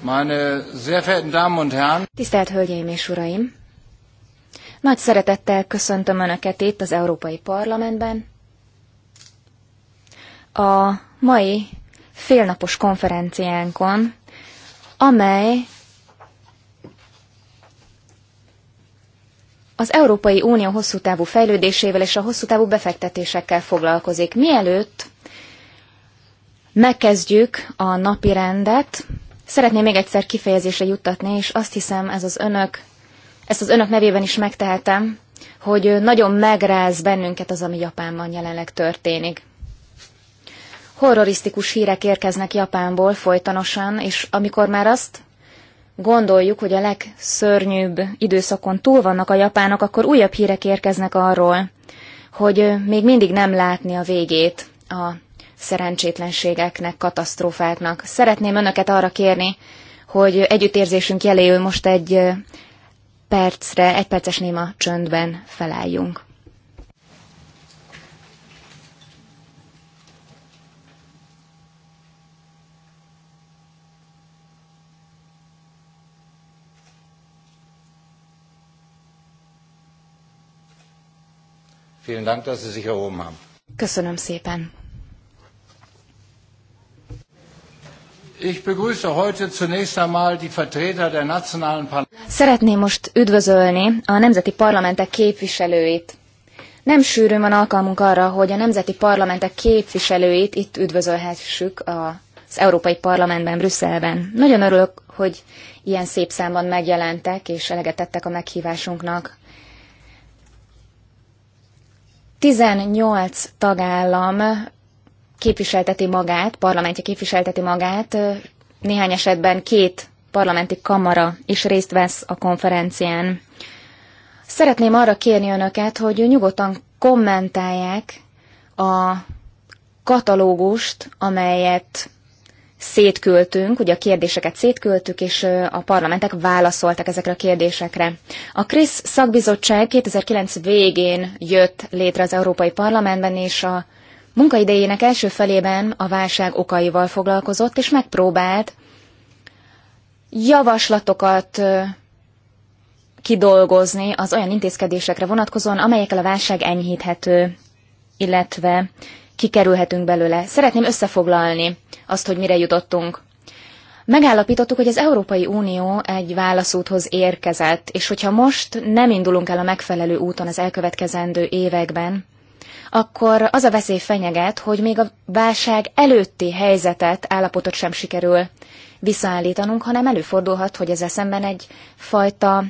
Meine sehr verehrten Damen und Herren. Tisztelt Hölgyeim és Uraim! Nagy szeretettel köszöntöm Önöket itt az Európai Parlamentben. A mai félnapos konferenciánkon, amely az Európai Unió hosszú távú fejlődésével és a hosszú távú befektetésekkel foglalkozik. Mielőtt megkezdjük a napi rendet, Szeretném még egyszer kifejezésre juttatni, és azt hiszem, ez az önök, ezt az önök nevében is megtehetem, hogy nagyon megráz bennünket az, ami Japánban jelenleg történik. Horrorisztikus hírek érkeznek Japánból folytonosan, és amikor már azt gondoljuk, hogy a legszörnyűbb időszakon túl vannak a japánok, akkor újabb hírek érkeznek arról, hogy még mindig nem látni a végét a szerencsétlenségeknek, katasztrófáknak. Szeretném önöket arra kérni, hogy együttérzésünk jeléül most egy percre, egy perces néma csöndben felálljunk. Köszönöm szépen. Ich begrüße heute zunächst einmal die Vertreter der nationalen Szeretném most üdvözölni a nemzeti parlamentek képviselőit. Nem sűrűn van alkalmunk arra, hogy a nemzeti parlamentek képviselőit itt üdvözölhessük az Európai Parlamentben, Brüsszelben. Nagyon örülök, hogy ilyen szép számban megjelentek és elegetettek a meghívásunknak. 18 tagállam képviselteti magát, parlamentje képviselteti magát, néhány esetben két parlamenti kamara is részt vesz a konferencián. Szeretném arra kérni önöket, hogy nyugodtan kommentálják a katalógust, amelyet szétküldtünk, ugye a kérdéseket szétküldtük, és a parlamentek válaszoltak ezekre a kérdésekre. A KRISZ szakbizottság 2009 végén jött létre az Európai Parlamentben, és a Munkaidejének első felében a válság okaival foglalkozott, és megpróbált javaslatokat kidolgozni az olyan intézkedésekre vonatkozóan, amelyekkel a válság enyhíthető, illetve kikerülhetünk belőle. Szeretném összefoglalni azt, hogy mire jutottunk. Megállapítottuk, hogy az Európai Unió egy válaszúthoz érkezett, és hogyha most nem indulunk el a megfelelő úton az elkövetkezendő években, akkor az a veszély fenyeget, hogy még a válság előtti helyzetet, állapotot sem sikerül visszaállítanunk, hanem előfordulhat, hogy ezzel szemben egyfajta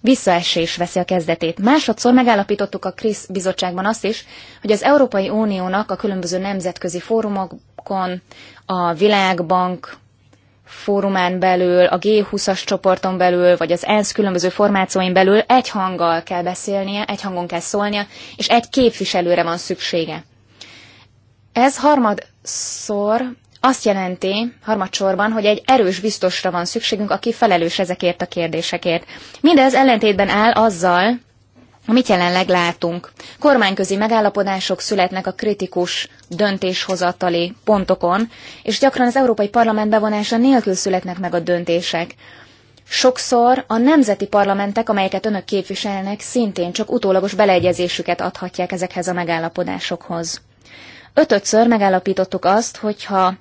visszaesés veszi a kezdetét. Másodszor megállapítottuk a KRISZ bizottságban azt is, hogy az Európai Uniónak a különböző nemzetközi fórumokon, a Világbank fórumán belül, a G20-as csoporton belül, vagy az ENSZ különböző formációin belül egy hanggal kell beszélnie, egy hangon kell szólnia, és egy képviselőre van szüksége. Ez harmadszor azt jelenti harmadsorban, hogy egy erős biztosra van szükségünk, aki felelős ezekért a kérdésekért. Mindez ellentétben áll azzal, amit jelenleg látunk. Kormányközi megállapodások születnek a kritikus döntéshozatali pontokon, és gyakran az Európai Parlament bevonása nélkül születnek meg a döntések. Sokszor a nemzeti parlamentek, amelyeket önök képviselnek, szintén csak utólagos beleegyezésüket adhatják ezekhez a megállapodásokhoz. Ötötször megállapítottuk azt, hogyha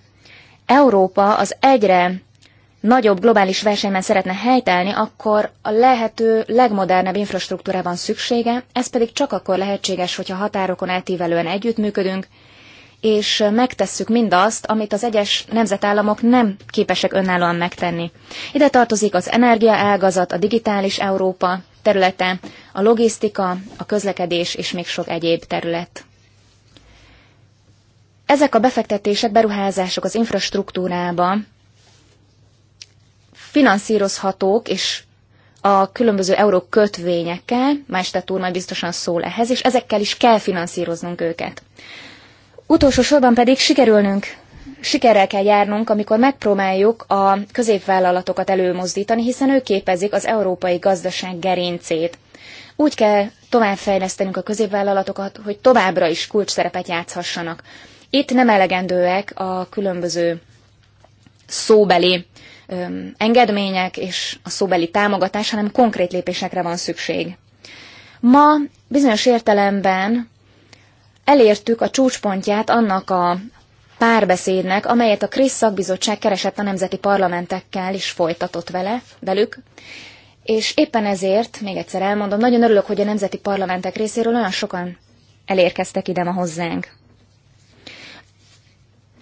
Európa az egyre nagyobb globális versenyben szeretne helytelni, akkor a lehető legmodernebb infrastruktúra van szüksége, ez pedig csak akkor lehetséges, hogyha határokon eltívelően együttműködünk, és megtesszük mindazt, amit az egyes nemzetállamok nem képesek önállóan megtenni. Ide tartozik az energiaágazat, a digitális Európa területe, a logisztika, a közlekedés és még sok egyéb terület. Ezek a befektetések, beruházások az infrastruktúrába finanszírozhatók, és a különböző euró kötvényekkel, Mester úr majd biztosan szól ehhez, és ezekkel is kell finanszíroznunk őket. Utolsó sorban pedig sikerülnünk, sikerrel kell járnunk, amikor megpróbáljuk a középvállalatokat előmozdítani, hiszen ők képezik az európai gazdaság gerincét. Úgy kell továbbfejlesztenünk a középvállalatokat, hogy továbbra is kulcs szerepet játszhassanak. Itt nem elegendőek a különböző szóbeli engedmények és a szóbeli támogatás, hanem konkrét lépésekre van szükség. Ma bizonyos értelemben elértük a csúcspontját annak a párbeszédnek, amelyet a Krisz szakbizottság keresett a nemzeti parlamentekkel is folytatott vele, velük, és éppen ezért, még egyszer elmondom, nagyon örülök, hogy a nemzeti parlamentek részéről olyan sokan elérkeztek ide ma hozzánk.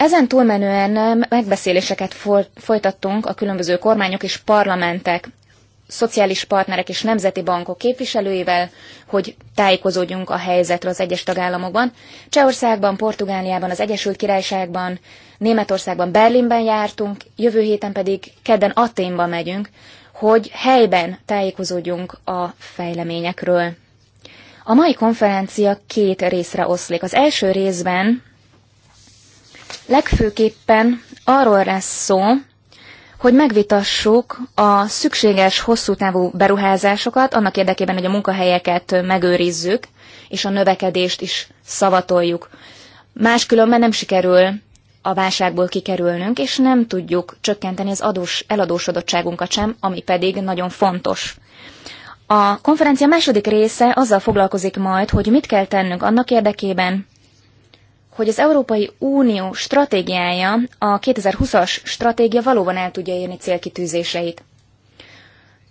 Ezen túlmenően megbeszéléseket folytattunk a különböző kormányok és parlamentek, szociális partnerek és nemzeti bankok képviselőivel, hogy tájékozódjunk a helyzetről az egyes tagállamokban. Csehországban, Portugáliában, az Egyesült Királyságban, Németországban, Berlinben jártunk, jövő héten pedig kedden Aténba megyünk, hogy helyben tájékozódjunk a fejleményekről. A mai konferencia két részre oszlik. Az első részben Legfőképpen arról lesz szó, hogy megvitassuk a szükséges hosszú távú beruházásokat, annak érdekében, hogy a munkahelyeket megőrizzük, és a növekedést is szavatoljuk. Máskülönben nem sikerül a válságból kikerülnünk, és nem tudjuk csökkenteni az adós, eladósodottságunkat sem, ami pedig nagyon fontos. A konferencia második része azzal foglalkozik majd, hogy mit kell tennünk annak érdekében, hogy az Európai Unió stratégiája, a 2020-as stratégia valóban el tudja érni célkitűzéseit.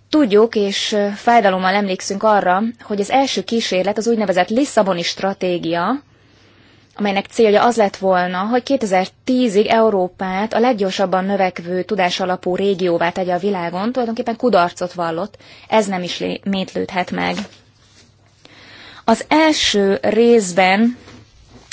Tudjuk és fájdalommal emlékszünk arra, hogy az első kísérlet az úgynevezett Lisszaboni stratégia, amelynek célja az lett volna, hogy 2010-ig Európát a leggyorsabban növekvő tudásalapú régióvá tegye a világon, tulajdonképpen kudarcot vallott, ez nem is métlődhet meg. Az első részben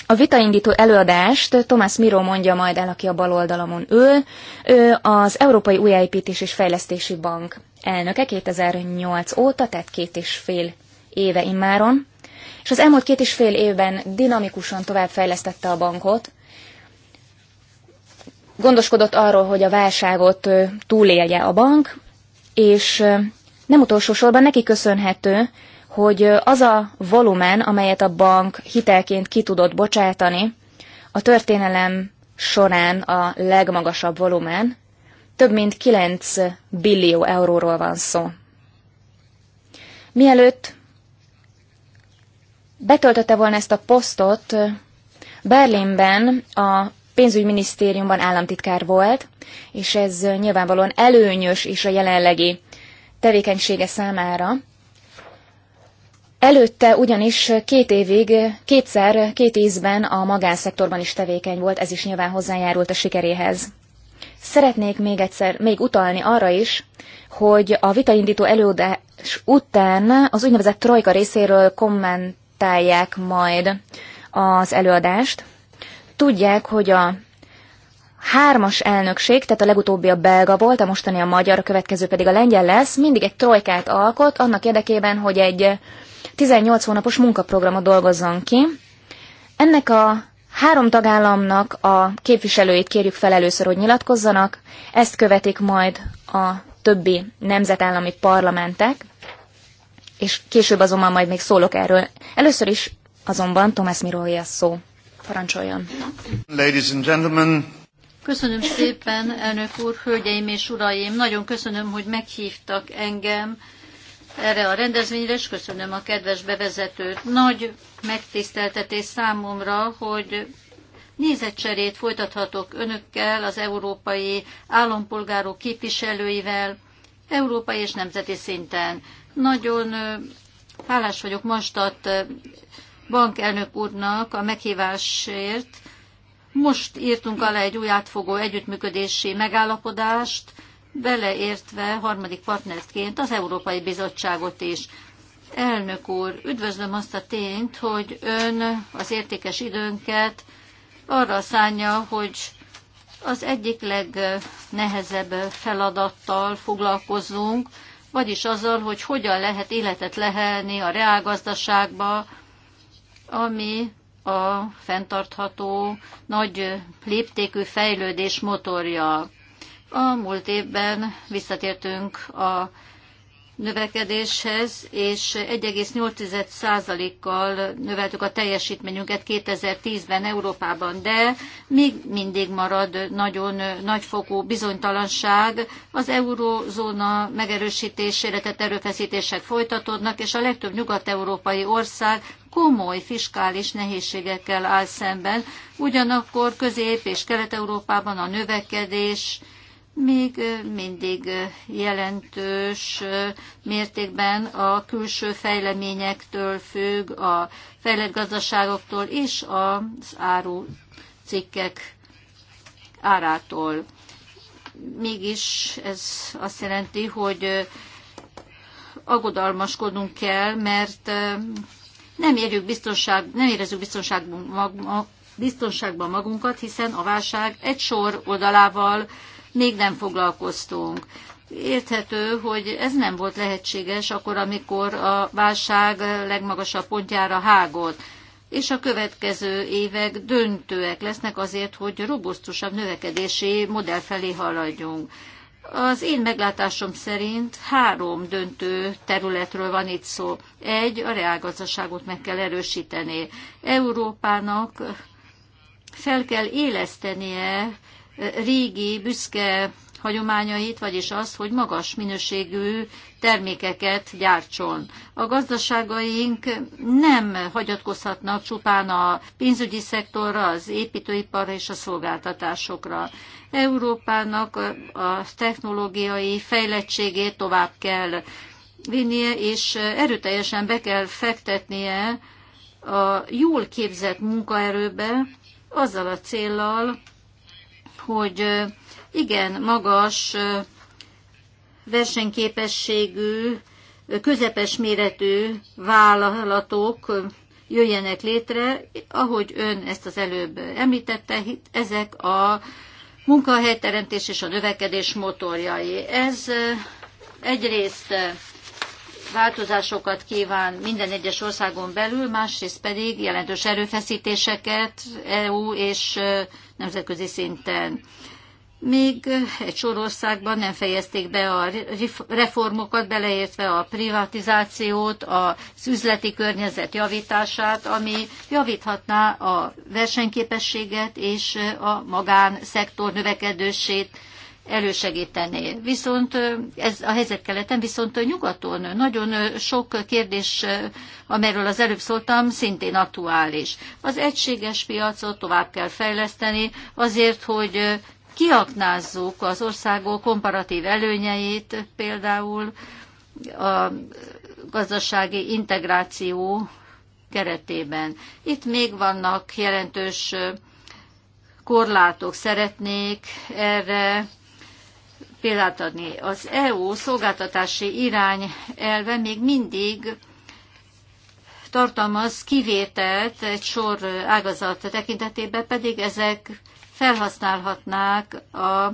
a vitaindító előadást Tomás Miró mondja majd el, aki a bal oldalamon ül. Ő az Európai Újjáépítés és Fejlesztési Bank elnöke 2008 óta, tehát két és fél éve immáron, és az elmúlt két és fél évben dinamikusan továbbfejlesztette a bankot, gondoskodott arról, hogy a válságot túlélje a bank, és nem utolsó sorban neki köszönhető, hogy az a volumen, amelyet a bank hitelként ki tudott bocsátani, a történelem során a legmagasabb volumen, több mint 9 billió euróról van szó. Mielőtt betöltötte volna ezt a posztot, Berlinben a pénzügyminisztériumban államtitkár volt, és ez nyilvánvalóan előnyös is a jelenlegi tevékenysége számára, Előtte ugyanis két évig, kétszer, két ízben a magánszektorban is tevékeny volt, ez is nyilván hozzájárult a sikeréhez. Szeretnék még egyszer, még utalni arra is, hogy a vitaindító előadás után az úgynevezett trojka részéről kommentálják majd az előadást. Tudják, hogy a hármas elnökség, tehát a legutóbbi a belga volt, a mostani a magyar, a következő pedig a lengyel lesz, mindig egy trojkát alkot annak érdekében, hogy egy 18 hónapos munkaprogramot dolgozzon ki. Ennek a három tagállamnak a képviselőit kérjük fel először, hogy nyilatkozzanak, ezt követik majd a többi nemzetállami parlamentek, és később azonban majd még szólok erről. Először is azonban Tomás Mirója szó. Parancsoljon. Ladies and gentlemen. Köszönöm szépen, elnök úr, hölgyeim és uraim. Nagyon köszönöm, hogy meghívtak engem erre a rendezvényre, és köszönöm a kedves bevezetőt. Nagy megtiszteltetés számomra, hogy nézetcserét folytathatok önökkel, az európai állampolgárok képviselőivel, európai és nemzeti szinten. Nagyon hálás vagyok Mastat bankelnök úrnak a meghívásért. Most írtunk alá egy új átfogó együttműködési megállapodást beleértve harmadik partnerként az Európai Bizottságot is. Elnök úr, üdvözlöm azt a tényt, hogy ön az értékes időnket arra szánja, hogy az egyik legnehezebb feladattal foglalkozzunk, vagyis azzal, hogy hogyan lehet életet lehelni a reálgazdaságba, ami a fenntartható, nagy léptékű fejlődés motorja. A múlt évben visszatértünk a növekedéshez, és 1,8%-kal növeltük a teljesítményünket 2010-ben Európában, de még mindig marad nagyon nagyfokú bizonytalanság. Az eurózóna megerősítésére tett erőfeszítések folytatódnak, és a legtöbb nyugat-európai ország komoly fiskális nehézségekkel áll szemben. Ugyanakkor Közép- és Kelet-Európában a növekedés még mindig jelentős mértékben a külső fejleményektől függ, a fejlett gazdaságoktól és az cikkek árától. Mégis ez azt jelenti, hogy aggodalmaskodnunk kell, mert nem, érjük biztonság, nem érezzük biztonságban magunkat, hiszen a válság egy sor oldalával még nem foglalkoztunk. Érthető, hogy ez nem volt lehetséges akkor, amikor a válság legmagasabb pontjára hágott, és a következő évek döntőek lesznek azért, hogy robusztusabb növekedési modell felé haladjunk. Az én meglátásom szerint három döntő területről van itt szó. Egy, a reálgazdaságot meg kell erősíteni. Európának fel kell élesztenie régi, büszke hagyományait, vagyis azt, hogy magas minőségű termékeket gyártson. A gazdaságaink nem hagyatkozhatnak csupán a pénzügyi szektorra, az építőiparra és a szolgáltatásokra. Európának a technológiai fejlettségét tovább kell vinnie, és erőteljesen be kell fektetnie a jól képzett munkaerőbe, azzal a céllal, hogy igen, magas versenyképességű, közepes méretű vállalatok jöjjenek létre, ahogy ön ezt az előbb említette, ezek a munkahelyteremtés és a növekedés motorjai. Ez egyrészt változásokat kíván minden egyes országon belül, másrészt pedig jelentős erőfeszítéseket EU és nemzetközi szinten. Még egy sor országban nem fejezték be a reformokat, beleértve a privatizációt, az üzleti környezet javítását, ami javíthatná a versenyképességet és a magánszektor növekedését elősegíteni. Viszont ez a helyzet keleten, viszont nyugaton nagyon sok kérdés, amiről az előbb szóltam, szintén aktuális. Az egységes piacot tovább kell fejleszteni azért, hogy kiaknázzuk az országok komparatív előnyeit, például a gazdasági integráció keretében. Itt még vannak jelentős korlátok. Szeretnék erre példát adni. Az EU szolgáltatási irány elve még mindig tartalmaz kivételt egy sor ágazat tekintetében, pedig ezek felhasználhatnák a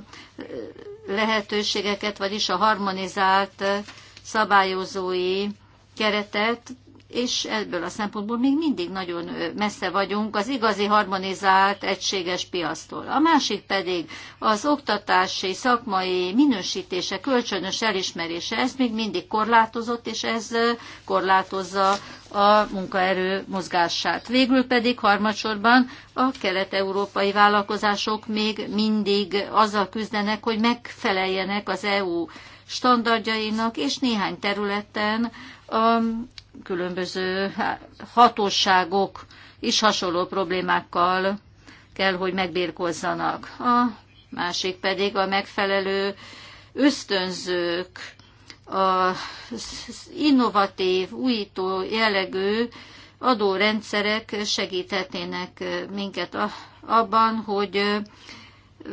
lehetőségeket, vagyis a harmonizált szabályozói keretet és ebből a szempontból még mindig nagyon messze vagyunk az igazi harmonizált, egységes piasztól. A másik pedig az oktatási, szakmai minősítése, kölcsönös elismerése, ez még mindig korlátozott, és ez korlátozza a munkaerő mozgását. Végül pedig harmadsorban a kelet-európai vállalkozások még mindig azzal küzdenek, hogy megfeleljenek az EU standardjainak, és néhány területen a különböző hatóságok is hasonló problémákkal kell, hogy megbírkozzanak. A másik pedig a megfelelő ösztönzők, az innovatív, újító jellegű adórendszerek segíthetnének minket abban, hogy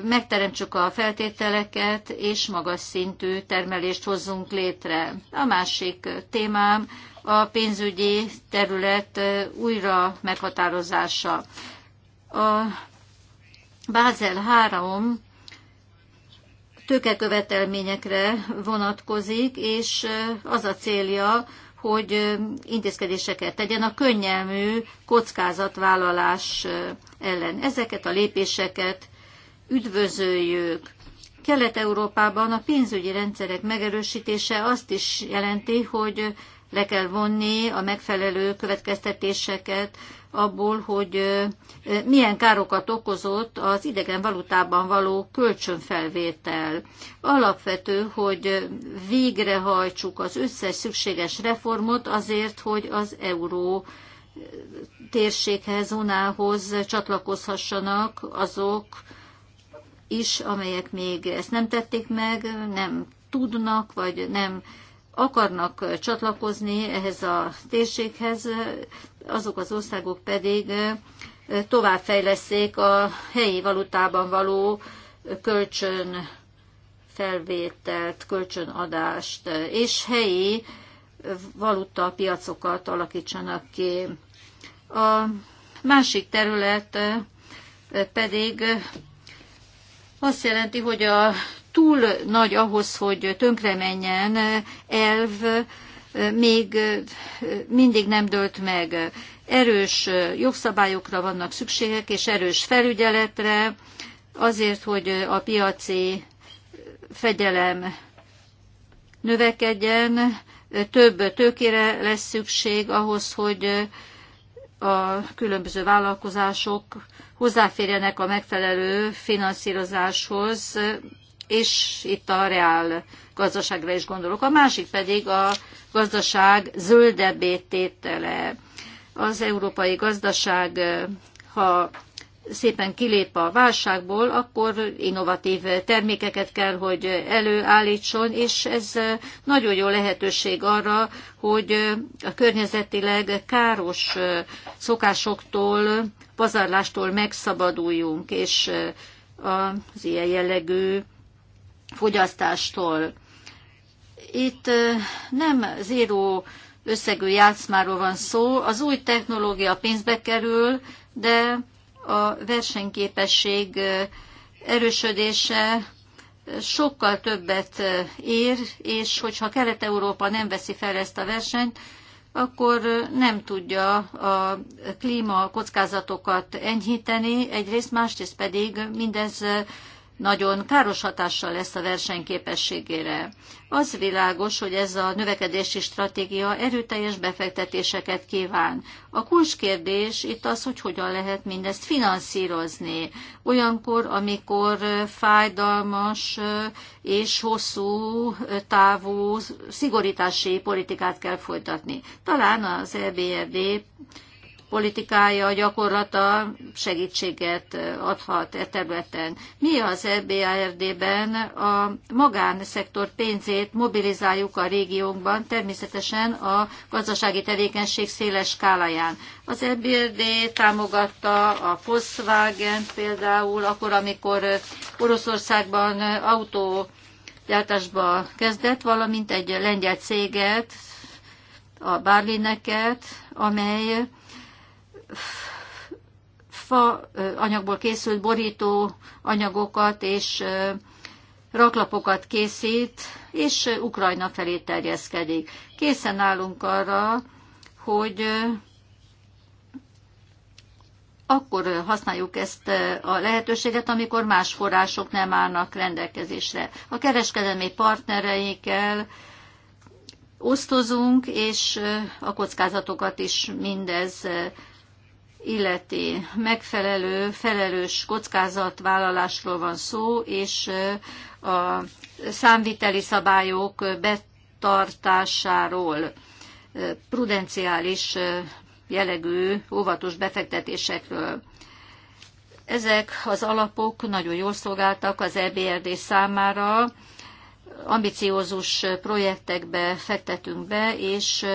megteremtsük a feltételeket, és magas szintű termelést hozzunk létre. A másik témám a pénzügyi terület újra meghatározása. A Bázel 3 tőkekövetelményekre vonatkozik, és az a célja, hogy intézkedéseket tegyen a könnyelmű kockázatvállalás ellen. Ezeket a lépéseket üdvözöljük. Kelet-Európában a pénzügyi rendszerek megerősítése azt is jelenti, hogy le kell vonni a megfelelő következtetéseket abból, hogy milyen károkat okozott az idegen valutában való kölcsönfelvétel. Alapvető, hogy végrehajtsuk az összes szükséges reformot azért, hogy az euró térséghez, zónához csatlakozhassanak azok, is, amelyek még ezt nem tették meg, nem tudnak, vagy nem akarnak csatlakozni ehhez a térséghez, azok az országok pedig továbbfejleszék a helyi valutában való kölcsön felvételt, kölcsönadást, és helyi valuta piacokat alakítsanak ki. A másik terület pedig azt jelenti, hogy a túl nagy ahhoz, hogy tönkre menjen elv, eh, még eh, mindig nem dölt meg. Erős eh, jogszabályokra vannak szükségek, és erős felügyeletre, azért, hogy a piaci fegyelem növekedjen, több tőkére lesz szükség ahhoz, hogy a különböző vállalkozások hozzáférjenek a megfelelő finanszírozáshoz, és itt a reál gazdaságra is gondolok. A másik pedig a gazdaság zöldebbé tétele. Az európai gazdaság, ha szépen kilép a válságból, akkor innovatív termékeket kell, hogy előállítson, és ez nagyon jó lehetőség arra, hogy a környezetileg káros szokásoktól, pazarlástól megszabaduljunk, és az ilyen jellegű fogyasztástól. Itt nem zéró összegű játszmáról van szó, az új technológia pénzbe kerül, de a versenyképesség erősödése sokkal többet ér, és hogyha Kelet-Európa nem veszi fel ezt a versenyt, akkor nem tudja a klíma kockázatokat enyhíteni, egyrészt másrészt pedig mindez nagyon káros hatással lesz a versenyképességére. Az világos, hogy ez a növekedési stratégia erőteljes befektetéseket kíván. A kulcskérdés itt az, hogy hogyan lehet mindezt finanszírozni. Olyankor, amikor fájdalmas és hosszú távú szigorítási politikát kell folytatni. Talán az EBRD politikája, gyakorlata segítséget adhat e területen. Mi az EBRD-ben a magánszektor pénzét mobilizáljuk a régiónkban, természetesen a gazdasági tevékenység széles skáláján. Az EBRD támogatta a Volkswagen például, akkor, amikor Oroszországban autó gyártásba kezdett, valamint egy lengyel céget, a Bárlineket, amely fa anyagból készült borító anyagokat és raklapokat készít, és Ukrajna felé terjeszkedik. Készen állunk arra, hogy akkor használjuk ezt a lehetőséget, amikor más források nem állnak rendelkezésre. A kereskedelmi partnereikkel osztozunk, és a kockázatokat is mindez illeti megfelelő, felelős kockázatvállalásról van szó, és a számviteli szabályok betartásáról, prudenciális jellegű óvatos befektetésekről. Ezek az alapok nagyon jól szolgáltak az EBRD számára, ambiciózus projektekbe fektetünk be, és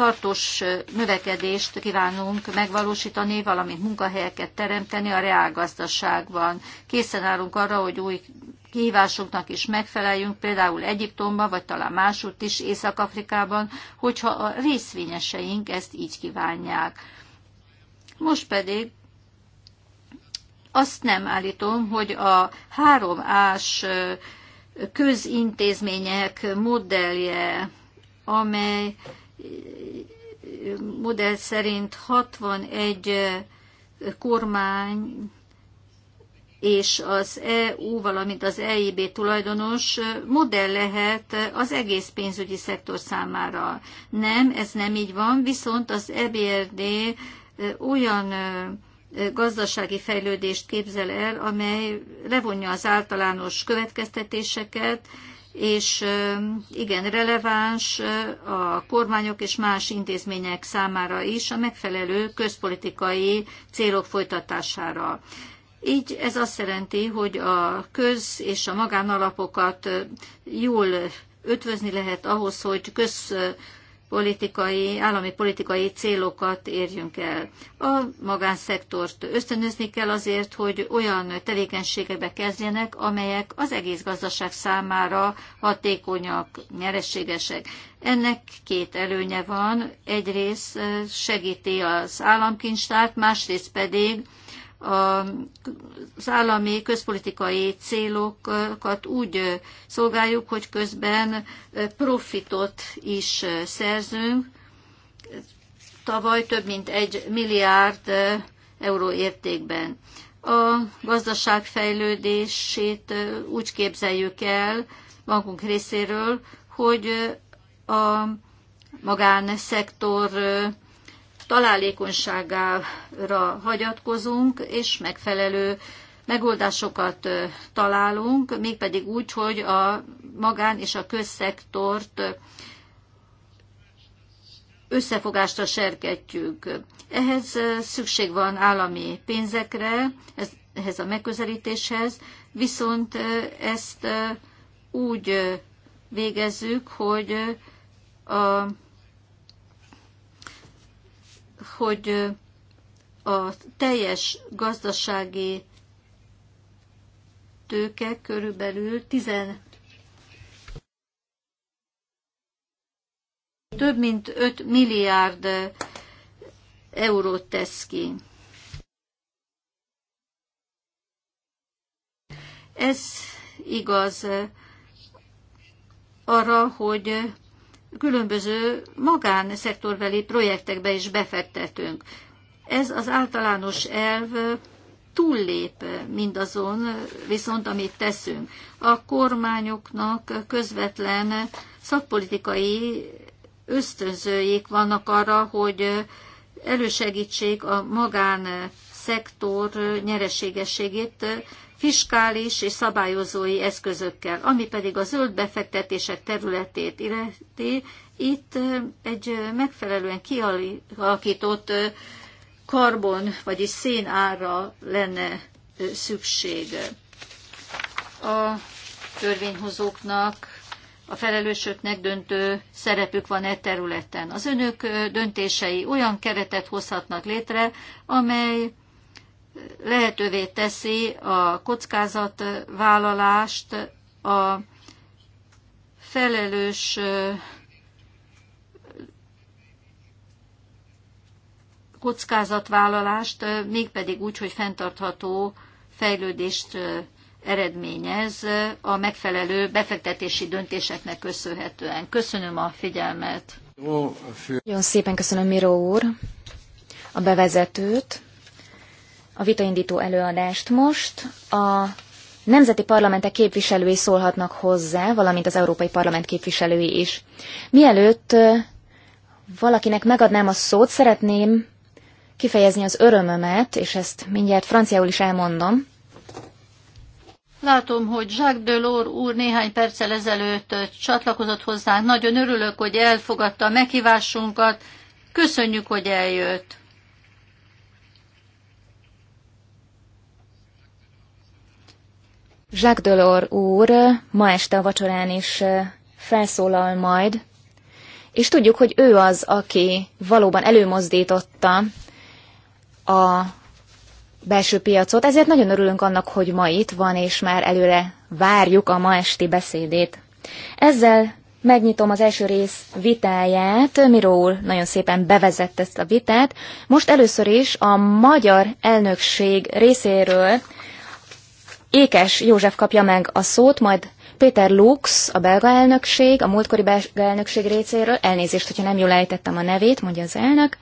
tartós növekedést kívánunk megvalósítani, valamint munkahelyeket teremteni a reálgazdaságban. Készen állunk arra, hogy új kihívásoknak is megfeleljünk, például Egyiptomban, vagy talán másút is Észak-Afrikában, hogyha a részvényeseink ezt így kívánják. Most pedig azt nem állítom, hogy a 3-ás közintézmények modellje, amely modell szerint 61 kormány és az EU, valamint az EIB tulajdonos modell lehet az egész pénzügyi szektor számára. Nem, ez nem így van, viszont az EBRD olyan gazdasági fejlődést képzel el, amely levonja az általános következtetéseket, és igen releváns a kormányok és más intézmények számára is a megfelelő közpolitikai célok folytatására. Így ez azt jelenti, hogy a köz és a magánalapokat jól ötvözni lehet ahhoz, hogy köz politikai, állami politikai célokat érjünk el. A magánszektort ösztönözni kell azért, hogy olyan tevékenységekbe kezdjenek, amelyek az egész gazdaság számára hatékonyak, nyereségesek. Ennek két előnye van, egyrészt segíti az államkincstárt, másrészt pedig az állami közpolitikai célokat úgy szolgáljuk, hogy közben profitot is szerzünk. Tavaly több mint egy milliárd euró értékben. A gazdaság fejlődését úgy képzeljük el bankunk részéről, hogy a magánszektor találékonyságára hagyatkozunk, és megfelelő megoldásokat találunk, mégpedig úgy, hogy a magán és a közszektort összefogásra serkedjük. Ehhez szükség van állami pénzekre, ehhez a megközelítéshez, viszont ezt úgy végezzük, hogy a hogy a teljes gazdasági tőke körülbelül 10 több mint 5 milliárd eurót tesz ki. Ez igaz arra, hogy különböző magánszektorbeli projektekbe is befektetünk. Ez az általános elv túllép mindazon, viszont amit teszünk. A kormányoknak közvetlen szakpolitikai ösztönzőik vannak arra, hogy elősegítsék a magánszektor nyereségességét fiskális és szabályozói eszközökkel. Ami pedig a zöld befektetések területét illeti, itt egy megfelelően kialakított karbon, vagyis szénára lenne szükség. A törvényhozóknak a felelősöknek döntő szerepük van e területen. Az önök döntései olyan keretet hozhatnak létre, amely lehetővé teszi a kockázatvállalást, a felelős kockázatvállalást, mégpedig úgy, hogy fenntartható fejlődést eredményez a megfelelő befektetési döntéseknek köszönhetően. Köszönöm a figyelmet. Nagyon szépen köszönöm, Miró úr, a bevezetőt a vitaindító előadást most. A nemzeti parlamentek képviselői szólhatnak hozzá, valamint az Európai Parlament képviselői is. Mielőtt valakinek megadnám a szót, szeretném kifejezni az örömömet, és ezt mindjárt franciául is elmondom. Látom, hogy Jacques Delors úr néhány perccel ezelőtt csatlakozott hozzánk. Nagyon örülök, hogy elfogadta a meghívásunkat. Köszönjük, hogy eljött. Jacques Delors úr ma este a vacsorán is felszólal majd, és tudjuk, hogy ő az, aki valóban előmozdította a belső piacot, ezért nagyon örülünk annak, hogy ma itt van, és már előre várjuk a ma esti beszédét. Ezzel megnyitom az első rész vitáját. Miró úr nagyon szépen bevezett ezt a vitát. Most először is a magyar elnökség részéről Ékes József kapja meg a szót, majd Péter Lux, a belga elnökség, a múltkori belga elnökség részéről, elnézést, hogyha nem jól ejtettem a nevét, mondja az elnök.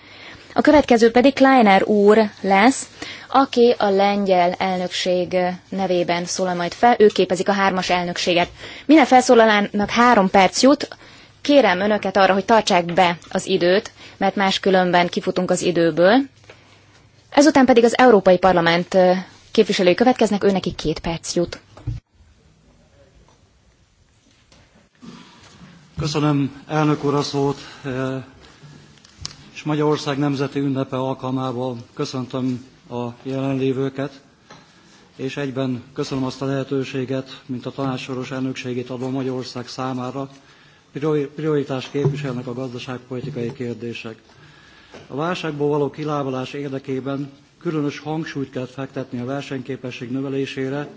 A következő pedig Kleiner úr lesz, aki a lengyel elnökség nevében szólal majd fel, ő képezik a hármas elnökséget. Minden felszólalának három perc jut, kérem önöket arra, hogy tartsák be az időt, mert máskülönben kifutunk az időből. Ezután pedig az Európai Parlament képviselői következnek, ő neki két perc jut. Köszönöm elnök úr a szót, e, és Magyarország Nemzeti Ünnepe alkalmával köszöntöm a jelenlévőket, és egyben köszönöm azt a lehetőséget, mint a tanácsoros elnökségét adó Magyarország számára, prioritás képviselnek a gazdaságpolitikai kérdések. A válságból való kilábalás érdekében különös hangsúlyt kell fektetni a versenyképesség növelésére,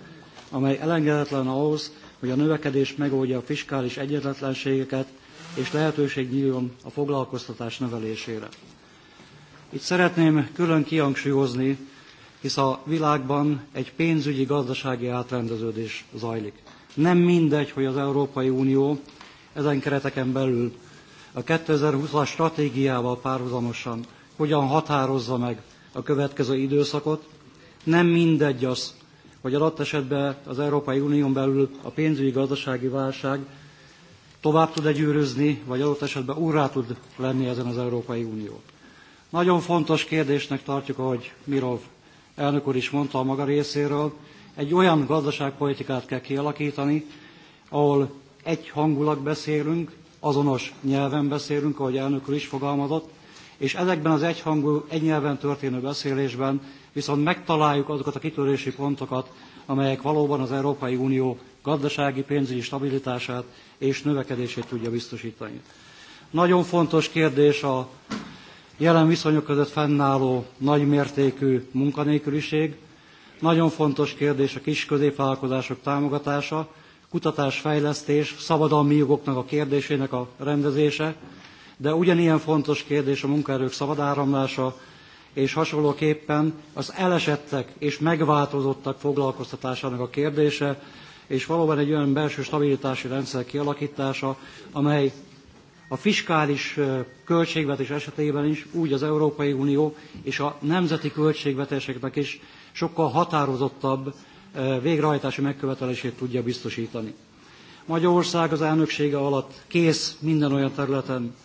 amely elengedhetetlen ahhoz, hogy a növekedés megoldja a fiskális egyenletlenségeket, és lehetőség nyíljon a foglalkoztatás növelésére. Itt szeretném külön kihangsúlyozni, hisz a világban egy pénzügyi gazdasági átrendeződés zajlik. Nem mindegy, hogy az Európai Unió ezen kereteken belül a 2020-as stratégiával párhuzamosan hogyan határozza meg a következő időszakot. Nem mindegy az, hogy adott esetben az Európai Unión belül a pénzügyi gazdasági válság tovább tud-e vagy adott esetben úrrá tud lenni ezen az Európai Unió. Nagyon fontos kérdésnek tartjuk, ahogy Mirov elnök úr is mondta a maga részéről, egy olyan gazdaságpolitikát kell kialakítani, ahol egy hangulat beszélünk, azonos nyelven beszélünk, ahogy elnök úr is fogalmazott, és ezekben az egyhangú, egynyelven történő beszélésben viszont megtaláljuk azokat a kitörési pontokat, amelyek valóban az Európai Unió gazdasági, pénzügyi stabilitását és növekedését tudja biztosítani. Nagyon fontos kérdés a jelen viszonyok között fennálló nagymértékű munkanélküliség, nagyon fontos kérdés a kis középvállalkozások támogatása, kutatásfejlesztés, szabadalmi jogoknak a kérdésének a rendezése, de ugyanilyen fontos kérdés a munkaerők szabad áramlása, és hasonlóképpen az elesettek és megváltozottak foglalkoztatásának a kérdése, és valóban egy olyan belső stabilitási rendszer kialakítása, amely a fiskális költségvetés esetében is, úgy az Európai Unió és a nemzeti költségvetéseknek is sokkal határozottabb végrehajtási megkövetelését tudja biztosítani. Magyarország az elnöksége alatt kész minden olyan területen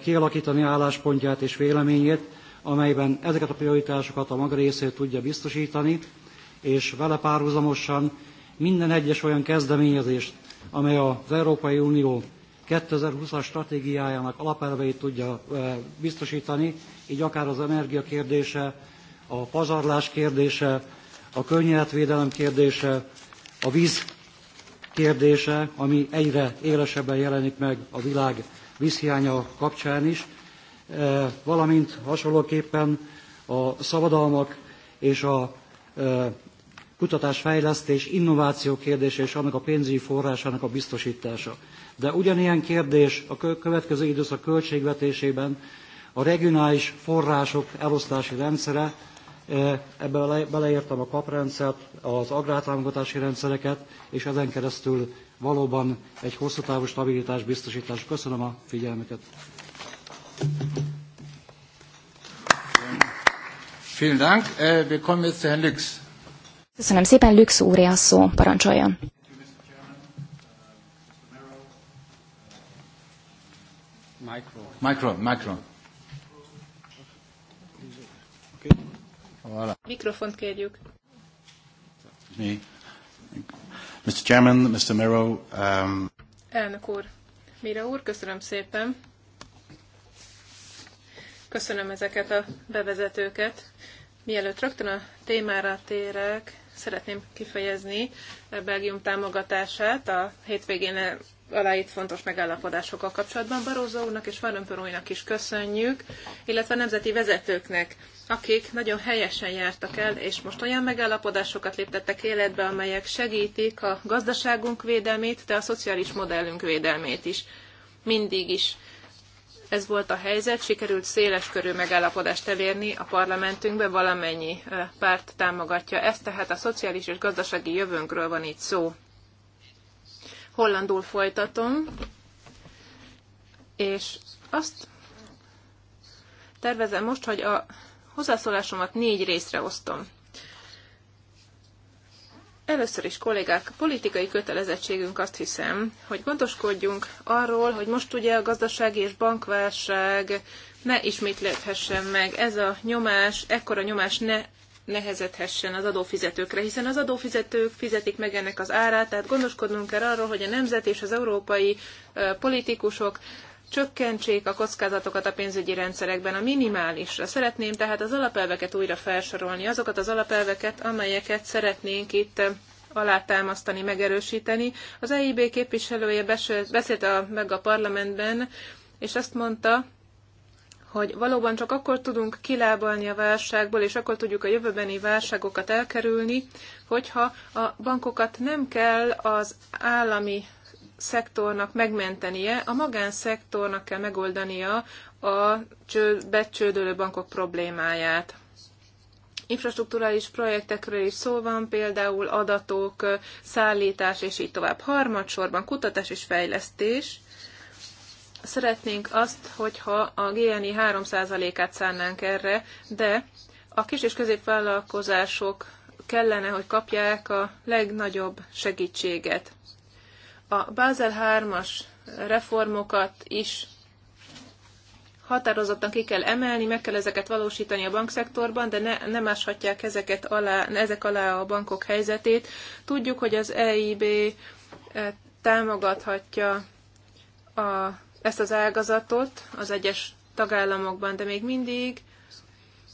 kialakítani álláspontját és véleményét, amelyben ezeket a prioritásokat a maga részét tudja biztosítani, és vele párhuzamosan minden egyes olyan kezdeményezést, amely az Európai Unió 2020-as stratégiájának alapelveit tudja biztosítani, így akár az energia kérdése, a pazarlás kérdése, a környezetvédelem kérdése, a víz kérdése, ami egyre élesebben jelenik meg a világ vízhiánya kapcsán is, e, valamint hasonlóképpen a szabadalmak és a e, kutatásfejlesztés, innováció kérdése és annak a pénzügyi forrásának a biztosítása. De ugyanilyen kérdés a következő időszak költségvetésében a regionális források elosztási rendszere, e, ebbe beleértem a kaprendszert, az agrártámogatási rendszereket, és ezen keresztül valóban egy hosszú távú stabilitás biztosítás. Köszönöm a figyelmüket. Vielen Dank. Äh, wir kommen jetzt zu Herrn Lüx. Köszönöm szépen, Lüx úré a szó, parancsoljon. Micro, micro. Voilà. Mikrofont kérjük. Mi? Mr. Chairman, Mr. Miro. Um... Elnök úr, Mira úr, köszönöm szépen. Köszönöm ezeket a bevezetőket. Mielőtt rögtön a témára térek, szeretném kifejezni Belgium támogatását a hétvégén aláírt fontos megállapodásokkal kapcsolatban. Barózó úrnak és Van is köszönjük, illetve a nemzeti vezetőknek, akik nagyon helyesen jártak el, és most olyan megállapodásokat léptettek életbe, amelyek segítik a gazdaságunk védelmét, de a szociális modellünk védelmét is. Mindig is ez volt a helyzet, sikerült széles körű megállapodást elérni a parlamentünkbe, valamennyi párt támogatja ezt, tehát a szociális és gazdasági jövőnkről van itt szó hollandul folytatom, és azt tervezem most, hogy a hozzászólásomat négy részre osztom. Először is, kollégák, politikai kötelezettségünk azt hiszem, hogy gondoskodjunk arról, hogy most ugye a gazdasági és bankválság ne ismétlődhessen meg. Ez a nyomás, ekkora nyomás ne nehezethessen az adófizetőkre, hiszen az adófizetők fizetik meg ennek az árát, tehát gondoskodnunk kell arról, hogy a nemzet és az európai politikusok csökkentsék a kockázatokat a pénzügyi rendszerekben a minimálisra. Szeretném tehát az alapelveket újra felsorolni, azokat az alapelveket, amelyeket szeretnénk itt alátámasztani, megerősíteni. Az EIB képviselője beszélt a, meg a parlamentben, és azt mondta, hogy valóban csak akkor tudunk kilábalni a válságból, és akkor tudjuk a jövőbeni válságokat elkerülni, hogyha a bankokat nem kell az állami szektornak megmentenie, a magánszektornak kell megoldania a becsődölő bankok problémáját. Infrastruktúrális projektekről is szó van, például adatok, szállítás és így tovább. Harmadsorban kutatás és fejlesztés szeretnénk azt, hogyha a GNI 3%-át szánnánk erre, de a kis és középvállalkozások kellene, hogy kapják a legnagyobb segítséget. A Basel 3-as reformokat is határozottan ki kell emelni, meg kell ezeket valósítani a bankszektorban, de ne, nem áshatják ezeket alá, ezek alá a bankok helyzetét. Tudjuk, hogy az EIB eh, támogathatja a ezt az ágazatot az egyes tagállamokban, de még mindig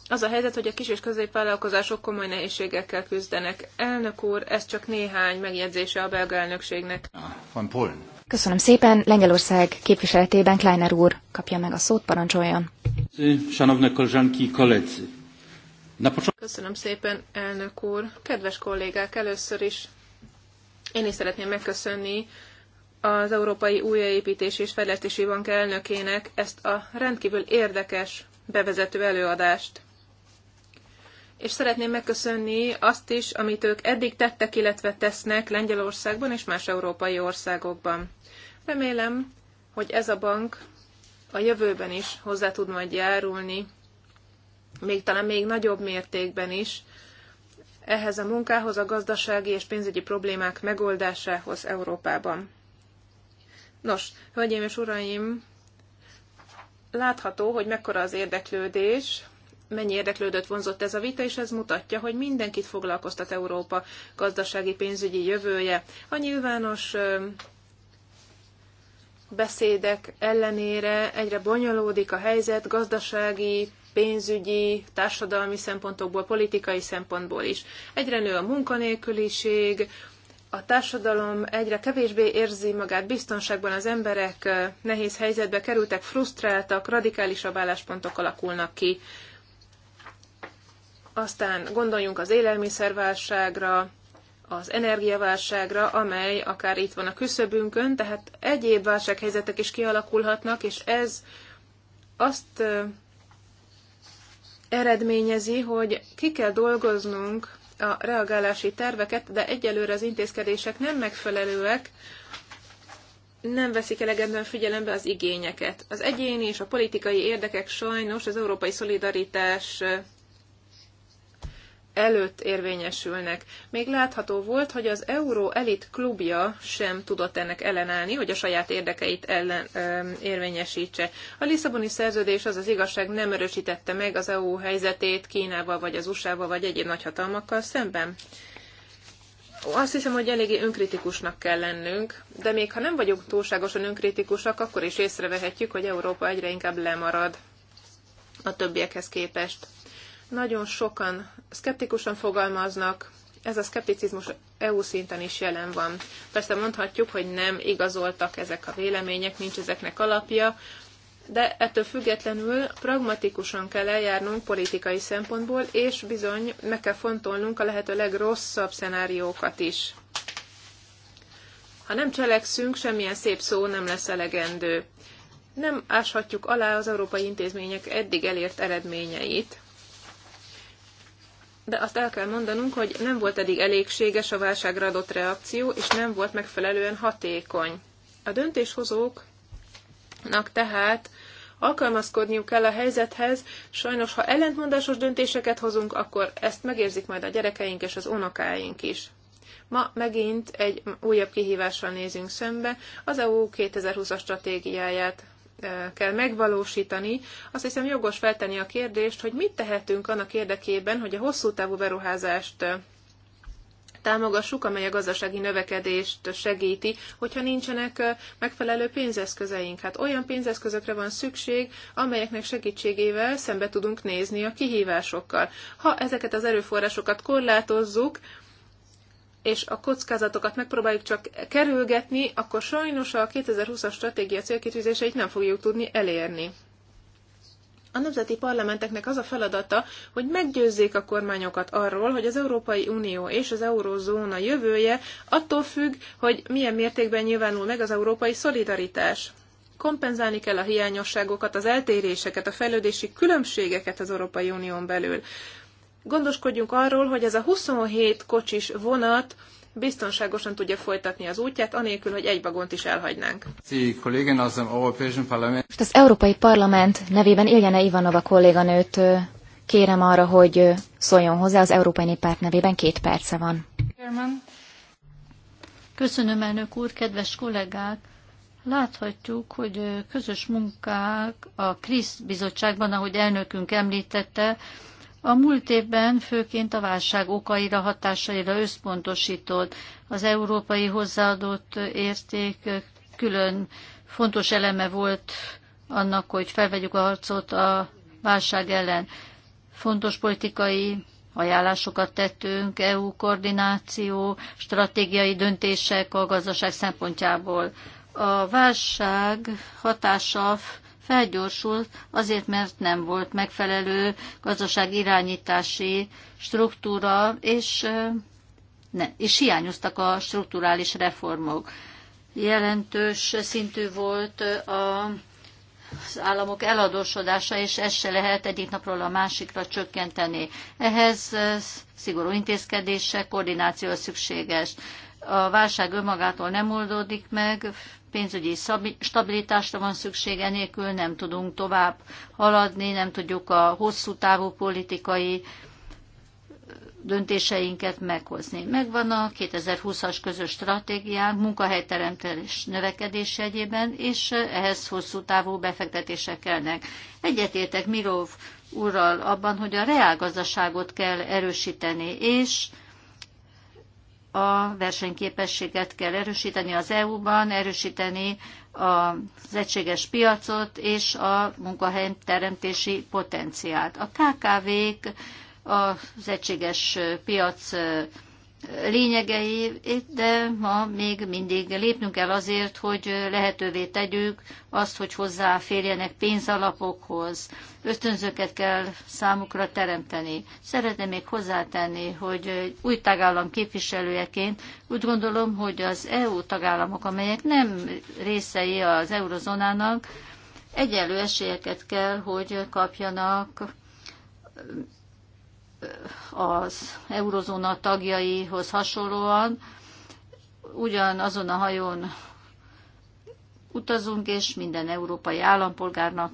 az a helyzet, hogy a kis és középvállalkozások komoly nehézségekkel küzdenek. Elnök úr, ez csak néhány megjegyzése a belga elnökségnek. Ah, Van Polen. Köszönöm szépen. Lengyelország képviseletében Kleiner úr kapja meg a szót, parancsoljon. Köszönöm szépen, elnök úr. Kedves kollégák, először is én is szeretném megköszönni az Európai Újjáépítés és Fejlesztési Bank elnökének ezt a rendkívül érdekes bevezető előadást. És szeretném megköszönni azt is, amit ők eddig tettek, illetve tesznek Lengyelországban és más európai országokban. Remélem, hogy ez a bank a jövőben is hozzá tud majd járulni, még talán még nagyobb mértékben is, ehhez a munkához, a gazdasági és pénzügyi problémák megoldásához Európában. Nos, hölgyeim és uraim, látható, hogy mekkora az érdeklődés, mennyi érdeklődött vonzott ez a vita, és ez mutatja, hogy mindenkit foglalkoztat Európa gazdasági pénzügyi jövője. A nyilvános beszédek ellenére egyre bonyolódik a helyzet gazdasági, pénzügyi, társadalmi szempontokból, politikai szempontból is. Egyre nő a munkanélküliség, a társadalom egyre kevésbé érzi magát biztonságban, az emberek nehéz helyzetbe kerültek, frusztráltak, radikálisabb álláspontok alakulnak ki. Aztán gondoljunk az élelmiszerválságra, az energiaválságra, amely akár itt van a küszöbünkön, tehát egyéb válsághelyzetek is kialakulhatnak, és ez azt eredményezi, hogy ki kell dolgoznunk a reagálási terveket, de egyelőre az intézkedések nem megfelelőek, nem veszik elegendően figyelembe az igényeket. Az egyéni és a politikai érdekek sajnos az európai szolidaritás előtt érvényesülnek. Még látható volt, hogy az Euró Elit klubja sem tudott ennek ellenállni, hogy a saját érdekeit ellen, ö, érvényesítse. A Lisszaboni szerződés az az igazság nem erősítette meg az EU helyzetét Kínával, vagy az USA-val, vagy egyéb nagyhatalmakkal szemben. Azt hiszem, hogy eléggé önkritikusnak kell lennünk, de még ha nem vagyunk túlságosan önkritikusak, akkor is észrevehetjük, hogy Európa egyre inkább lemarad a többiekhez képest. Nagyon sokan szkeptikusan fogalmaznak, ez a szkepticizmus EU szinten is jelen van. Persze mondhatjuk, hogy nem igazoltak ezek a vélemények, nincs ezeknek alapja, de ettől függetlenül pragmatikusan kell eljárnunk politikai szempontból, és bizony meg kell fontolnunk a lehető legrosszabb szenáriókat is. Ha nem cselekszünk, semmilyen szép szó nem lesz elegendő. Nem áshatjuk alá az európai intézmények eddig elért eredményeit, de azt el kell mondanunk, hogy nem volt eddig elégséges a válságra adott reakció, és nem volt megfelelően hatékony. A döntéshozóknak tehát alkalmazkodniuk kell a helyzethez, sajnos ha ellentmondásos döntéseket hozunk, akkor ezt megérzik majd a gyerekeink és az unokáink is. Ma megint egy újabb kihívással nézünk szembe, az EU 2020-as stratégiáját kell megvalósítani, azt hiszem jogos feltenni a kérdést, hogy mit tehetünk annak érdekében, hogy a hosszú távú beruházást támogassuk, amely a gazdasági növekedést segíti, hogyha nincsenek megfelelő pénzeszközeink. Hát olyan pénzeszközökre van szükség, amelyeknek segítségével szembe tudunk nézni a kihívásokkal. Ha ezeket az erőforrásokat korlátozzuk, és a kockázatokat megpróbáljuk csak kerülgetni, akkor sajnos a 2020-as stratégia célkitűzéseit nem fogjuk tudni elérni. A nemzeti parlamenteknek az a feladata, hogy meggyőzzék a kormányokat arról, hogy az Európai Unió és az Eurózóna jövője attól függ, hogy milyen mértékben nyilvánul meg az európai szolidaritás. Kompenzálni kell a hiányosságokat, az eltéréseket, a fejlődési különbségeket az Európai Unión belül gondoskodjunk arról, hogy ez a 27 kocsis vonat biztonságosan tudja folytatni az útját, anélkül, hogy egy vagont is elhagynánk. Most az Európai Parlament nevében Iljana Ivanova kolléganőt kérem arra, hogy szóljon hozzá az Európai Néppárt nevében, két perce van. Köszönöm, elnök úr, kedves kollégák! Láthatjuk, hogy közös munkák a KRISZ bizottságban, ahogy elnökünk említette, a múlt évben főként a válság okaira, hatásaira összpontosított az európai hozzáadott érték külön fontos eleme volt annak, hogy felvegyük a harcot a válság ellen. Fontos politikai ajánlásokat tettünk, EU koordináció, stratégiai döntések a gazdaság szempontjából. A válság hatása felgyorsult, azért mert nem volt megfelelő gazdaság irányítási struktúra, és, ne, és hiányoztak a strukturális reformok. Jelentős szintű volt a az államok eladósodása, és ezt se lehet egyik napról a másikra csökkenteni. Ehhez szigorú intézkedések, koordináció szükséges. A válság önmagától nem oldódik meg, pénzügyi stabilitásra van szükség, enélkül nem tudunk tovább haladni, nem tudjuk a hosszú távú politikai döntéseinket meghozni. Megvan a 2020-as közös stratégiánk munkahelyteremtés növekedés egyében, és ehhez hosszú távú befektetések kellnek. Egyetértek Mirov úrral abban, hogy a reálgazdaságot kell erősíteni, és a versenyképességet kell erősíteni az EU-ban, erősíteni az egységes piacot és a munkahelyteremtési potenciált. A KKV-k az egységes piac lényegei, de ma még mindig lépnünk kell azért, hogy lehetővé tegyük azt, hogy hozzáférjenek pénzalapokhoz. Ösztönzőket kell számukra teremteni. Szeretném még hozzátenni, hogy új tagállam képviselőjeként úgy gondolom, hogy az EU tagállamok, amelyek nem részei az eurozónának, egyenlő esélyeket kell, hogy kapjanak az eurozóna tagjaihoz hasonlóan ugyan azon a hajón utazunk, és minden európai állampolgárnak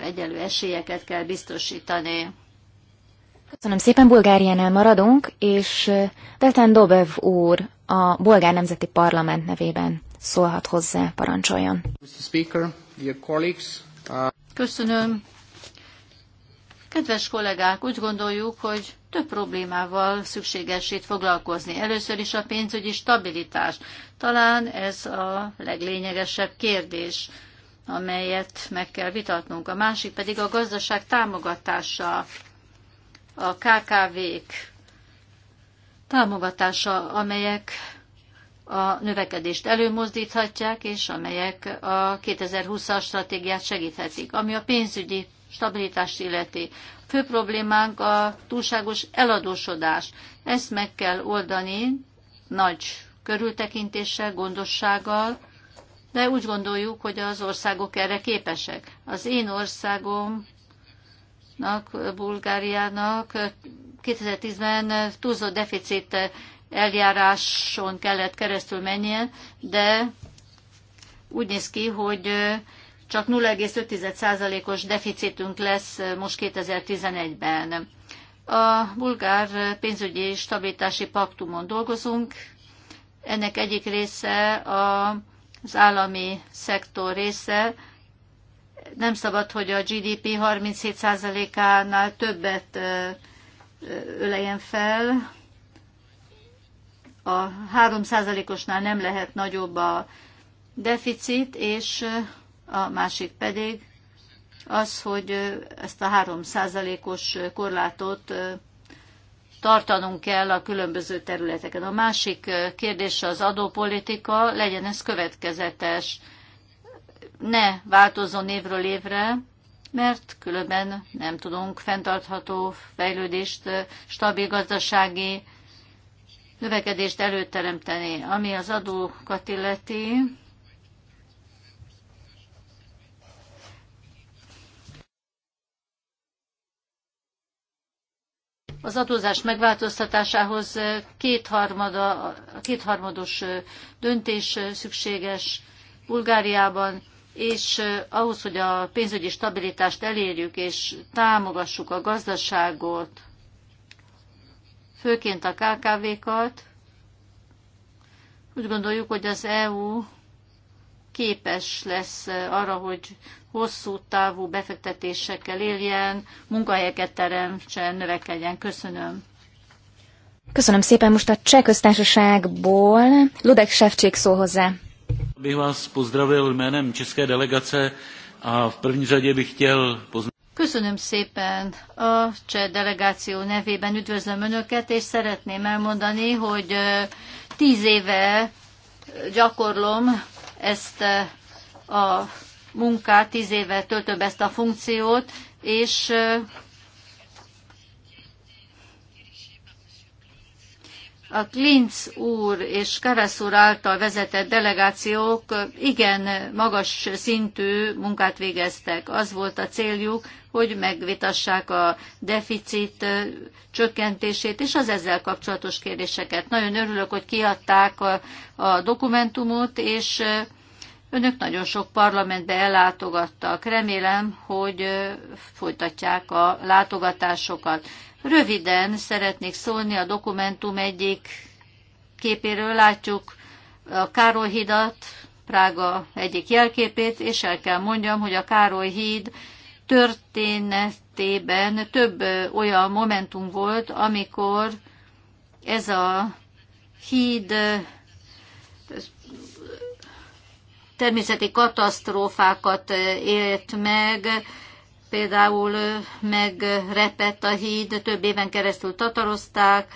egyelő esélyeket kell biztosítani. Köszönöm szépen, Bulgáriánál maradunk, és Deltán Dobev úr a Bulgár Nemzeti Parlament nevében szólhat hozzá, parancsoljon. Uh, Köszönöm, Kedves kollégák, úgy gondoljuk, hogy több problémával szükséges itt foglalkozni. Először is a pénzügyi stabilitás. Talán ez a leglényegesebb kérdés, amelyet meg kell vitatnunk. A másik pedig a gazdaság támogatása, a KKV-k támogatása, amelyek a növekedést előmozdíthatják, és amelyek a 2020-as stratégiát segíthetik. Ami a pénzügyi stabilitást illeti. Fő problémánk a túlságos eladósodás. Ezt meg kell oldani nagy körültekintéssel, gondossággal, de úgy gondoljuk, hogy az országok erre képesek. Az én országomnak, Bulgáriának 2010-ben túlzott deficit eljáráson kellett keresztül menjen, de úgy néz ki, hogy csak 0,5%-os deficitünk lesz most 2011-ben. A bulgár pénzügyi stabilitási paktumon dolgozunk. Ennek egyik része az állami szektor része. Nem szabad, hogy a GDP 37%-ánál többet öleljen fel. A 3%-osnál nem lehet nagyobb a deficit, és a másik pedig az, hogy ezt a 3%-os korlátot tartanunk kell a különböző területeken. A másik kérdés az adópolitika, legyen ez következetes, ne változzon évről évre, mert különben nem tudunk fenntartható fejlődést, stabil gazdasági növekedést előteremteni. Ami az adókat illeti, az adózás megváltoztatásához kétharmada, kétharmados döntés szükséges Bulgáriában, és ahhoz, hogy a pénzügyi stabilitást elérjük és támogassuk a gazdaságot, főként a KKV-kat, úgy gondoljuk, hogy az EU képes lesz arra, hogy hosszú távú befektetésekkel éljen, munkahelyeket teremtsen, növekedjen. Köszönöm. Köszönöm szépen most a Cseh köztársaságból. Ludek Sevcsék szól hozzá. Bych vás pozdravil jménem České delegace a v první řadě bych chtěl poznat... Köszönöm szépen a cseh delegáció nevében üdvözlöm Önöket, és szeretném elmondani, hogy tíz éve gyakorlom ezt a munkát, tíz évvel töltöm ezt a funkciót, és a Klinz úr és Karasz úr által vezetett delegációk igen magas szintű munkát végeztek. Az volt a céljuk, hogy megvitassák a deficit csökkentését és az ezzel kapcsolatos kérdéseket. Nagyon örülök, hogy kiadták a, a dokumentumot, és Önök nagyon sok parlamentbe ellátogattak. Remélem, hogy folytatják a látogatásokat. Röviden szeretnék szólni a dokumentum egyik képéről. Látjuk a Károly hidat, Prága egyik jelképét, és el kell mondjam, hogy a Károly híd történetében több olyan momentum volt, amikor ez a híd természeti katasztrófákat élt meg, például megrepett a híd, több éven keresztül tatarozták.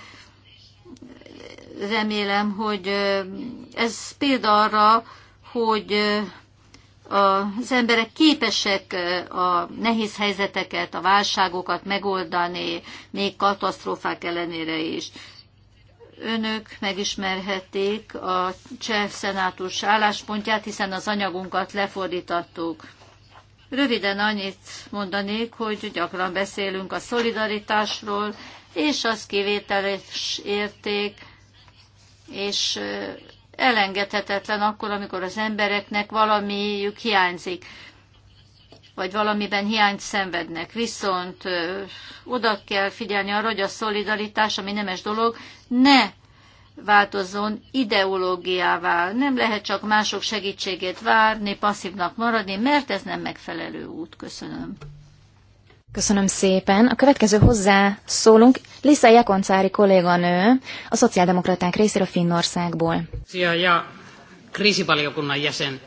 Remélem, hogy ez példa arra, hogy az emberek képesek a nehéz helyzeteket, a válságokat megoldani, még katasztrófák ellenére is önök megismerhették a cseh szenátus álláspontját, hiszen az anyagunkat lefordítattuk. Röviden annyit mondanék, hogy gyakran beszélünk a szolidaritásról, és az kivételes érték, és elengedhetetlen akkor, amikor az embereknek valamiük hiányzik vagy valamiben hiányt szenvednek. Viszont oda kell figyelni arra, hogy a szolidaritás, ami nemes dolog, ne változzon ideológiává. Nem lehet csak mások segítségét várni, passzívnak maradni, mert ez nem megfelelő út. Köszönöm. Köszönöm szépen. A következő hozzá szólunk Lisa Jakoncári kolléganő, a szociáldemokraták részéről Finnországból. Szia, ja, kriisivaliokunnan jesen.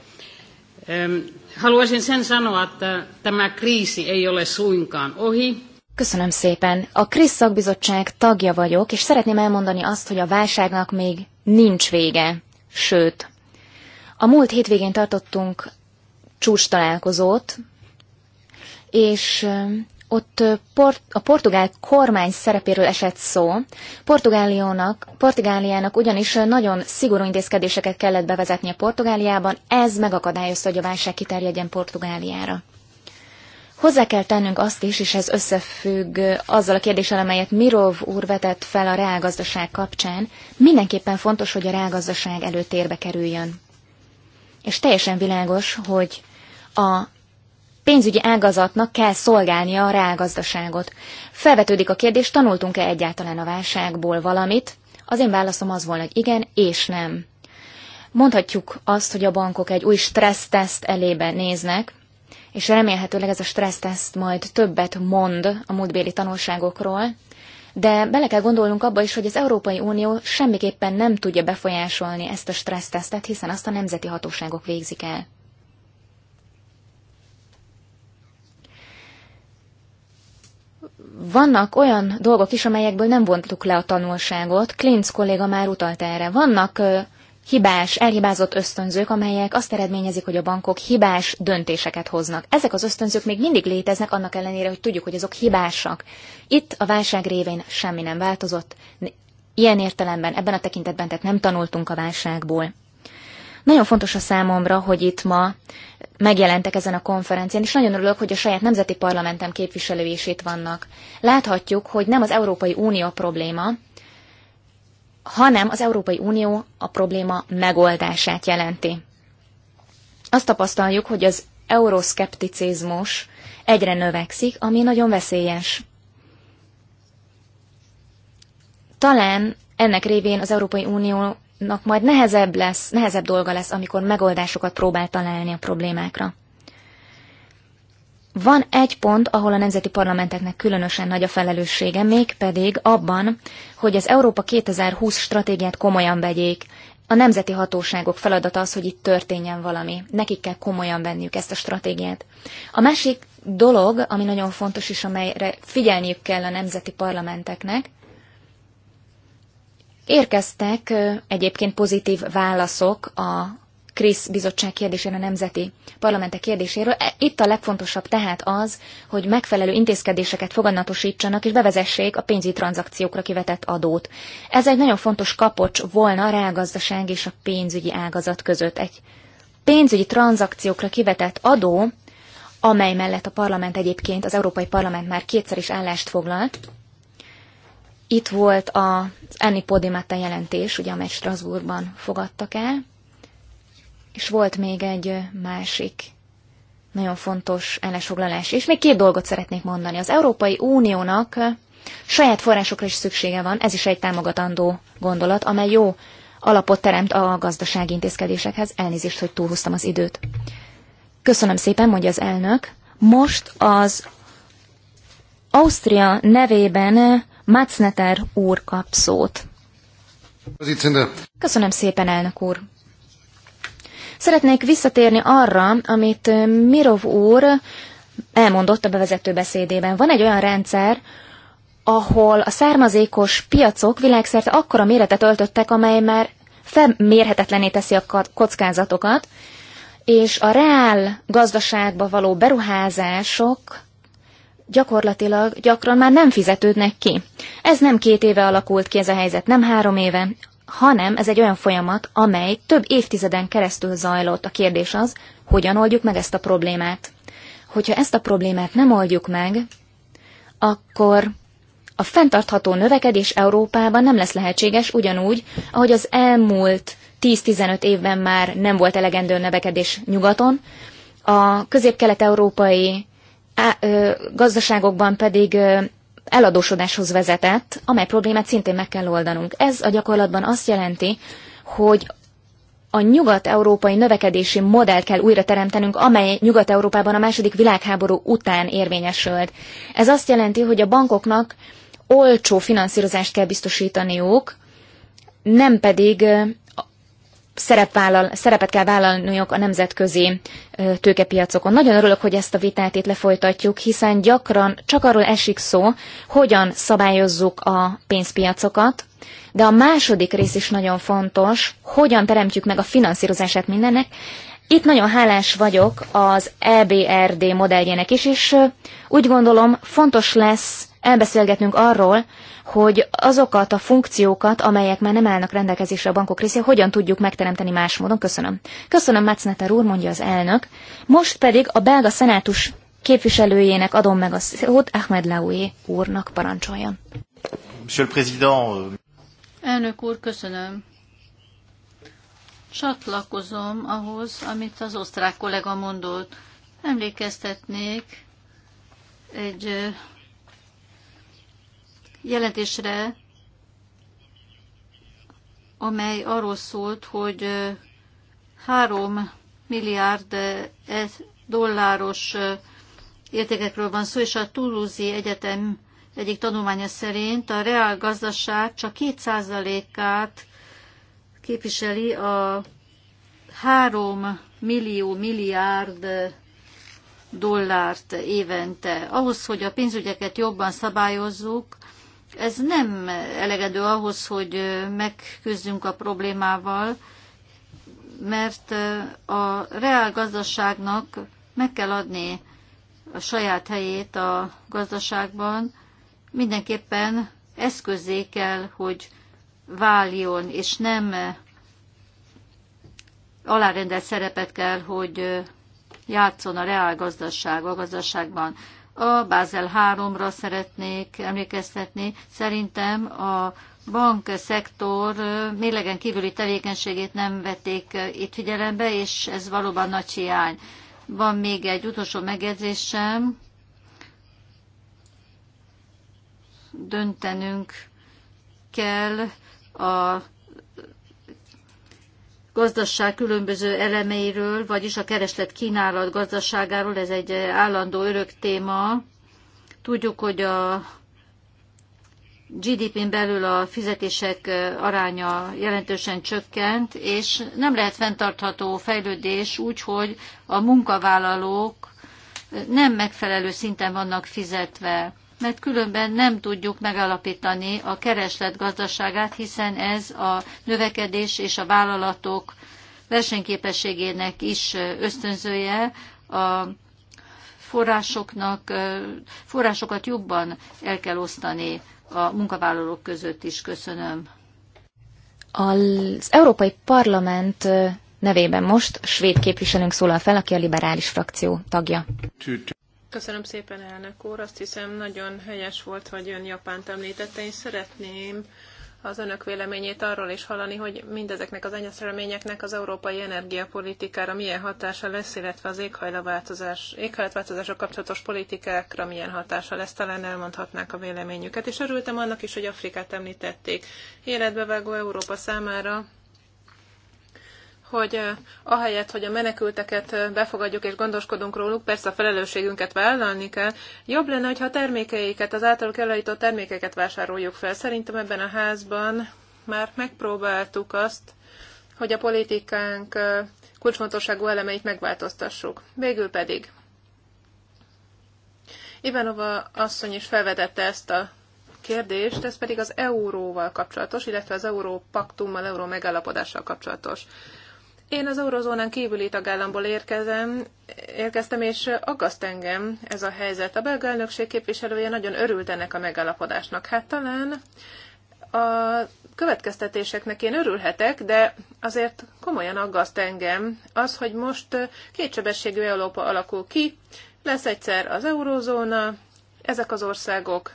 Haluaisin sen sanoa, että tämä kriisi ei ole suinkaan ohi. Köszönöm szépen. A Krisz szakbizottság tagja vagyok, és szeretném elmondani azt, hogy a válságnak még nincs vége. Sőt, a múlt hétvégén tartottunk csúcs találkozót, és ott port, a portugál kormány szerepéről esett szó. Portugáliónak, Portugáliának ugyanis nagyon szigorú intézkedéseket kellett bevezetni a Portugáliában, ez megakadályozta, hogy a válság kiterjedjen Portugáliára. Hozzá kell tennünk azt is, és ez összefügg azzal a kérdéssel, amelyet Mirov úr vetett fel a reálgazdaság kapcsán, mindenképpen fontos, hogy a reálgazdaság előtérbe kerüljön. És teljesen világos, hogy a pénzügyi ágazatnak kell szolgálnia a reálgazdaságot. Felvetődik a kérdés, tanultunk-e egyáltalán a válságból valamit? Az én válaszom az volna, hogy igen és nem. Mondhatjuk azt, hogy a bankok egy új stresszteszt elébe néznek, és remélhetőleg ez a stresszteszt majd többet mond a múltbéli tanulságokról, de bele kell gondolnunk abba is, hogy az Európai Unió semmiképpen nem tudja befolyásolni ezt a stressztesztet, hiszen azt a nemzeti hatóságok végzik el. vannak olyan dolgok is, amelyekből nem vontuk le a tanulságot. Klinc kolléga már utalt erre. Vannak hibás, elhibázott ösztönzők, amelyek azt eredményezik, hogy a bankok hibás döntéseket hoznak. Ezek az ösztönzők még mindig léteznek, annak ellenére, hogy tudjuk, hogy azok hibásak. Itt a válság révén semmi nem változott. Ilyen értelemben, ebben a tekintetben, tehát nem tanultunk a válságból. Nagyon fontos a számomra, hogy itt ma megjelentek ezen a konferencián, és nagyon örülök, hogy a saját nemzeti parlamentem képviselői is itt vannak. Láthatjuk, hogy nem az Európai Unió probléma, hanem az Európai Unió a probléma megoldását jelenti. Azt tapasztaljuk, hogy az euroszkepticizmus egyre növekszik, ami nagyon veszélyes. Talán ennek révén az Európai Unió Nak majd nehezebb lesz, nehezebb dolga lesz, amikor megoldásokat próbál találni a problémákra. Van egy pont, ahol a nemzeti parlamenteknek különösen nagy a felelőssége, mégpedig abban, hogy az Európa 2020 stratégiát komolyan vegyék. A nemzeti hatóságok feladata az, hogy itt történjen valami. Nekik kell komolyan venniük ezt a stratégiát. A másik dolog, ami nagyon fontos is, amelyre figyelniük kell a nemzeti parlamenteknek, Érkeztek egyébként pozitív válaszok a Krisz bizottság kérdésére, a nemzeti parlamentek kérdéséről. E, itt a legfontosabb tehát az, hogy megfelelő intézkedéseket foganatosítsanak és bevezessék a pénzügyi tranzakciókra kivetett adót. Ez egy nagyon fontos kapocs volna a reálgazdaság és a pénzügyi ágazat között. Egy pénzügyi tranzakciókra kivetett adó, amely mellett a parlament egyébként, az Európai Parlament már kétszer is állást foglalt, itt volt az Enni Podimata jelentés, ugye, amely Strasbourgban fogadtak el, és volt még egy másik nagyon fontos ellensfoglalás. És még két dolgot szeretnék mondani. Az Európai Uniónak saját forrásokra is szüksége van, ez is egy támogatandó gondolat, amely jó alapot teremt a gazdasági intézkedésekhez. Elnézést, hogy túlhúztam az időt. Köszönöm szépen, mondja az elnök. Most az Ausztria nevében Macneter úr kap szót. Köszönöm szépen, elnök úr. Szeretnék visszatérni arra, amit Mirov úr elmondott a bevezető beszédében. Van egy olyan rendszer, ahol a származékos piacok világszerte akkora méretet öltöttek, amely már felmérhetetlené teszi a kockázatokat, és a reál gazdaságba való beruházások gyakorlatilag gyakran már nem fizetődnek ki. Ez nem két éve alakult ki ez a helyzet, nem három éve, hanem ez egy olyan folyamat, amely több évtizeden keresztül zajlott. A kérdés az, hogyan oldjuk meg ezt a problémát. Hogyha ezt a problémát nem oldjuk meg, akkor a fenntartható növekedés Európában nem lesz lehetséges ugyanúgy, ahogy az elmúlt 10-15 évben már nem volt elegendő növekedés nyugaton. A közép-kelet-európai gazdaságokban pedig eladósodáshoz vezetett, amely problémát szintén meg kell oldanunk. Ez a gyakorlatban azt jelenti, hogy a nyugat-európai növekedési modellt kell újra teremtenünk, amely Nyugat-Európában a második világháború után érvényesült. Ez azt jelenti, hogy a bankoknak olcsó finanszírozást kell biztosítaniuk, nem pedig szerepvállal, szerepet kell vállalniuk a nemzetközi tőkepiacokon. Nagyon örülök, hogy ezt a vitát itt lefolytatjuk, hiszen gyakran csak arról esik szó, hogyan szabályozzuk a pénzpiacokat, de a második rész is nagyon fontos, hogyan teremtjük meg a finanszírozását mindennek, itt nagyon hálás vagyok az EBRD modelljének is, és úgy gondolom fontos lesz elbeszélgetnünk arról, hogy azokat a funkciókat, amelyek már nem állnak rendelkezésre a bankok részére, hogyan tudjuk megteremteni más módon. Köszönöm. Köszönöm, Matsneter úr, mondja az elnök. Most pedig a belga szenátus képviselőjének adom meg a szót, Ahmed Laoui úrnak parancsoljon. Monsieur le Président. Euh, elnök úr, köszönöm csatlakozom ahhoz, amit az osztrák kollega mondott. Emlékeztetnék egy jelentésre, amely arról szólt, hogy 3 milliárd dolláros értékekről van szó, és a Toulouse Egyetem egyik tanulmánya szerint a reál gazdaság csak 2%-át képviseli a 3 millió milliárd dollárt évente. Ahhoz, hogy a pénzügyeket jobban szabályozzuk, ez nem elegedő ahhoz, hogy megküzdjünk a problémával, mert a reál gazdaságnak meg kell adni a saját helyét a gazdaságban, mindenképpen eszközé kell, hogy váljon, és nem eh, alárendelt szerepet kell, hogy eh, játszon a reálgazdaság, a gazdaságban. A Bázel 3-ra szeretnék emlékeztetni. Szerintem a bank szektor eh, mélegen kívüli tevékenységét nem vették itt figyelembe, és ez valóban nagy hiány. Van még egy utolsó megjegyzésem. Döntenünk kell a gazdaság különböző elemeiről, vagyis a kereslet kínálat gazdaságáról, ez egy állandó örök téma. Tudjuk, hogy a GDP-n belül a fizetések aránya jelentősen csökkent, és nem lehet fenntartható fejlődés úgy, hogy a munkavállalók nem megfelelő szinten vannak fizetve mert különben nem tudjuk megalapítani a kereslet gazdaságát, hiszen ez a növekedés és a vállalatok versenyképességének is ösztönzője, a forrásoknak, forrásokat jobban el kell osztani a munkavállalók között is. Köszönöm. Az Európai Parlament nevében most svéd képviselőnk szólal fel, aki a liberális frakció tagja. Köszönöm szépen, elnök úr. Azt hiszem, nagyon helyes volt, hogy ön Japánt említette. Én szeretném az önök véleményét arról is hallani, hogy mindezeknek az anyaszereményeknek az európai energiapolitikára milyen hatása lesz, illetve az éghajlatváltozás, kapcsolatos politikákra milyen hatása lesz, talán elmondhatnák a véleményüket. És örültem annak is, hogy Afrikát említették. Életbevágó Európa számára hogy ahelyett, hogy a menekülteket befogadjuk és gondoskodunk róluk, persze a felelősségünket vállalni kell, jobb lenne, hogyha a termékeiket, az általuk előállított termékeket vásároljuk fel. Szerintem ebben a házban már megpróbáltuk azt, hogy a politikánk kulcsfontosságú elemeit megváltoztassuk. Végül pedig Ivanova asszony is felvetette ezt a kérdést, ez pedig az euróval kapcsolatos, illetve az euró paktummal, euró megállapodással kapcsolatos. Én az eurozónán kívüli tagállamból érkezem, érkeztem, és aggaszt engem ez a helyzet. A belga elnökség képviselője nagyon örült ennek a megállapodásnak. Hát talán a következtetéseknek én örülhetek, de azért komolyan aggaszt engem az, hogy most kétsebességű Európa alakul ki, lesz egyszer az eurózóna, ezek az országok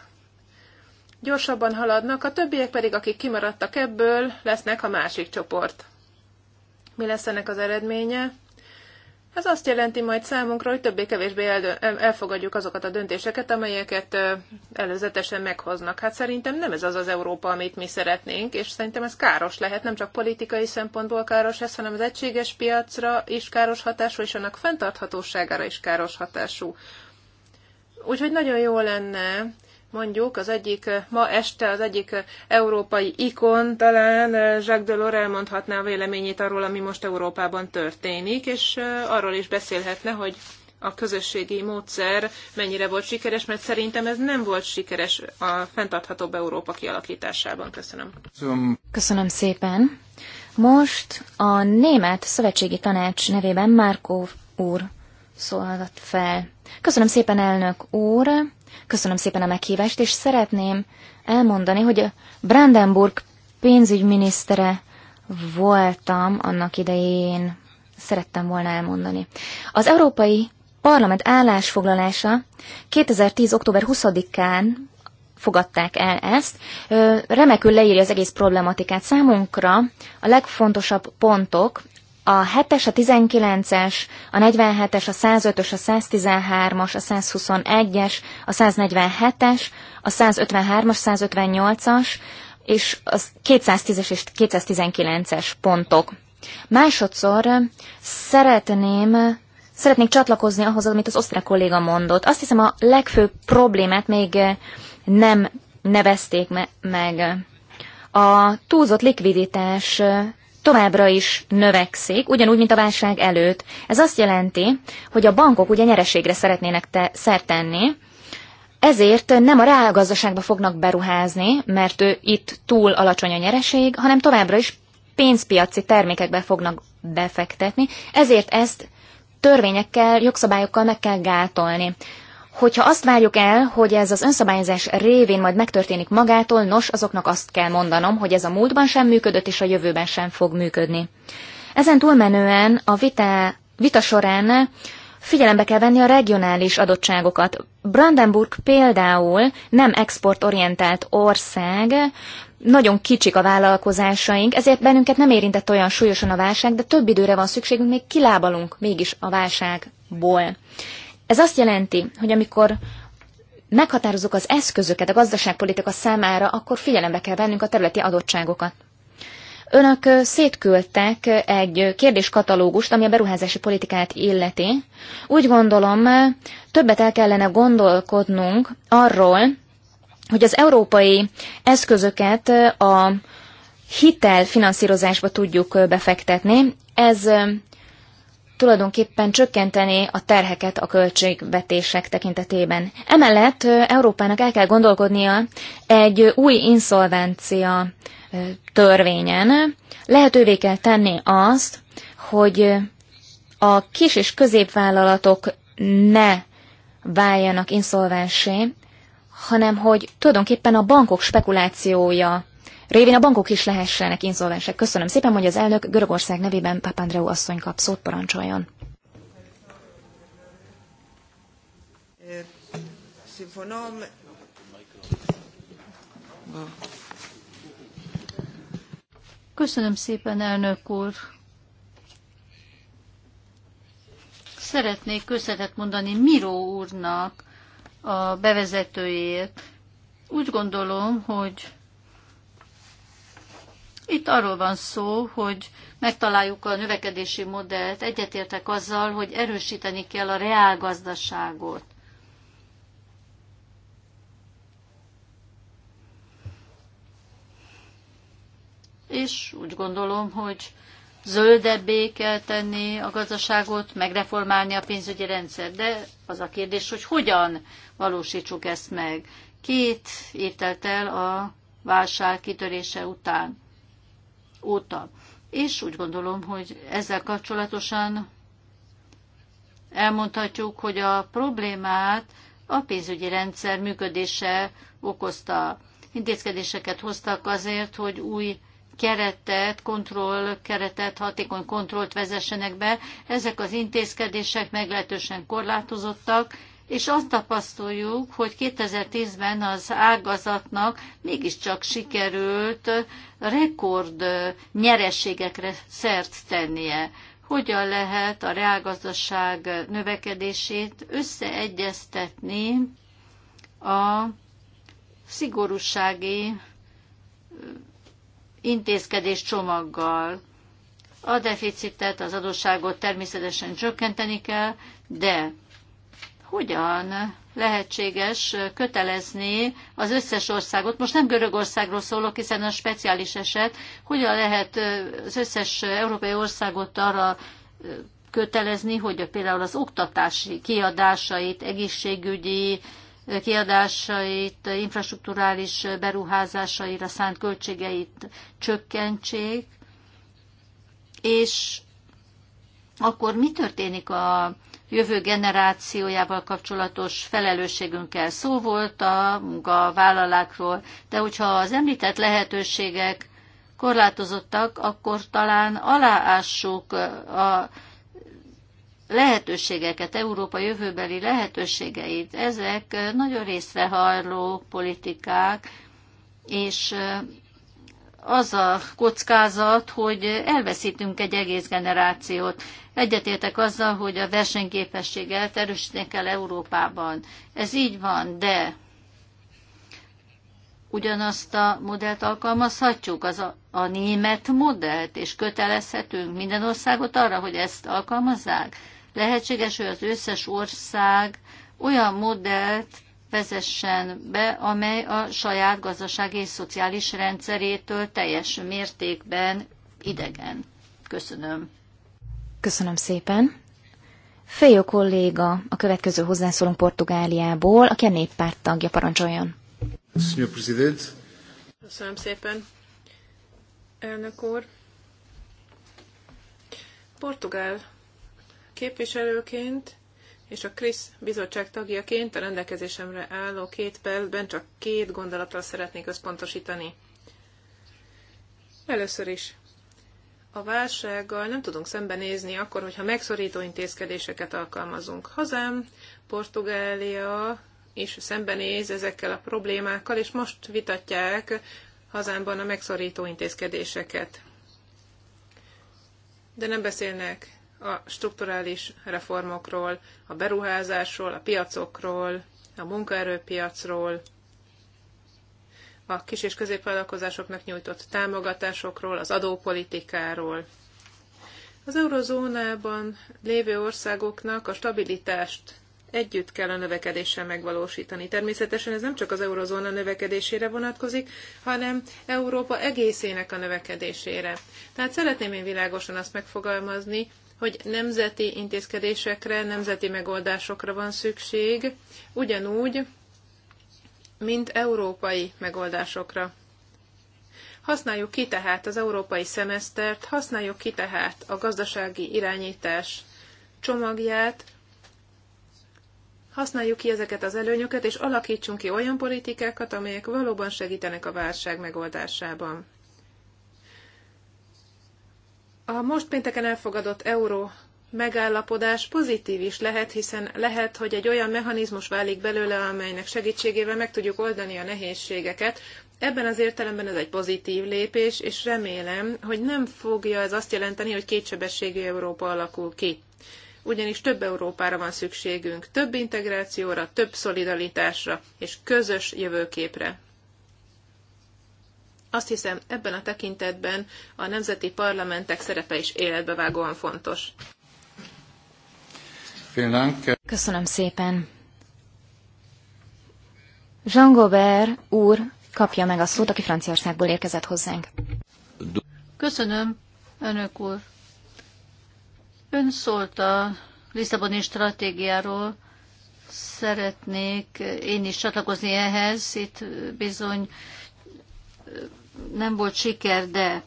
gyorsabban haladnak, a többiek pedig, akik kimaradtak ebből, lesznek a másik csoport mi lesz ennek az eredménye. Ez azt jelenti majd számunkra, hogy többé-kevésbé elfogadjuk azokat a döntéseket, amelyeket előzetesen meghoznak. Hát szerintem nem ez az az Európa, amit mi szeretnénk, és szerintem ez káros lehet, nem csak politikai szempontból káros ez, hanem az egységes piacra is káros hatású, és annak fenntarthatóságára is káros hatású. Úgyhogy nagyon jó lenne, mondjuk az egyik, eh, ma este az egyik eh, európai ikon talán eh, Jacques Delors elmondhatná a véleményét arról, ami most Európában történik, és arról is beszélhetne, hogy a közösségi módszer mennyire volt sikeres, mert szerintem ez nem volt sikeres a fenntarthatóbb Európa kialakításában. Köszönöm. Köszönöm szépen. Most a Német Szövetségi Tanács nevében Márkó úr szólhat fel. Köszönöm szépen, elnök úr. Köszönöm szépen a meghívást, és szeretném elmondani, hogy a Brandenburg pénzügyminisztere voltam annak idején, szerettem volna elmondani. Az Európai Parlament állásfoglalása 2010. október 20-án fogadták el ezt. Remekül leírja az egész problematikát számunkra. A legfontosabb pontok a 7-es, a 19-es, a 47-es, a 105-ös, a 113-as, a 121-es, a 147-es, a 153-as, 158-as, és a 210-es és 219-es pontok. Másodszor szeretném, szeretnék csatlakozni ahhoz, amit az osztrák kolléga mondott. Azt hiszem a legfőbb problémát még nem nevezték me- meg. A túlzott likviditás továbbra is növekszik, ugyanúgy, mint a válság előtt. Ez azt jelenti, hogy a bankok ugye nyereségre szeretnének te, szert tenni, ezért nem a reálgazdaságba fognak beruházni, mert ő itt túl alacsony a nyereség, hanem továbbra is pénzpiaci termékekbe fognak befektetni, ezért ezt törvényekkel, jogszabályokkal meg kell gátolni. Hogyha azt várjuk el, hogy ez az önszabályozás révén majd megtörténik magától, nos, azoknak azt kell mondanom, hogy ez a múltban sem működött, és a jövőben sem fog működni. Ezen túlmenően a vita, vita során figyelembe kell venni a regionális adottságokat. Brandenburg például nem exportorientált ország, nagyon kicsik a vállalkozásaink, ezért bennünket nem érintett olyan súlyosan a válság, de több időre van szükségünk, még kilábalunk mégis a válságból. Ez azt jelenti, hogy amikor meghatározunk az eszközöket a gazdaságpolitika számára, akkor figyelembe kell vennünk a területi adottságokat. Önök szétküldtek egy kérdéskatalógust, ami a beruházási politikát illeti. Úgy gondolom, többet el kellene gondolkodnunk arról, hogy az európai eszközöket a hitelfinanszírozásba tudjuk befektetni. Ez tulajdonképpen csökkentené a terheket a költségvetések tekintetében. Emellett Európának el kell gondolkodnia egy új inszolvencia törvényen. Lehetővé kell tenni azt, hogy a kis és középvállalatok ne váljanak inszolvensé, hanem hogy tulajdonképpen a bankok spekulációja révén a bankok is lehessenek inszolvensek. Köszönöm szépen, hogy az elnök Görögország nevében Papandreou asszony kap szót parancsoljon. Köszönöm szépen, elnök úr. Szeretnék köszönetet mondani Miró úrnak a bevezetőjét. Úgy gondolom, hogy itt arról van szó, hogy megtaláljuk a növekedési modellt, egyetértek azzal, hogy erősíteni kell a reálgazdaságot. És úgy gondolom, hogy zöldebbé kell tenni a gazdaságot, megreformálni a pénzügyi rendszer, de az a kérdés, hogy hogyan valósítsuk ezt meg. Két év el a válság kitörése után óta. És úgy gondolom, hogy ezzel kapcsolatosan elmondhatjuk, hogy a problémát a pénzügyi rendszer működése okozta. Intézkedéseket hoztak azért, hogy új keretet, kontroll keretet, hatékony kontrollt vezessenek be. Ezek az intézkedések meglehetősen korlátozottak, és azt tapasztaljuk, hogy 2010-ben az ágazatnak mégiscsak sikerült rekord nyerességekre szert tennie. Hogyan lehet a reálgazdaság növekedését összeegyeztetni a szigorúsági intézkedés csomaggal. A deficitet, az adósságot természetesen csökkenteni kell, de hogyan lehetséges kötelezni az összes országot, most nem Görögországról szólok, hiszen a speciális eset, hogyan lehet az összes európai országot arra kötelezni, hogy például az oktatási kiadásait, egészségügyi kiadásait, infrastruktúrális beruházásaira szánt költségeit csökkentsék, és akkor mi történik a jövő generációjával kapcsolatos felelősségünkkel. Szó volt a munkavállalákról, de hogyha az említett lehetőségek korlátozottak, akkor talán aláássuk a lehetőségeket, Európa jövőbeli lehetőségeit. Ezek nagyon részrehajló politikák, és az a kockázat, hogy elveszítünk egy egész generációt. Egyetértek azzal, hogy a versenyképesség erősíteni kell Európában. Ez így van, de ugyanazt a modellt alkalmazhatjuk, az a, a német modellt, és kötelezhetünk minden országot arra, hogy ezt alkalmazzák. Lehetséges, hogy az összes ország olyan modellt vezessen be, amely a saját gazdasági és szociális rendszerétől teljes mértékben idegen. Köszönöm. Köszönöm szépen. Fejó kolléga, a következő hozzászólunk Portugáliából, aki a néppárt tagja, parancsoljon. Köszönöm szépen. Elnök úr. Portugál képviselőként és a Krisz bizottság tagjaként a rendelkezésemre álló két percben csak két gondolatra szeretnék összpontosítani. Először is a válsággal nem tudunk szembenézni akkor, hogyha megszorító intézkedéseket alkalmazunk. Hazám, Portugália is szembenéz ezekkel a problémákkal, és most vitatják hazámban a megszorító intézkedéseket. De nem beszélnek a strukturális reformokról, a beruházásról, a piacokról, a munkaerőpiacról, a kis- és középvállalkozásoknak nyújtott támogatásokról, az adópolitikáról. Az eurozónában lévő országoknak a stabilitást együtt kell a növekedéssel megvalósítani. Természetesen ez nem csak az eurozóna növekedésére vonatkozik, hanem Európa egészének a növekedésére. Tehát szeretném én világosan azt megfogalmazni, hogy nemzeti intézkedésekre, nemzeti megoldásokra van szükség, ugyanúgy, mind európai megoldásokra. Használjuk ki tehát az európai szemesztert, használjuk ki tehát a gazdasági irányítás csomagját, használjuk ki ezeket az előnyöket, és alakítsunk ki olyan politikákat, amelyek valóban segítenek a válság megoldásában. A most pénteken elfogadott euró megállapodás pozitív is lehet, hiszen lehet, hogy egy olyan mechanizmus válik belőle, amelynek segítségével meg tudjuk oldani a nehézségeket. Ebben az értelemben ez egy pozitív lépés, és remélem, hogy nem fogja ez azt jelenteni, hogy kétsebességű Európa alakul ki. Ugyanis több Európára van szükségünk, több integrációra, több szolidaritásra és közös jövőképre. Azt hiszem, ebben a tekintetben a nemzeti parlamentek szerepe is életbevágóan fontos. Köszönöm szépen. Jean Gobert úr kapja meg a szót, aki Franciaországból érkezett hozzánk. Köszönöm, önök úr. Ön szólt a Lisszaboni stratégiáról, szeretnék én is csatlakozni ehhez. Itt bizony nem volt siker, de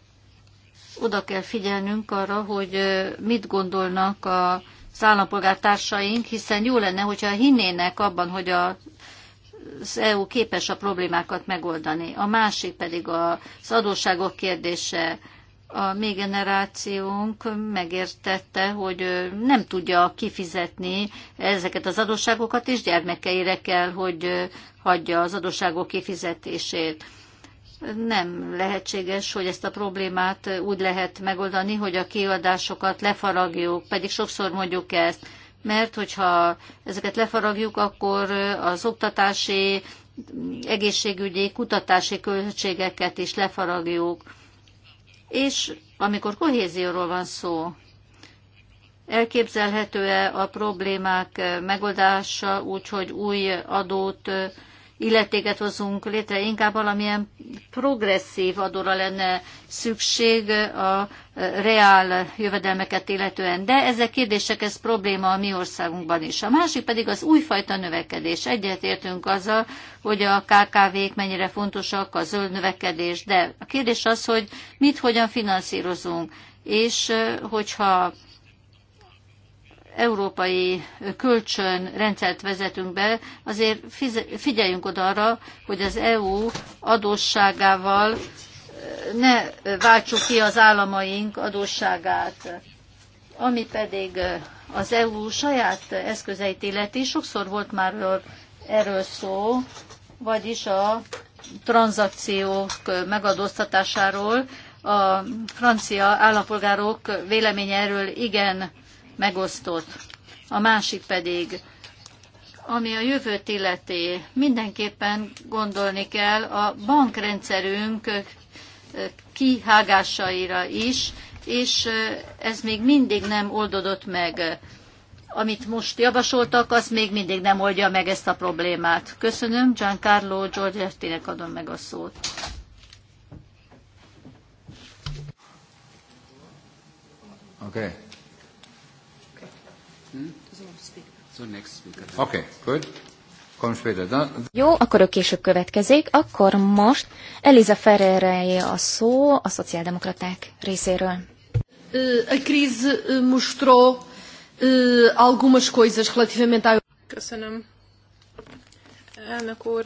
oda kell figyelnünk arra, hogy mit gondolnak a az állampolgártársaink, hiszen jó lenne, hogyha hinnének abban, hogy a az EU képes a problémákat megoldani. A másik pedig az adósságok kérdése. A mi generációnk megértette, hogy nem tudja kifizetni ezeket az adósságokat, és gyermekeire kell, hogy hagyja az adósságok kifizetését nem lehetséges, hogy ezt a problémát úgy lehet megoldani, hogy a kiadásokat lefaragjuk, pedig sokszor mondjuk ezt, mert hogyha ezeket lefaragjuk, akkor az oktatási, egészségügyi, kutatási költségeket is lefaragjuk. És amikor kohézióról van szó, elképzelhető-e a problémák megoldása úgy, hogy új adót illetéket hozunk létre, inkább valamilyen progresszív adóra lenne szükség a eh, reál jövedelmeket illetően. De ezek kérdések, ez probléma a mi országunkban is. A másik pedig az újfajta növekedés. Egyetértünk azzal, hogy a KKV-k mennyire fontosak, a zöld növekedés, de a kérdés az, hogy mit hogyan finanszírozunk. És eh, hogyha európai kölcsönrendszert vezetünk be, azért figyeljünk oda arra, hogy az EU adósságával ne váltsuk ki az államaink adósságát. Ami pedig az EU saját eszközeit illeti, sokszor volt már erről szó, vagyis a tranzakciók megadóztatásáról. A francia állampolgárok véleménye erről igen megosztott, a másik pedig, ami a jövőt illeti, mindenképpen gondolni kell a bankrendszerünk kihágásaira is, és ez még mindig nem oldódott meg. Amit most javasoltak, az még mindig nem oldja meg ezt a problémát. Köszönöm, Giancarlo Giorgetti-nek adom meg a szót. Okay. Hmm? Oké, Jó, akkor ő később következik. Akkor most Eliza Ferrer, a szó a szociáldemokraták részéről. A crise mostrou algumas coisas relativamente Köszönöm. Elnök úr,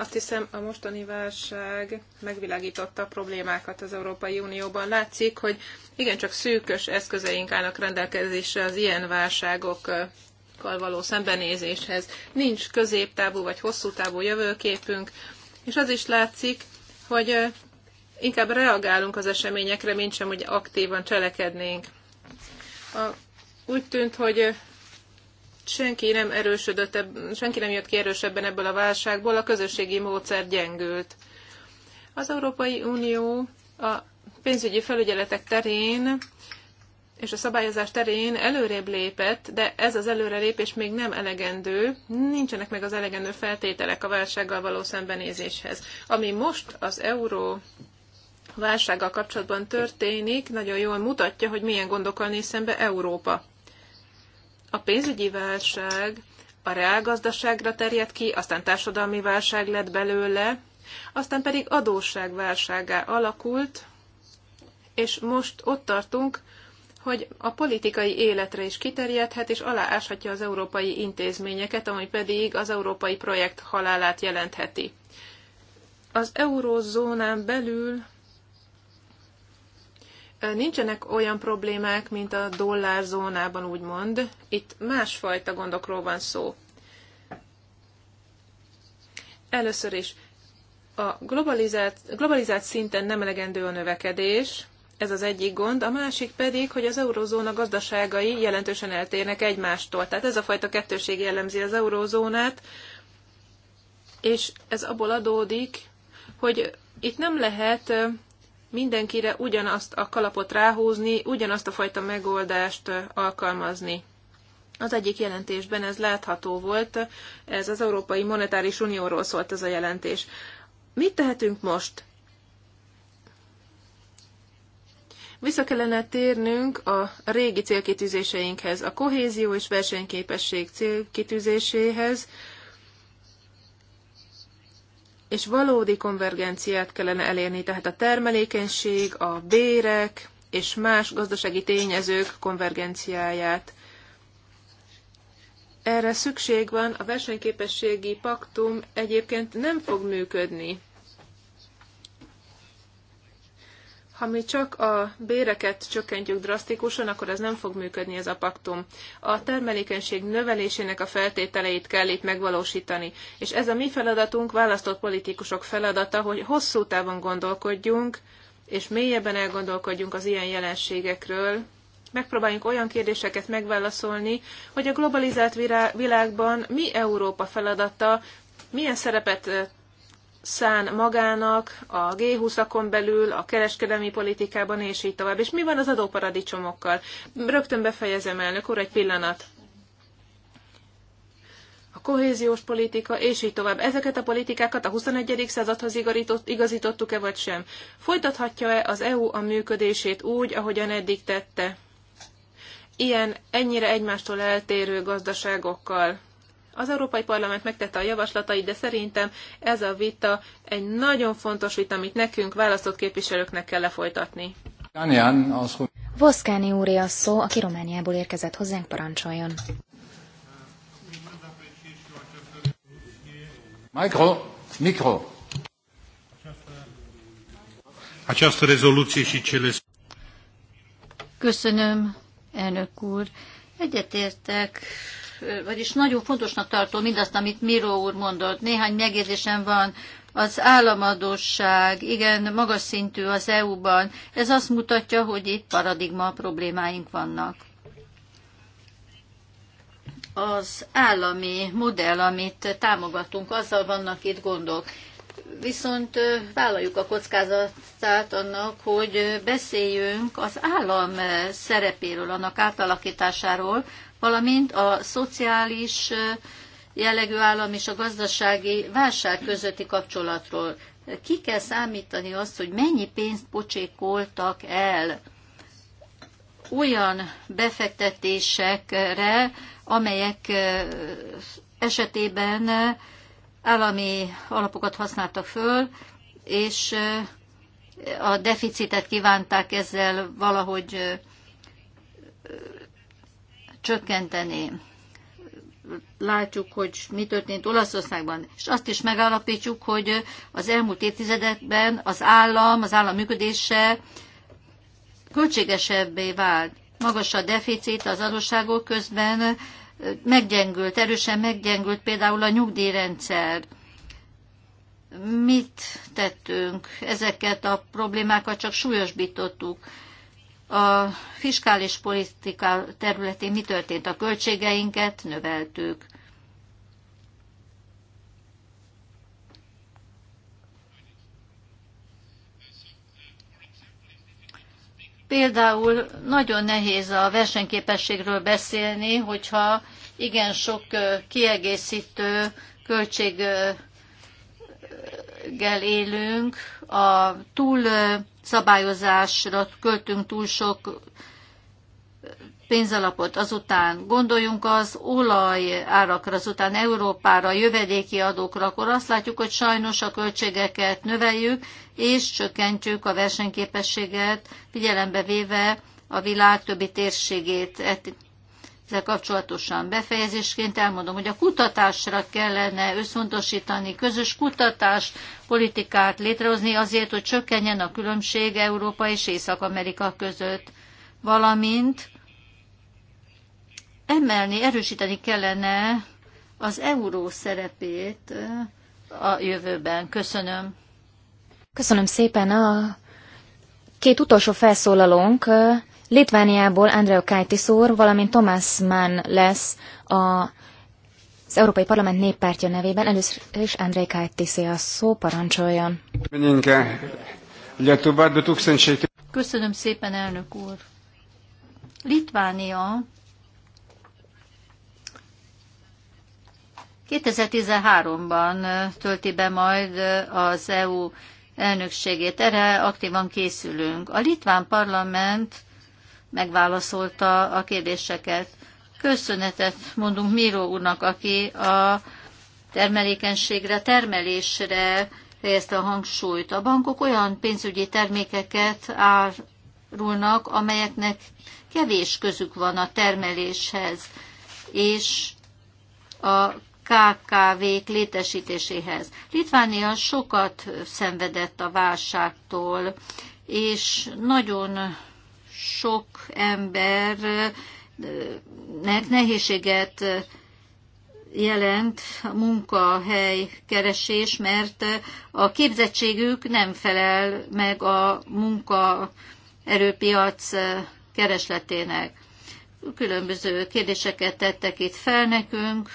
azt hiszem, a mostani válság megvilágította a problémákat az Európai Unióban. Látszik, hogy igencsak szűkös eszközeink állnak rendelkezésre az ilyen válságok való szembenézéshez. Nincs középtávú vagy hosszú távú jövőképünk, és az is látszik, hogy inkább reagálunk az eseményekre, mint sem, hogy aktívan cselekednénk. A, úgy tűnt, hogy senki nem erősödött, senki nem jött ki erősebben ebből a válságból, a közösségi módszer gyengült. Az Európai Unió a pénzügyi felügyeletek terén és a szabályozás terén előrébb lépett, de ez az előrelépés még nem elegendő, nincsenek meg az elegendő feltételek a válsággal való szembenézéshez. Ami most az euró válsággal kapcsolatban történik, nagyon jól mutatja, hogy milyen gondokkal néz szembe Európa a pénzügyi válság a reálgazdaságra terjedt ki, aztán társadalmi válság lett belőle, aztán pedig válságá alakult, és most ott tartunk, hogy a politikai életre is kiterjedhet, és alááshatja az európai intézményeket, ami pedig az európai projekt halálát jelentheti. Az eurózónán belül nincsenek olyan problémák, mint a dollárzónában úgymond. Itt másfajta gondokról van szó. Először is, a globalizált, globalizált szinten nem elegendő a növekedés, ez az egyik gond, a másik pedig, hogy az eurózóna gazdaságai jelentősen eltérnek egymástól. Tehát ez a fajta kettőség jellemzi az eurózónát, és ez abból adódik, hogy itt nem lehet mindenkire ugyanazt a kalapot ráhúzni, ugyanazt a fajta megoldást alkalmazni. Az egyik jelentésben ez látható volt, ez az Európai Monetáris Unióról szólt ez a jelentés. Mit tehetünk most? Vissza kellene térnünk a régi célkitűzéseinkhez, a kohézió és versenyképesség célkitűzéséhez, és valódi konvergenciát kellene elérni, tehát a termelékenység, a bérek és más gazdasági tényezők konvergenciáját. Erre szükség van, a versenyképességi paktum egyébként nem fog működni ha mi csak a béreket csökkentjük drasztikusan, akkor ez nem fog működni ez a paktum. A termelékenység növelésének a feltételeit kell itt megvalósítani. És ez a mi feladatunk, választott politikusok feladata, hogy hosszú távon gondolkodjunk, és mélyebben elgondolkodjunk az ilyen jelenségekről, Megpróbáljunk olyan kérdéseket megválaszolni, hogy a globalizált világban mi Európa feladata, milyen szerepet eh, szán magának, a G20-akon belül, a kereskedelmi politikában, és így tovább. És mi van az adóparadicsomokkal? Rögtön befejezem, elnök úr, egy pillanat a kohéziós politika, és így tovább. Ezeket a politikákat a 21. századhoz igazítottuk-e vagy sem? Folytathatja-e az EU a működését úgy, ahogyan eddig tette? Ilyen, ennyire egymástól eltérő gazdaságokkal. Az Európai Parlament megtette a javaslatait, de szerintem ez a vita egy nagyon fontos vita, amit nekünk, választott képviselőknek kell lefolytatni. Voszkáni úr a szó, aki Romániából érkezett hozzánk, parancsoljon. Mikro? mikro. Köszönöm, elnök úr. Egyetértek vagyis nagyon fontosnak tartom mindazt, amit Miró úr mondott. Néhány megjegyzésem van az államadóság igen magas szintű az EU-ban. Ez azt mutatja, hogy itt paradigma problémáink vannak. Az állami modell, amit támogatunk, azzal vannak itt gondok. Viszont vállaljuk a kockázatát annak, hogy beszéljünk az állam szerepéről, annak átalakításáról, valamint a szociális jellegű állam és a gazdasági válság közötti kapcsolatról. Ki kell számítani azt, hogy mennyi pénzt pocsékoltak el olyan befektetésekre, amelyek esetében állami alapokat használtak föl, és a deficitet kívánták ezzel valahogy csökkenteni. Látjuk, hogy mi történt Olaszországban, és azt is megállapítjuk, hogy az elmúlt évtizedekben az állam, az állam működése költségesebbé vált. Magas a deficit az adósságok közben, meggyengült, erősen meggyengült például a nyugdíjrendszer. Mit tettünk? Ezeket a problémákat csak súlyosbítottuk. A fiskális politika területén mi történt? A költségeinket növeltük. Például nagyon nehéz a versenyképességről beszélni, hogyha igen sok kiegészítő költséggel élünk, a túl szabályozásra költünk túl sok pénzalapot, azután gondoljunk az olaj árakra, azután Európára, jövedéki adókra, akkor azt látjuk, hogy sajnos a költségeket növeljük, és csökkentjük a versenyképességet, figyelembe véve a világ többi térségét ezzel kapcsolatosan befejezésként elmondom, hogy a kutatásra kellene összpontosítani, közös kutatás politikát létrehozni azért, hogy csökkenjen a különbség Európa és Észak-Amerika között, valamint emelni, erősíteni kellene az euró szerepét a jövőben. Köszönöm. Köszönöm szépen. A két utolsó felszólalónk Litvániából Andrea Kajtis úr, valamint Thomas Mann lesz a, az Európai Parlament néppártja nevében. Először is Andrei Kajtis a szó, parancsoljon. Köszönöm szépen, elnök úr. Litvánia 2013-ban tölti be majd az EU elnökségét. Erre aktívan készülünk. A litván parlament megválaszolta a kérdéseket. Köszönetet mondunk Miró úrnak, aki a termelékenységre, termelésre helyezte a hangsúlyt. A bankok olyan pénzügyi termékeket árulnak, amelyeknek kevés közük van a termeléshez, és a KKV-k létesítéséhez. Litvánia sokat szenvedett a válságtól, és nagyon sok embernek nehézséget jelent a munkahely keresés, mert a képzettségük nem felel meg a munkaerőpiac keresletének. Különböző kérdéseket tettek itt fel nekünk.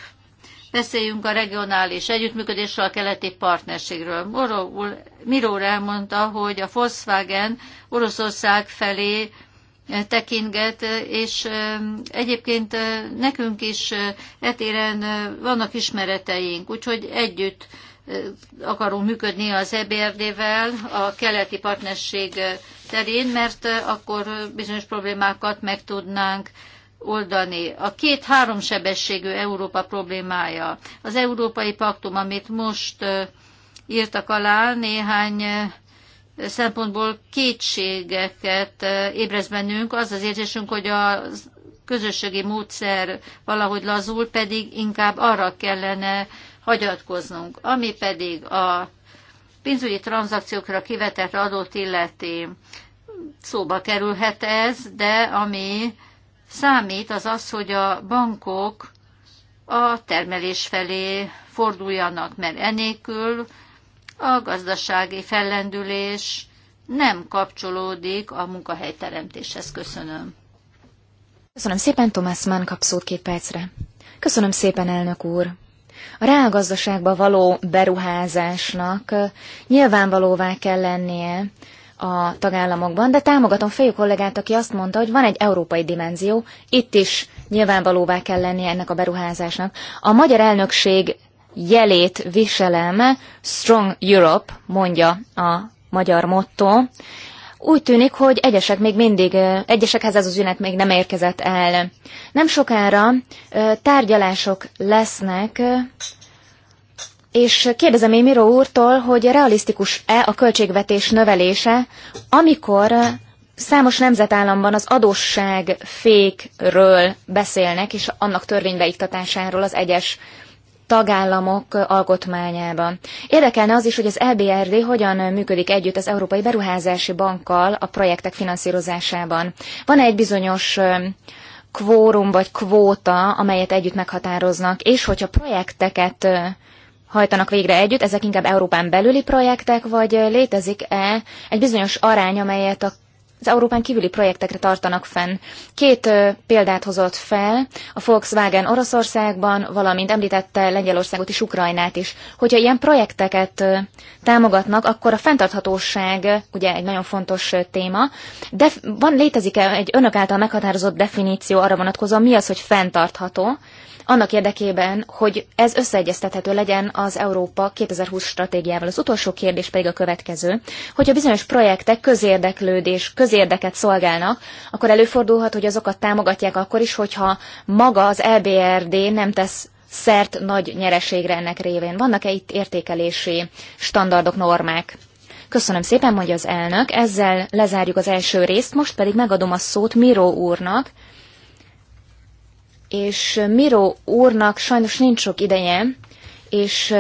Beszéljünk a regionális együttműködésről, a keleti partnerségről. Miró elmondta, hogy a Volkswagen Oroszország felé tekinget, és egyébként nekünk is etéren vannak ismereteink, úgyhogy együtt akarunk működni az EBRD-vel a keleti partnerség terén, mert akkor bizonyos problémákat meg tudnánk oldani. A két-három sebességű Európa problémája. Az Európai Paktum, amit most írtak alá néhány szempontból kétségeket ébrez bennünk. Az az érzésünk, hogy a közösségi módszer valahogy lazul, pedig inkább arra kellene hagyatkoznunk. Ami pedig a pénzügyi tranzakciókra kivetett adót illeti, szóba kerülhet ez, de ami számít, az az, hogy a bankok a termelés felé forduljanak, mert enélkül a gazdasági fellendülés nem kapcsolódik a munkahelyteremtéshez. Köszönöm. Köszönöm szépen, Thomas Mann kap szót két percre. Köszönöm szépen, elnök úr. A reálgazdaságba való beruházásnak nyilvánvalóvá kell lennie a tagállamokban, de támogatom fejű kollégát, aki azt mondta, hogy van egy európai dimenzió, itt is nyilvánvalóvá kell lennie ennek a beruházásnak. A magyar elnökség jelét viselem, Strong Europe, mondja a magyar motto. Úgy tűnik, hogy egyesek még mindig, egyesekhez ez az üzenet még nem érkezett el. Nem sokára tárgyalások lesznek, és kérdezem én Miró úrtól, hogy realisztikus-e a költségvetés növelése, amikor számos nemzetállamban az adósság fékről beszélnek, és annak törvénybeiktatásáról az egyes tagállamok alkotmányában. Érdekelne az is, hogy az EBRD hogyan működik együtt az Európai Beruházási Bankkal a projektek finanszírozásában. van -e egy bizonyos kvórum vagy kvóta, amelyet együtt meghatároznak, és hogyha projekteket hajtanak végre együtt, ezek inkább Európán belüli projektek, vagy létezik-e egy bizonyos arány, amelyet a az Európán kívüli projektekre tartanak fenn. Két ö, példát hozott fel, a Volkswagen Oroszországban, valamint említette Lengyelországot és Ukrajnát is. Hogyha ilyen projekteket ö, támogatnak, akkor a fenntarthatóság ugye egy nagyon fontos ö, téma, de van, létezik-e egy önök által meghatározott definíció arra vonatkozóan, mi az, hogy fenntartható, annak érdekében, hogy ez összeegyeztethető legyen az Európa 2020 stratégiával. Az utolsó kérdés pedig a következő, hogyha bizonyos projektek közérdeklődés, köz közérdeket szolgálnak, akkor előfordulhat, hogy azokat támogatják akkor is, hogyha maga az EBRD nem tesz szert nagy nyereségre ennek révén. Vannak-e itt értékelési standardok, normák? Köszönöm szépen, mondja az elnök. Ezzel lezárjuk az első részt, most pedig megadom a szót Miró úrnak. És Miró úrnak sajnos nincs sok ideje, és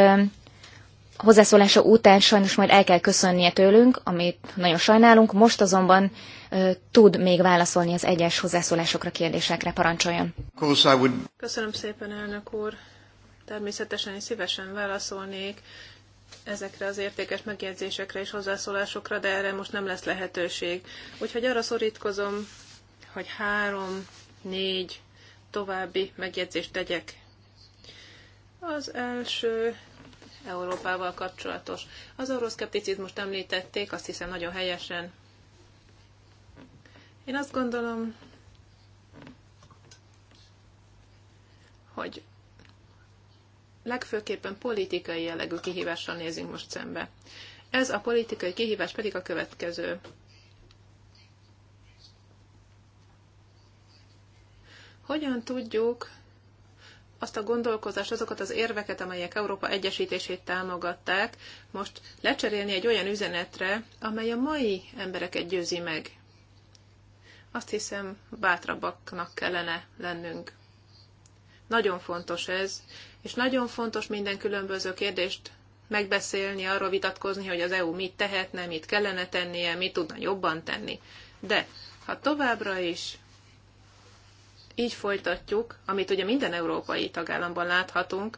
hozzászólása után sajnos majd el kell köszönnie tőlünk, amit nagyon sajnálunk, most azonban ö, tud még válaszolni az egyes hozzászólásokra, kérdésekre, parancsoljon. Köszönöm szépen, elnök úr. Természetesen is szívesen válaszolnék ezekre az értékes megjegyzésekre és hozzászólásokra, de erre most nem lesz lehetőség. Úgyhogy arra szorítkozom, hogy három, négy további megjegyzést tegyek. Az első Európával kapcsolatos. Az euroszkepticizmust említették, azt hiszem nagyon helyesen. Én azt gondolom, hogy legfőképpen politikai jellegű kihívással nézünk most szembe. Ez a politikai kihívás pedig a következő. Hogyan tudjuk azt a gondolkozást, azokat az érveket, amelyek Európa egyesítését támogatták, most lecserélni egy olyan üzenetre, amely a mai embereket győzi meg. Azt hiszem, bátrabbaknak kellene lennünk. Nagyon fontos ez, és nagyon fontos minden különböző kérdést megbeszélni, arról vitatkozni, hogy az EU mit tehetne, mit kellene tennie, mit tudna jobban tenni. De ha továbbra is így folytatjuk, amit ugye minden európai tagállamban láthatunk,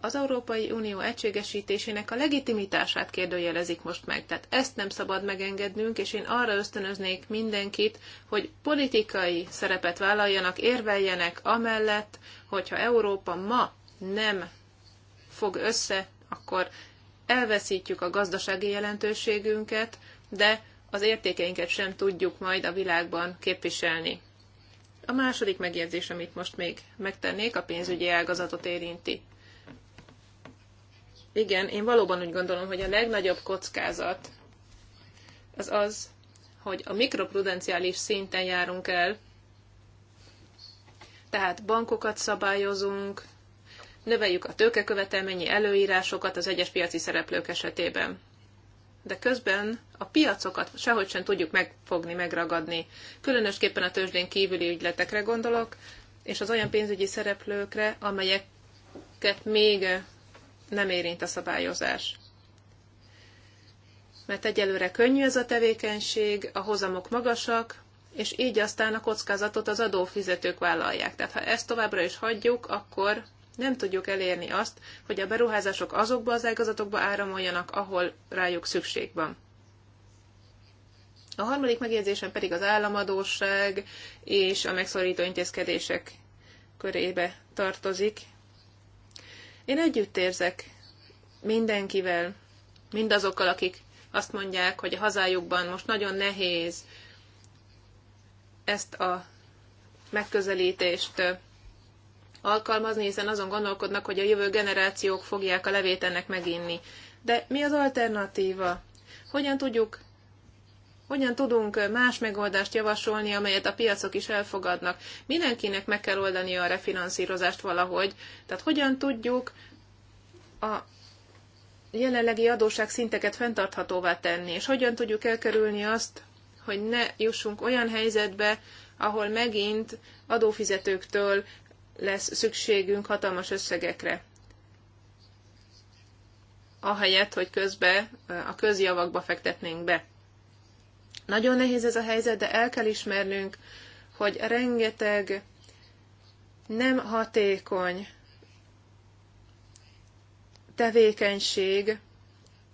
az Európai Unió egységesítésének a legitimitását kérdőjelezik most meg. Tehát ezt nem szabad megengednünk, és én arra ösztönöznék mindenkit, hogy politikai szerepet vállaljanak, érveljenek amellett, hogyha Európa ma nem fog össze, akkor elveszítjük a gazdasági jelentőségünket, de az értékeinket sem tudjuk majd a világban képviselni. A második megjegyzés, amit most még megtennék, a pénzügyi ágazatot érinti. Igen, én valóban úgy gondolom, hogy a legnagyobb kockázat az az, hogy a mikroprudenciális szinten járunk el, tehát bankokat szabályozunk, növeljük a tőkekövetelményi előírásokat az egyes piaci szereplők esetében de közben a piacokat sehogy sem tudjuk megfogni, megragadni. Különösképpen a tőzsdén kívüli ügyletekre gondolok, és az olyan pénzügyi szereplőkre, amelyeket még nem érint a szabályozás. Mert egyelőre könnyű ez a tevékenység, a hozamok magasak, és így aztán a kockázatot az adófizetők vállalják. Tehát ha ezt továbbra is hagyjuk, akkor nem tudjuk elérni azt, hogy a beruházások azokba az ágazatokba áramoljanak, ahol rájuk szükség van. A harmadik megjegyzésem pedig az államadóság és a megszorító intézkedések körébe tartozik. Én együtt érzek mindenkivel, mindazokkal, akik azt mondják, hogy a hazájukban most nagyon nehéz ezt a megközelítést alkalmazni, hiszen azon gondolkodnak, hogy a jövő generációk fogják a levét ennek meginni. De mi az alternatíva? Hogyan tudjuk hogyan tudunk más megoldást javasolni, amelyet a piacok is elfogadnak? Mindenkinek meg kell oldani a refinanszírozást valahogy. Tehát hogyan tudjuk a jelenlegi szinteket fenntarthatóvá tenni, és hogyan tudjuk elkerülni azt, hogy ne jussunk olyan helyzetbe, ahol megint adófizetőktől lesz szükségünk hatalmas összegekre. Ahelyett, hogy közbe a közjavakba fektetnénk be. Nagyon nehéz ez a helyzet, de el kell ismernünk, hogy rengeteg nem hatékony tevékenység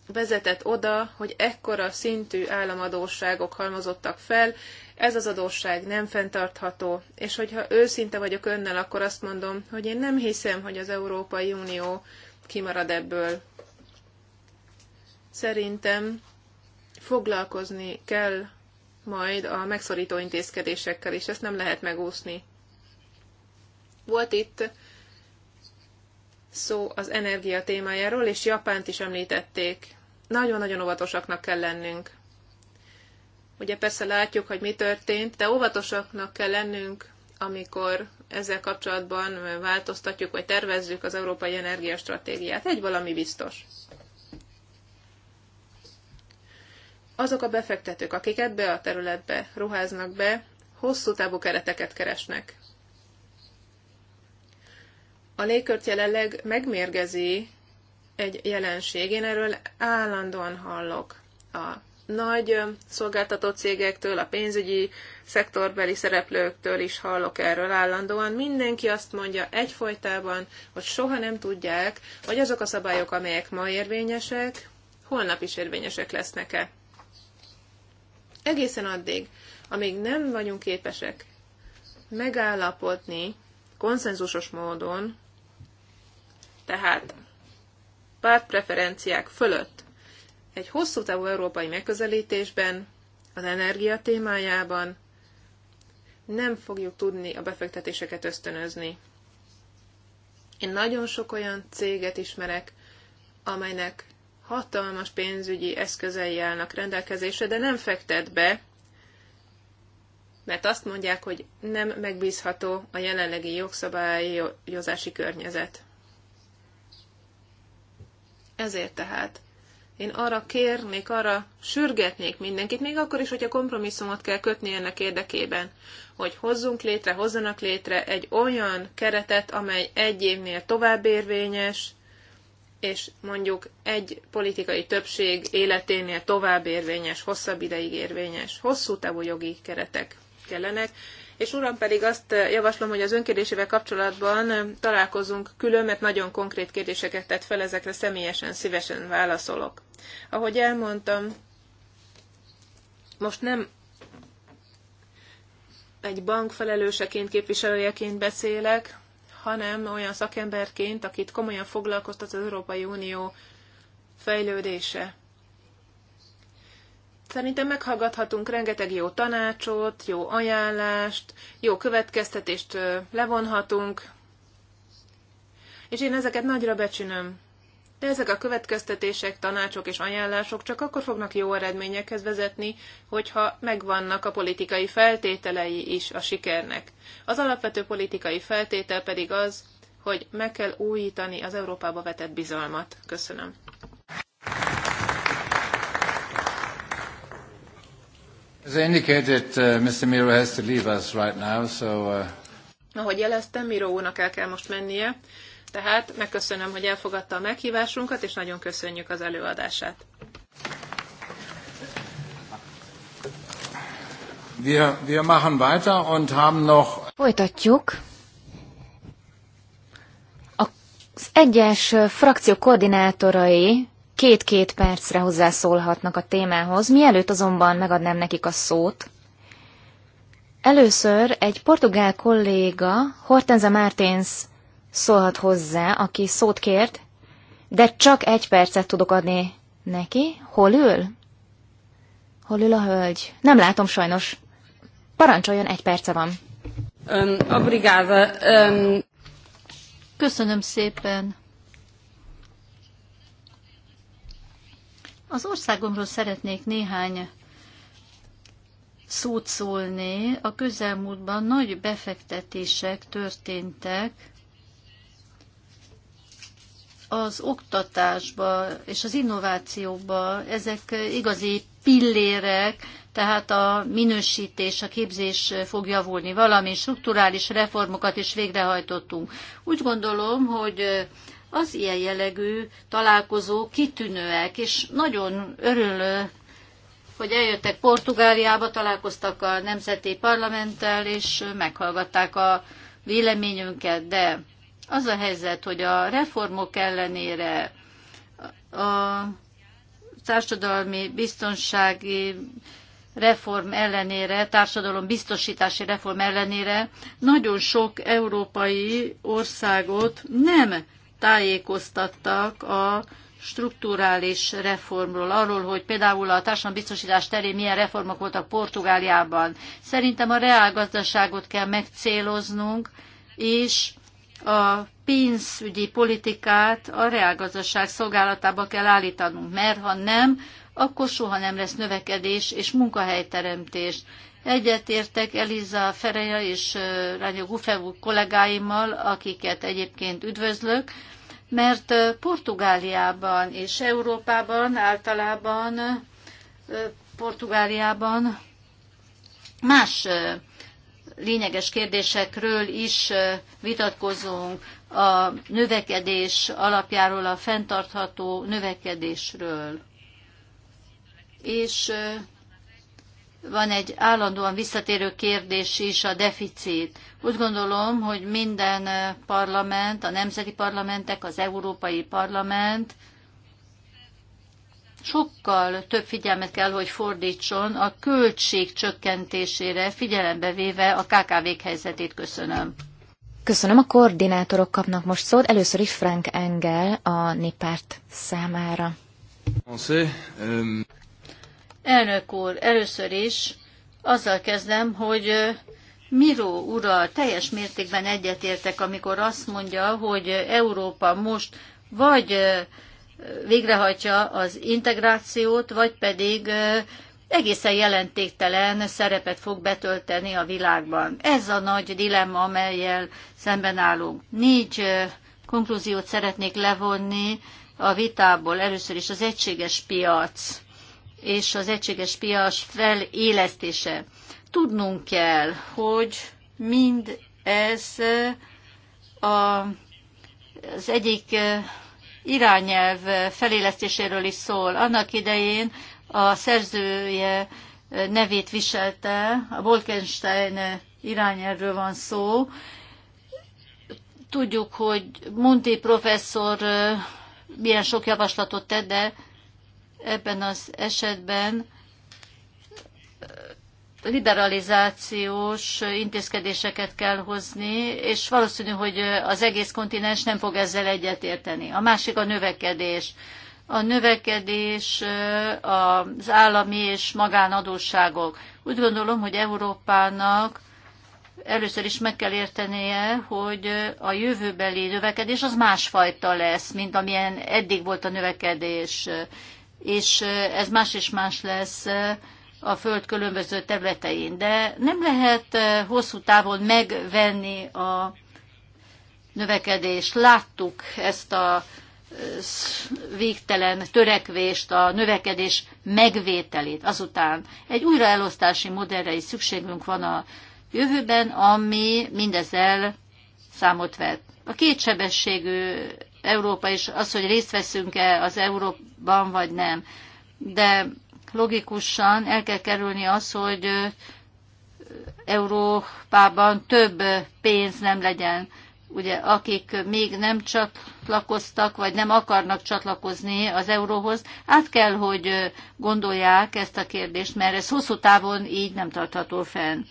vezetett oda, hogy ekkora szintű államadóságok halmozottak fel, ez az adósság nem fenntartható, és hogyha őszinte vagyok önnel, akkor azt mondom, hogy én nem hiszem, hogy az Európai Unió kimarad ebből. Szerintem foglalkozni kell majd a megszorító intézkedésekkel, és ezt nem lehet megúszni. Volt itt szó az energia témájáról, és Japánt is említették. Nagyon-nagyon óvatosaknak kell lennünk. Ugye persze látjuk, hogy mi történt, de óvatosaknak kell lennünk, amikor ezzel kapcsolatban változtatjuk vagy tervezzük az európai energiastratégiát. Egy valami biztos. Azok a befektetők, akik ebbe a területbe ruháznak be, hosszú távú kereteket keresnek. A légkört jelenleg megmérgezi egy jelenség. Én erről állandóan hallok a nagy szolgáltató cégektől, a pénzügyi szektorbeli szereplőktől is hallok erről állandóan. Mindenki azt mondja egyfolytában, hogy soha nem tudják, hogy azok a szabályok, amelyek ma érvényesek, holnap is érvényesek lesznek-e. Egészen addig, amíg nem vagyunk képesek megállapodni konszenzusos módon, tehát pártpreferenciák fölött egy hosszú távú európai megközelítésben, az energia témájában nem fogjuk tudni a befektetéseket ösztönözni. Én nagyon sok olyan céget ismerek, amelynek hatalmas pénzügyi eszközei állnak rendelkezésre, de nem fektet be, mert azt mondják, hogy nem megbízható a jelenlegi jogszabályozási környezet. Ezért tehát én arra kérnék, arra sürgetnék mindenkit, még akkor is, hogyha kompromisszumot kell kötni ennek érdekében, hogy hozzunk létre, hozzanak létre egy olyan keretet, amely egy évnél tovább érvényes, és mondjuk egy politikai többség életénél tovább érvényes, hosszabb ideig érvényes, hosszú távú jogi keretek kellenek, és uram pedig azt javaslom, hogy az önkérdésével kapcsolatban találkozunk külön, mert nagyon konkrét kérdéseket tett fel, ezekre személyesen szívesen válaszolok. Ahogy elmondtam, most nem egy bank felelőseként, képviselőjeként beszélek, hanem olyan szakemberként, akit komolyan foglalkoztat az Európai Unió fejlődése. Szerintem meghallgathatunk rengeteg jó tanácsot, jó ajánlást, jó következtetést levonhatunk, és én ezeket nagyra becsülöm. De ezek a következtetések, tanácsok és ajánlások csak akkor fognak jó eredményekhez vezetni, hogyha megvannak a politikai feltételei is a sikernek. Az alapvető politikai feltétel pedig az, hogy meg kell újítani az Európába vetett bizalmat. Köszönöm. As I indicated, uh, Mr. Miro has to leave us right now, so... Uh... Ahogy jeleztem, Miro úrnak el kell most mennie, tehát megköszönöm, hogy elfogadta a meghívásunkat, és nagyon köszönjük az előadását. Wir, wir machen weiter und haben noch... Folytatjuk. Az egyes frakció koordinátorai két-két percre hozzászólhatnak a témához, mielőtt azonban megadnám nekik a szót. Először egy portugál kolléga, Hortenza Martins szólhat hozzá, aki szót kért, de csak egy percet tudok adni neki. Hol ül? Hol ül a hölgy? Nem látom sajnos. Parancsoljon, egy perce van. Um, obrigada. Um... Köszönöm szépen. Az országomról szeretnék néhány szót szólni. A közelmúltban nagy befektetések történtek az oktatásba és az innovációba. Ezek igazi pillérek, tehát a minősítés, a képzés fog javulni. Valami strukturális reformokat is végrehajtottunk. Úgy gondolom, hogy az ilyen jellegű találkozók kitűnőek, és nagyon örülő, hogy eljöttek Portugáliába, találkoztak a Nemzeti Parlamenttel, és meghallgatták a véleményünket, de az a helyzet, hogy a reformok ellenére a társadalmi biztonsági reform ellenére, társadalom biztosítási reform ellenére nagyon sok európai országot nem tájékoztattak a strukturális reformról, arról, hogy például a társadalombiztosítás terén milyen reformok voltak Portugáliában. Szerintem a reálgazdaságot kell megcéloznunk, és a pénzügyi politikát a reálgazdaság szolgálatába kell állítanunk, mert ha nem, akkor soha nem lesz növekedés és munkahelyteremtés. Egyetértek Eliza Fereja és Rányó Gufevú kollégáimmal, akiket egyébként üdvözlök, mert Portugáliában és Európában általában Portugáliában más lényeges kérdésekről is vitatkozunk, a növekedés alapjáról, a fenntartható növekedésről. És van egy állandóan visszatérő kérdés is, a deficit. Úgy gondolom, hogy minden parlament, a nemzeti parlamentek, az Európai Parlament sokkal több figyelmet kell, hogy fordítson a költség csökkentésére, figyelembe véve a kkv helyzetét. Köszönöm. Köszönöm, a koordinátorok kapnak most szót. Először is Frank Engel a néppárt számára. Euh, Elnök úr, először is azzal kezdem, hogy Miró ural teljes mértékben egyetértek, amikor azt mondja, hogy Európa most vagy végrehajtja az integrációt, vagy pedig egészen jelentéktelen szerepet fog betölteni a világban. Ez a nagy dilemma, amelyel szemben állunk. Négy konklúziót szeretnék levonni a vitából. Először is az egységes piac és az egységes piac felélesztése. Tudnunk kell, hogy mind ez eh, a, az egyik eh, irányelv felélesztéséről is szól. Annak idején a szerzője eh, nevét viselte, a Wolkenstein irányelvről van szó. Tudjuk, hogy Monti professzor milyen sok javaslatot tett, de ebben az esetben liberalizációs intézkedéseket kell hozni, és valószínű, hogy az egész kontinens nem fog ezzel egyetérteni. A másik a növekedés. A növekedés, az állami és magánadósságok. Úgy gondolom, hogy Európának először is meg kell értenie, hogy a jövőbeli növekedés az másfajta lesz, mint amilyen eddig volt a növekedés és ez más és más lesz a Föld különböző területein. De nem lehet hosszú távon megvenni a növekedést. Láttuk ezt a végtelen törekvést, a növekedés megvételét. Azután egy újraelosztási modellre is szükségünk van a jövőben, ami mindezzel számot vett. A kétsebességű Európa, és az, hogy részt veszünk-e az Európában, vagy nem. De logikusan el kell kerülni az, hogy Európában több pénz nem legyen. Ugye, akik még nem csatlakoztak, vagy nem akarnak csatlakozni az euróhoz, át kell, hogy gondolják ezt a kérdést, mert ez hosszú távon így nem tartható fenn.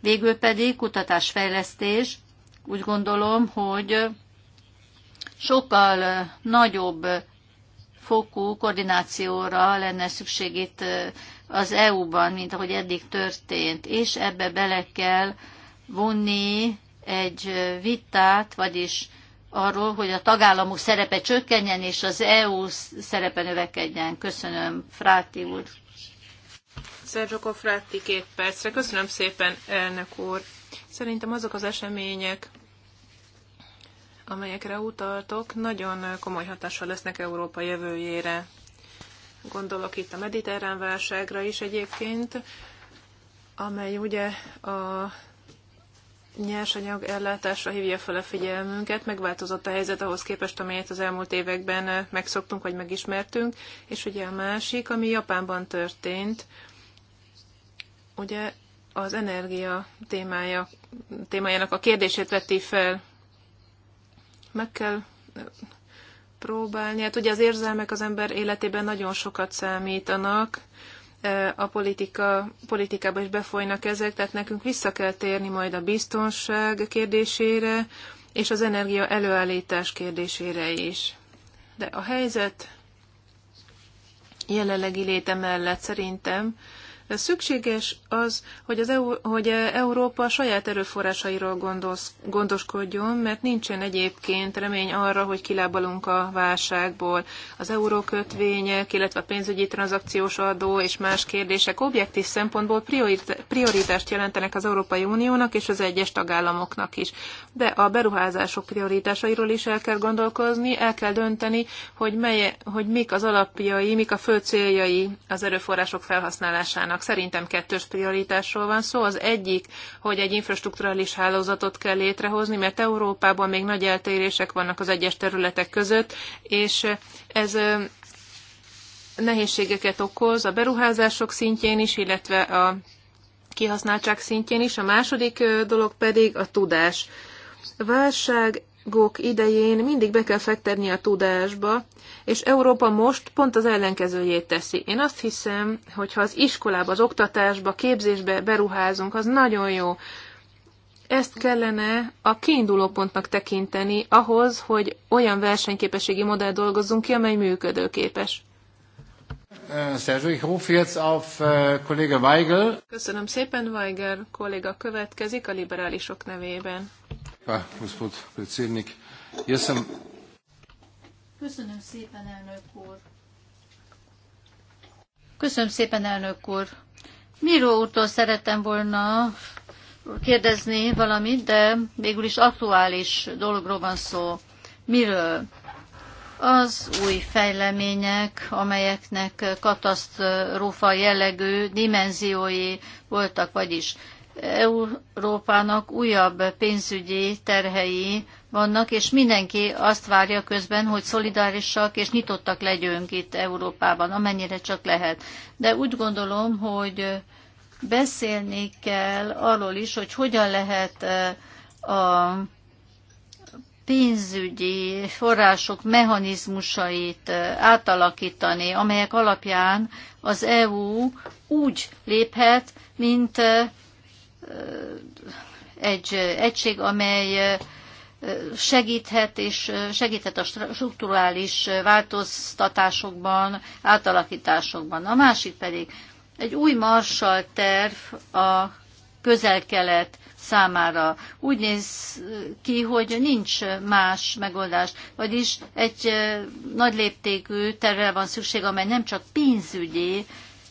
Végül pedig kutatásfejlesztés. Úgy gondolom, hogy sokkal nagyobb fokú koordinációra lenne szükség itt az EU-ban, mint ahogy eddig történt, és ebbe bele kell vonni egy vitát, vagyis arról, hogy a tagállamok szerepe csökkenjen, és az EU szerepe növekedjen. Köszönöm, Fráti úr. Sergio Fráti két percre. Köszönöm szépen, elnök úr. Szerintem azok az események, amelyekre utaltok, nagyon komoly hatással lesznek Európa jövőjére. Gondolok itt a mediterrán válságra is egyébként, amely ugye a nyersanyag ellátásra hívja fel a figyelmünket, megváltozott a helyzet ahhoz képest, amelyet az elmúlt években megszoktunk, vagy megismertünk, és ugye a másik, ami Japánban történt, ugye az energia témája, témájának a kérdését vetti fel meg kell próbálni. Hát ugye az érzelmek az ember életében nagyon sokat számítanak, a politika, politikába is befolynak ezek, tehát nekünk vissza kell térni majd a biztonság kérdésére, és az energia előállítás kérdésére is. De a helyzet jelenlegi léte mellett szerintem Szükséges az, hogy, az EU, hogy Európa a saját erőforrásairól gondos, gondoskodjon, mert nincsen egyébként remény arra, hogy kilábalunk a válságból. Az eurókötvények, illetve a pénzügyi tranzakciós adó és más kérdések objektív szempontból prioritást jelentenek az Európai Uniónak és az egyes tagállamoknak is. De a beruházások prioritásairól is el kell gondolkozni, el kell dönteni, hogy, mely, hogy mik az alapjai, mik a fő céljai az erőforrások felhasználásának Ukrajnának. Szerintem kettős prioritásról van szó. Az egyik, hogy egy infrastruktúrális hálózatot kell létrehozni, mert Európában még nagy eltérések vannak az egyes területek között, és ez nehézségeket okoz a beruházások szintjén is, illetve a kihasználtság szintjén is. A második dolog pedig a tudás. Válság válságok idején mindig be kell fektetni a tudásba, és Európa most pont az ellenkezőjét teszi. Én azt hiszem, hogy ha az iskolába, az oktatásba, képzésbe beruházunk, az nagyon jó. Ezt kellene a kiinduló pontnak tekinteni ahhoz, hogy olyan versenyképességi modell dolgozzunk ki, amely működőképes. Äh, Sergio, ich rufe jetzt auf äh, Kollege Weigel. Köszönöm szépen, Weigel kolléga következik a liberálisok nevében gospod predsednik. Jaz sem... Köszönöm szépen, elnök úr. Köszönöm szépen, elnök úr. Miró úrtól szerettem volna kérdezni valamit, de végül is aktuális dologról van szó. Miről? Az új fejlemények, amelyeknek katasztrófa jellegű dimenziói voltak, vagyis Európának újabb pénzügyi terhei vannak, és mindenki azt várja közben, hogy szolidárisak és nyitottak legyünk itt Európában, amennyire csak lehet. De úgy gondolom, hogy beszélni kell arról is, hogy hogyan lehet a pénzügyi források mechanizmusait átalakítani, amelyek alapján az EU úgy léphet, mint egy egység, amely segíthet, és segíthet a strukturális változtatásokban, átalakításokban. A másik pedig egy új marsal terv a közel-kelet számára. Úgy néz ki, hogy nincs más megoldás, vagyis egy nagy léptékű tervre van szükség, amely nem csak pénzügyi,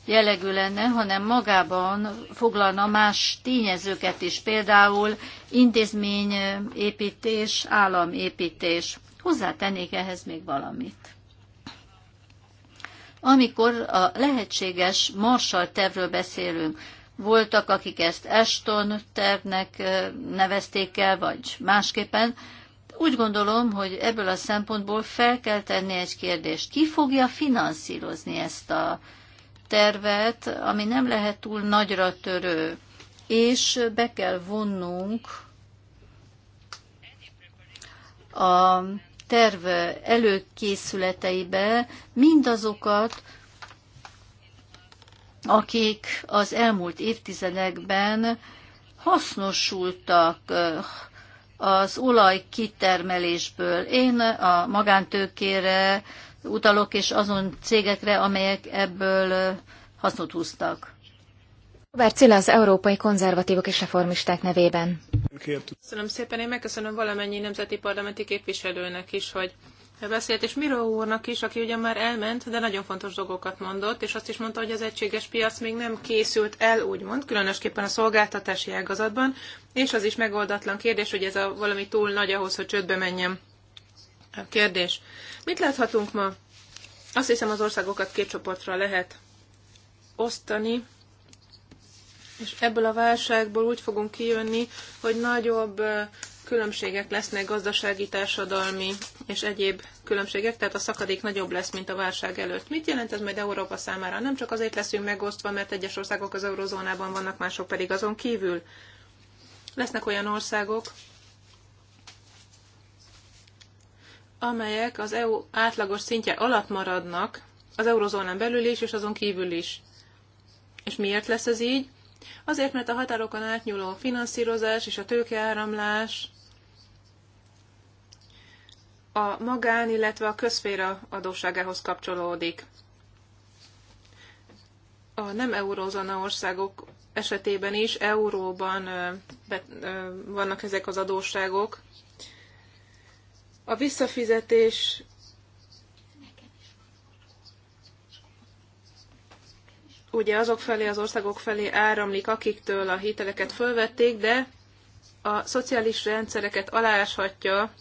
jellegű lenne, hanem magában foglalna más tényezőket is, például intézményépítés, államépítés. Hozzátennék ehhez még valamit. Amikor a lehetséges Marshall tervről beszélünk, voltak, akik ezt Eston tervnek nevezték el, vagy másképpen, úgy gondolom, hogy ebből a szempontból fel kell tenni egy kérdést. Ki fogja finanszírozni ezt a tervet, ami nem lehet túl nagyra törő, és be kell vonnunk a terv előkészületeibe mindazokat, akik az elmúlt évtizedekben hasznosultak eh, az olaj kitermelésből. Én a magántőkére, utalok, és azon cégekre, amelyek ebből hasznot húztak. Robert Cilla az Európai Konzervatívok és Reformisták nevében. Köszönöm szépen, én megköszönöm valamennyi nemzeti parlamenti képviselőnek is, hogy beszélt, és Miró úrnak is, aki ugyan már elment, de nagyon fontos dolgokat mondott, és azt is mondta, hogy az egységes piac még nem készült el, úgymond, különösképpen a szolgáltatási ágazatban, és az is megoldatlan kérdés, hogy ez a valami túl nagy ahhoz, hogy csődbe menjen. Kérdés. Mit láthatunk ma? Azt hiszem az országokat két csoportra lehet osztani, és ebből a válságból úgy fogunk kijönni, hogy nagyobb különbségek lesznek gazdasági, társadalmi és egyéb különbségek, tehát a szakadék nagyobb lesz, mint a válság előtt. Mit jelent ez majd Európa számára? Nem csak azért leszünk megosztva, mert egyes országok az eurozónában vannak, mások pedig azon kívül. Lesznek olyan országok, amelyek az EU átlagos szintje alatt maradnak az eurozónán belül is és azon kívül is. És miért lesz ez így? Azért, mert a határokon átnyúló finanszírozás és a tőkeáramlás a magán, illetve a közféra adósságához kapcsolódik. A nem eurózana országok esetében is euróban vannak ezek az adósságok, a visszafizetés ugye azok felé, az országok felé áramlik, akiktől a hiteleket fölvették, de a szociális rendszereket aláshatja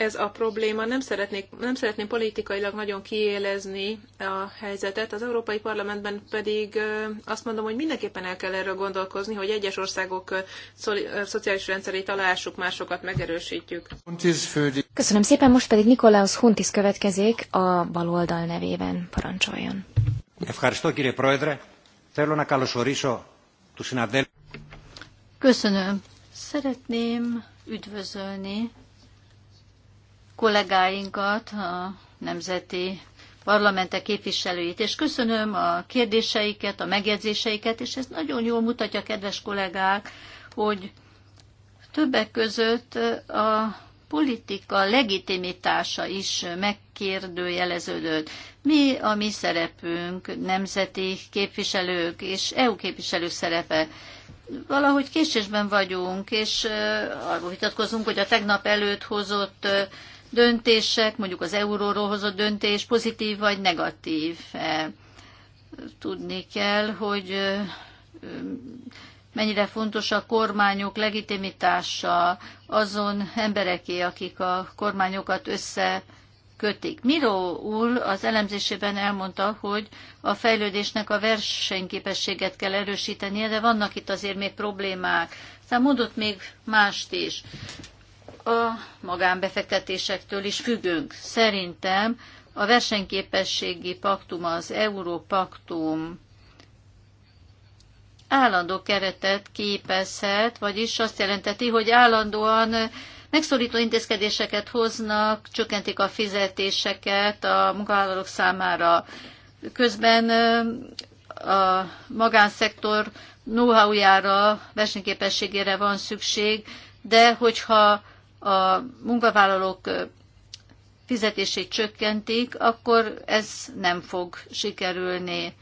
ez a probléma. Nem, szeretnék, nem szeretném politikailag nagyon kiélezni a helyzetet. Az Európai Parlamentben pedig azt mondom, hogy mindenképpen el kell erről gondolkozni, hogy egyes országok szociális rendszerét alássuk, másokat megerősítjük. Köszönöm szépen, most pedig Nikolaus Huntis következik a baloldal nevében. Parancsoljon. Köszönöm. Szeretném üdvözölni kollégáinkat, a nemzeti parlamentek képviselőit, és köszönöm a kérdéseiket, a megjegyzéseiket, és ez nagyon jól mutatja, kedves kollégák, hogy többek között a politika legitimitása is megkérdőjeleződött. Mi a mi szerepünk, nemzeti képviselők és EU képviselők szerepe? Valahogy késésben vagyunk, és eh, arról vitatkozunk, hogy a tegnap előtt hozott eh, döntések, mondjuk az euróról hozott döntés pozitív vagy negatív. E, tudni kell, hogy mennyire fontos a kormányok legitimitása azon embereké, akik a kormányokat össze kötik. Miró úr az elemzésében elmondta, hogy a fejlődésnek a versenyképességet kell erősítenie, de vannak itt azért még problémák. Aztán mondott még mást is a magánbefektetésektől is függünk. Szerintem a versenyképességi paktum, az Európaktum állandó keretet képezhet, vagyis azt jelenteti, hogy állandóan megszorító intézkedéseket hoznak, csökkentik a fizetéseket a munkavállalók számára. Közben a magánszektor know jára versenyképességére van szükség, de hogyha a munkavállalók fizetését csökkentik, akkor ez nem fog sikerülni.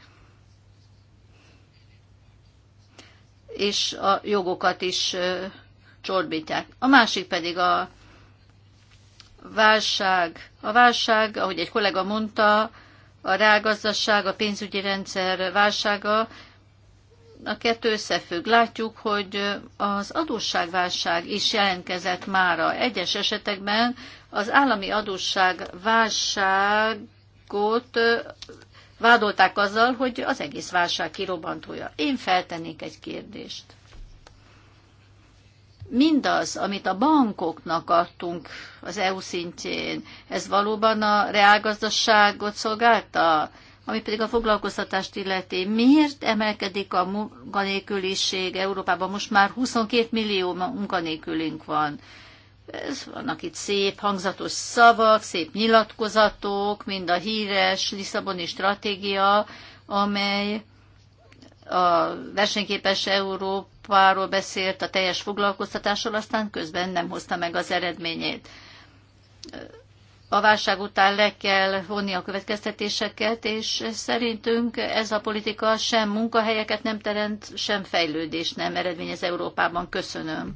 És a jogokat is csorbítják. A másik pedig a válság. A válság, ahogy egy kollega mondta, a reálgazdaság, a pénzügyi rendszer válsága a kettő összefügg. Látjuk, hogy az adósságválság is jelentkezett mára. Egyes esetekben az állami adósságválságot vádolták azzal, hogy az egész válság kirobbantója. Én feltennék egy kérdést. Mindaz, amit a bankoknak adtunk az EU szintjén, ez valóban a reálgazdaságot szolgálta? Ami pedig a foglalkoztatást illeti, miért emelkedik a munkanélküliség Európában? Most már 22 millió munkanélkülünk van. Ez, vannak itt szép hangzatos szavak, szép nyilatkozatok, mind a híres Lisszaboni stratégia, amely a versenyképes Európáról beszélt, a teljes foglalkoztatásról, aztán közben nem hozta meg az eredményét a válság után le kell vonni a következtetéseket, és szerintünk ez a politika sem munkahelyeket nem teremt, sem fejlődést nem eredményez Európában. Köszönöm.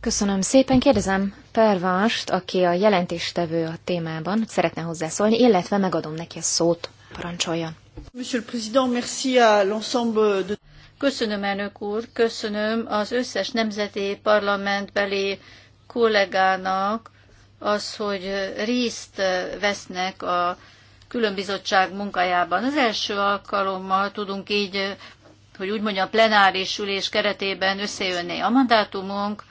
Köszönöm szépen. Kérdezem Pervast, aki a jelentéstevő a témában, szeretne hozzászólni, illetve megadom neki a szót. Parancsoljon. Monsieur le Président, merci à l'ensemble de... Köszönöm, elnök úr, köszönöm az összes nemzeti parlamentbeli kollégának, az, hogy részt vesznek a különbizottság munkájában. Az első alkalommal tudunk így, hogy úgy mondjam, plenáris ülés keretében összejönni. A mandátumunk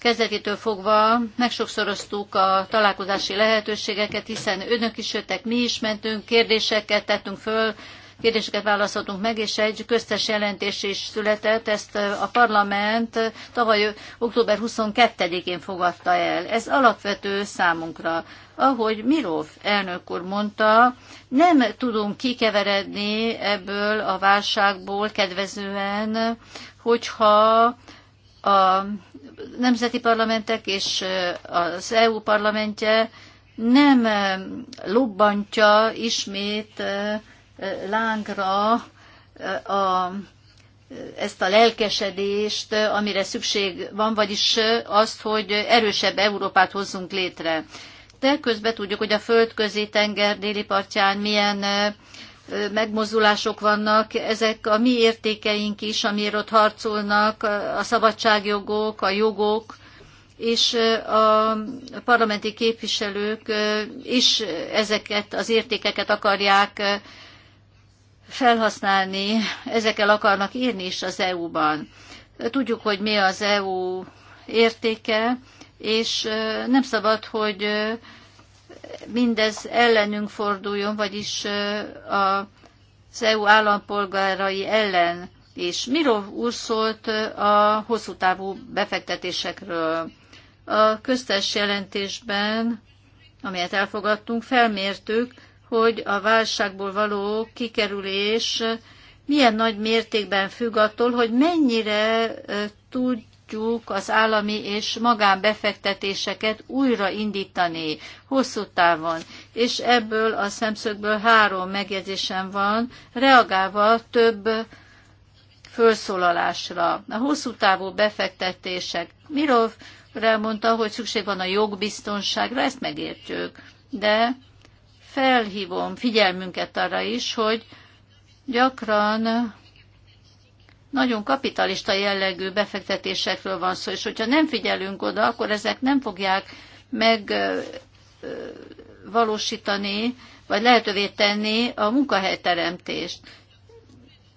kezdetétől fogva megsokszoroztuk a találkozási lehetőségeket, hiszen önök is jöttek, mi is mentünk, kérdéseket tettünk föl kérdéseket válaszoltunk meg, és egy köztes jelentés is született, ezt a parlament tavaly október 22-én fogadta el. Ez alapvető számunkra. Ahogy Mirov elnök úr mondta, nem tudunk kikeveredni ebből a válságból kedvezően, hogyha a nemzeti parlamentek és az EU parlamentje nem lobbantja ismét lángra a, ezt a lelkesedést, amire szükség van, vagyis azt, hogy erősebb Európát hozzunk létre. De közben tudjuk, hogy a földközi tenger déli partján milyen megmozdulások vannak, ezek a mi értékeink is, amiért ott harcolnak, a szabadságjogok, a jogok, és a parlamenti képviselők is ezeket az értékeket akarják felhasználni, ezekkel akarnak írni is az EU-ban. Tudjuk, hogy mi az EU értéke, és nem szabad, hogy mindez ellenünk forduljon, vagyis az EU állampolgárai ellen. És Mirov úr szólt a hosszú távú befektetésekről. A köztes jelentésben, amelyet elfogadtunk, felmértük, hogy a válságból való kikerülés milyen nagy mértékben függ attól, hogy mennyire tudjuk az állami és magánbefektetéseket újraindítani hosszú távon. És ebből a szemszögből három megjegyzésem van, reagálva több felszólalásra. A hosszú távú befektetések. Mirov elmondta, hogy szükség van a jogbiztonságra, ezt megértjük. De felhívom figyelmünket arra is, hogy gyakran nagyon kapitalista jellegű befektetésekről van szó, és hogyha nem figyelünk oda, akkor ezek nem fogják megvalósítani, vagy lehetővé tenni a munkahelyteremtést.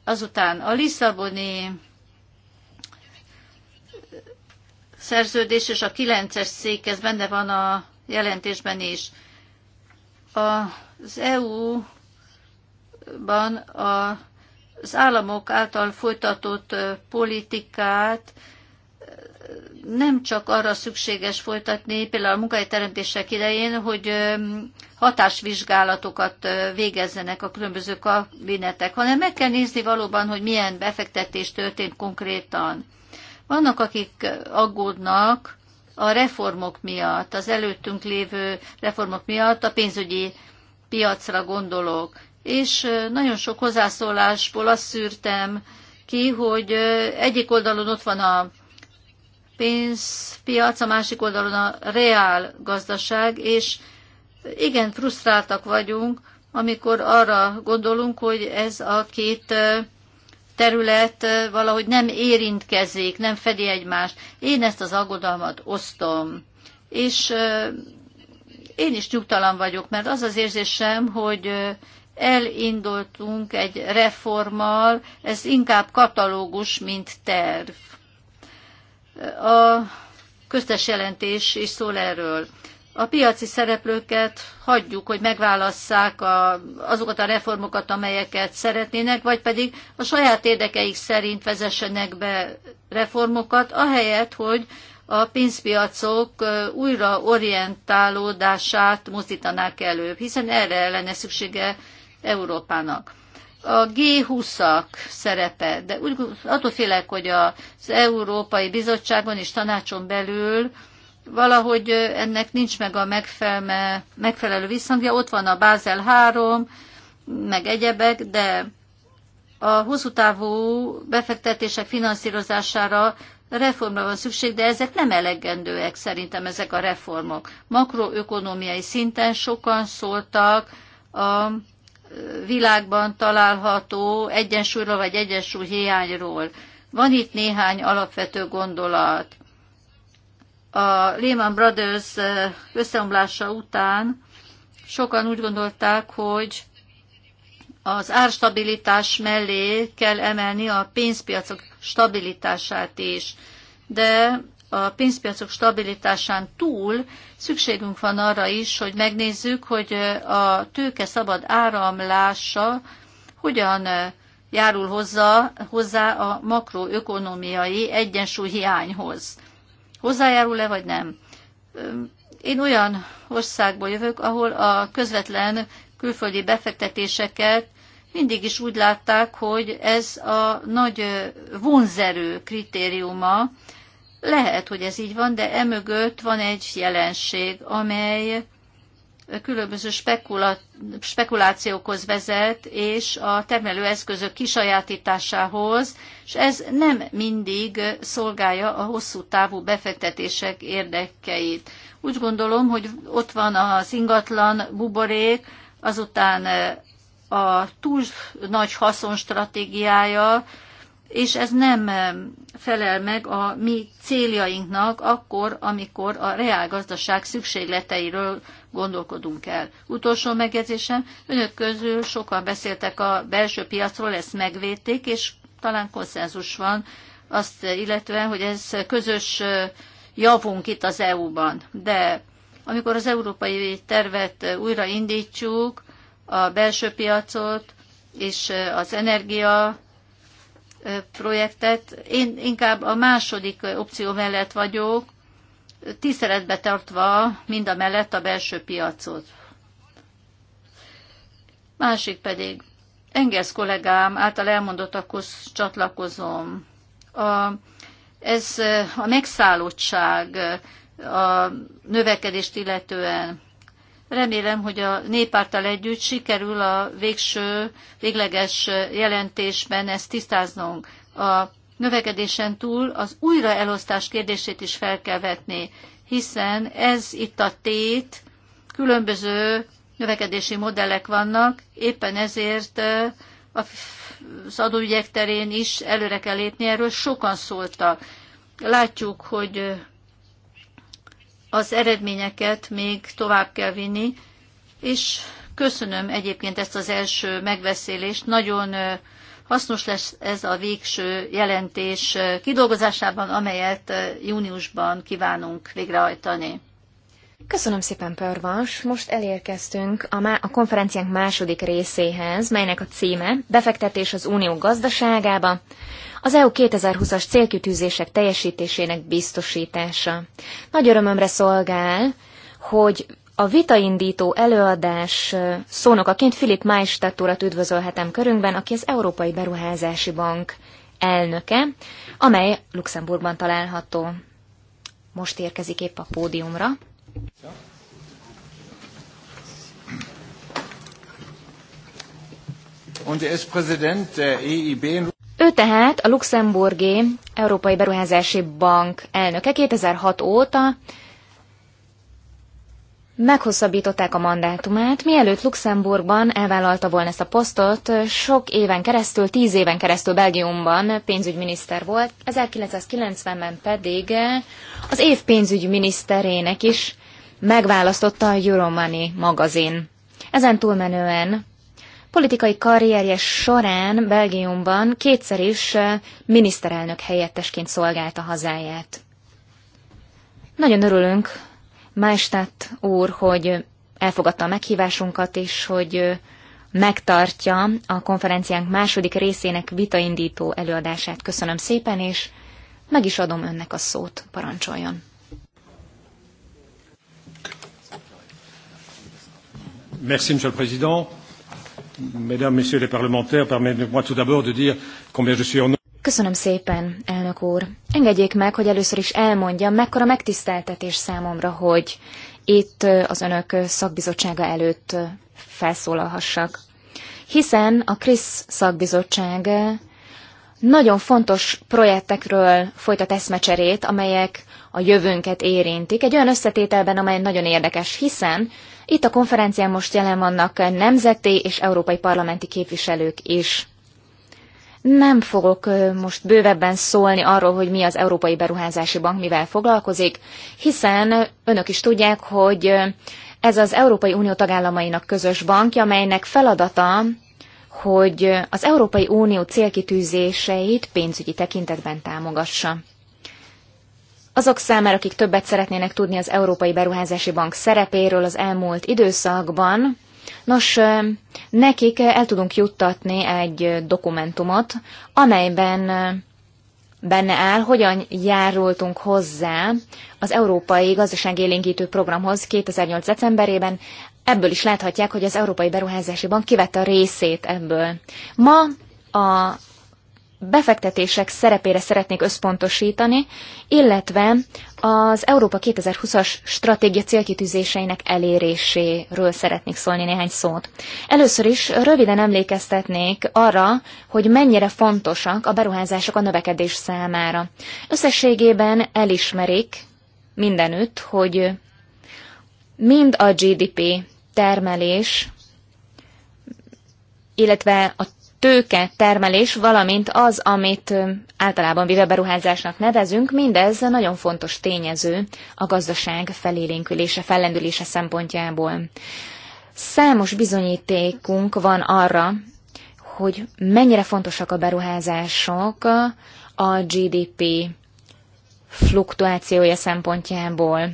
Azután a Lisszaboni szerződés és a kilences szék, ez benne van a jelentésben is. Az EU-ban az államok által folytatott politikát nem csak arra szükséges folytatni, például a munkahelyteremtések idején, hogy hatásvizsgálatokat végezzenek a különböző kabinetek, hanem meg kell nézni valóban, hogy milyen befektetés történt konkrétan. Vannak, akik aggódnak a reformok miatt, az előttünk lévő reformok miatt, a pénzügyi piacra gondolok. És nagyon sok hozzászólásból azt szűrtem ki, hogy egyik oldalon ott van a pénzpiac, a másik oldalon a reál gazdaság, és igen, frusztráltak vagyunk, amikor arra gondolunk, hogy ez a két terület valahogy nem érintkezik, nem fedi egymást. Én ezt az aggodalmat osztom. És én is nyugtalan vagyok, mert az az érzésem, hogy elindultunk egy reformmal, ez inkább katalógus, mint terv. A köztes jelentés is szól erről a piaci szereplőket hagyjuk, hogy megválasszák a, azokat a reformokat, amelyeket szeretnének, vagy pedig a saját érdekeik szerint vezessenek be reformokat, ahelyett, hogy a pénzpiacok újra orientálódását mozdítanák elő, hiszen erre lenne szüksége Európának. A G20-ak szerepe, de úgy, attól félek, hogy az Európai Bizottságon és Tanácson belül valahogy ennek nincs meg a megfelme, megfelelő visszhangja. Ott van a Bázel 3, meg egyebek, de a hosszú távú befektetések finanszírozására reformra van szükség, de ezek nem elegendőek szerintem ezek a reformok. Makroökonomiai szinten sokan szóltak a világban található egyensúlyról vagy egyensúly hiányról. Van itt néhány alapvető gondolat a Lehman Brothers összeomlása után sokan úgy gondolták, hogy az árstabilitás mellé kell emelni a pénzpiacok stabilitását is. De a pénzpiacok stabilitásán túl szükségünk van arra is, hogy megnézzük, hogy a tőke szabad áramlása hogyan járul hozzá, hozzá a makroökonomiai egyensúly hiányhoz hozzájárul-e vagy nem. Én olyan országból jövök, ahol a közvetlen külföldi befektetéseket mindig is úgy látták, hogy ez a nagy vonzerő kritériuma. Lehet, hogy ez így van, de emögött van egy jelenség, amely különböző spekulációkhoz vezet, és a termelőeszközök kisajátításához, és ez nem mindig szolgálja a hosszú távú befektetések érdekeit. Úgy gondolom, hogy ott van az ingatlan buborék, azután eh, a túl nagy haszonstratégiája, és ez nem felel meg a mi céljainknak akkor, amikor a reál gazdaság szükségleteiről gondolkodunk el. Utolsó megjegyzésem, önök közül sokan beszéltek a belső piacról, ezt megvédték, és talán konszenzus van azt illetően, hogy ez közös javunk itt az EU-ban. De amikor az európai tervet újraindítjuk, a belső piacot és az energia projektet. Én inkább a második opció mellett vagyok, tiszteletbe tartva mind a mellett a belső piacot. Másik pedig, Engels kollégám által elmondottakhoz csatlakozom. A, ez a megszállottság a növekedést illetően Remélem, hogy a néppárttal együtt sikerül a végső, végleges jelentésben ezt tisztáznunk. A növekedésen túl az újraelosztás kérdését is fel kell vetni, hiszen ez itt a tét, különböző növekedési modellek vannak, éppen ezért az adóügyek terén is előre kell lépni, erről sokan szóltak. Látjuk, hogy az eredményeket még tovább kell vinni, és köszönöm egyébként ezt az első megbeszélést. Nagyon hasznos lesz ez a végső jelentés kidolgozásában, amelyet júniusban kívánunk végrehajtani. Köszönöm szépen, Pörvas! Most elérkeztünk a, má- a konferenciánk második részéhez, melynek a címe Befektetés az Unió gazdaságába, az EU 2020-as célkitűzések teljesítésének biztosítása. Nagy örömömre szolgál, hogy a vitaindító előadás szónokaként Filip Maistat urat üdvözölhetem körünkben, aki az Európai Beruházási Bank elnöke, amely Luxemburgban található. Most érkezik épp a pódiumra. Und er ist Präsident der EIB. Ő tehát a luxemburgi Európai Beruházási Bank elnöke 2006 óta meghosszabbították a mandátumát, mielőtt Luxemburgban elvállalta volna ezt a posztot, sok éven keresztül, tíz éven keresztül Belgiumban pénzügyminiszter volt, 1990-ben pedig az év pénzügyminiszterének is megválasztotta a Euromoney magazin. Ezen túlmenően Politikai karrierje során Belgiumban kétszer is miniszterelnök helyettesként szolgálta hazáját. Nagyon örülünk, Maestat úr, hogy elfogadta a meghívásunkat, és hogy megtartja a konferenciánk második részének vitaindító előadását. Köszönöm szépen, és meg is adom önnek a szót, parancsoljon. Merci, Monsieur le Président. Mesdames, Messieurs les parlementaires, permettez-moi tout d'abord de dire combien je suis en... Köszönöm szépen, elnök úr. Engedjék meg, hogy először is elmondjam, mekkora megtiszteltetés számomra, hogy itt az önök szakbizottsága előtt felszólalhassak. Hiszen a KRISZ szakbizottság nagyon fontos projektekről folytat eszmecserét, amelyek a jövőnket érintik, egy olyan összetételben, amely nagyon érdekes, hiszen itt a konferencián most jelen vannak nemzeti és európai parlamenti képviselők is. Nem fogok most bővebben szólni arról, hogy mi az Európai Beruházási Bank mivel foglalkozik, hiszen önök is tudják, hogy ez az Európai Unió tagállamainak közös bankja, amelynek feladata, hogy az Európai Unió célkitűzéseit pénzügyi tekintetben támogassa. Azok számára, akik többet szeretnének tudni az Európai Beruházási Bank szerepéről az elmúlt időszakban, nos, nekik el tudunk juttatni egy dokumentumot, amelyben benne áll, hogyan járultunk hozzá az Európai Gazdaságélénkítő Programhoz 2008. decemberében. Ebből is láthatják, hogy az Európai Beruházási Bank kivette a részét ebből. Ma a befektetések szerepére szeretnék összpontosítani, illetve az Európa 2020-as stratégia célkitűzéseinek eléréséről szeretnék szólni néhány szót. Először is röviden emlékeztetnék arra, hogy mennyire fontosak a beruházások a növekedés számára. Összességében elismerik mindenütt, hogy mind a GDP termelés illetve a tőke termelés, valamint az, amit általában beruházásnak nevezünk, mindez nagyon fontos tényező a gazdaság felélénkülése, fellendülése szempontjából. Számos bizonyítékunk van arra, hogy mennyire fontosak a beruházások a GDP fluktuációja szempontjából.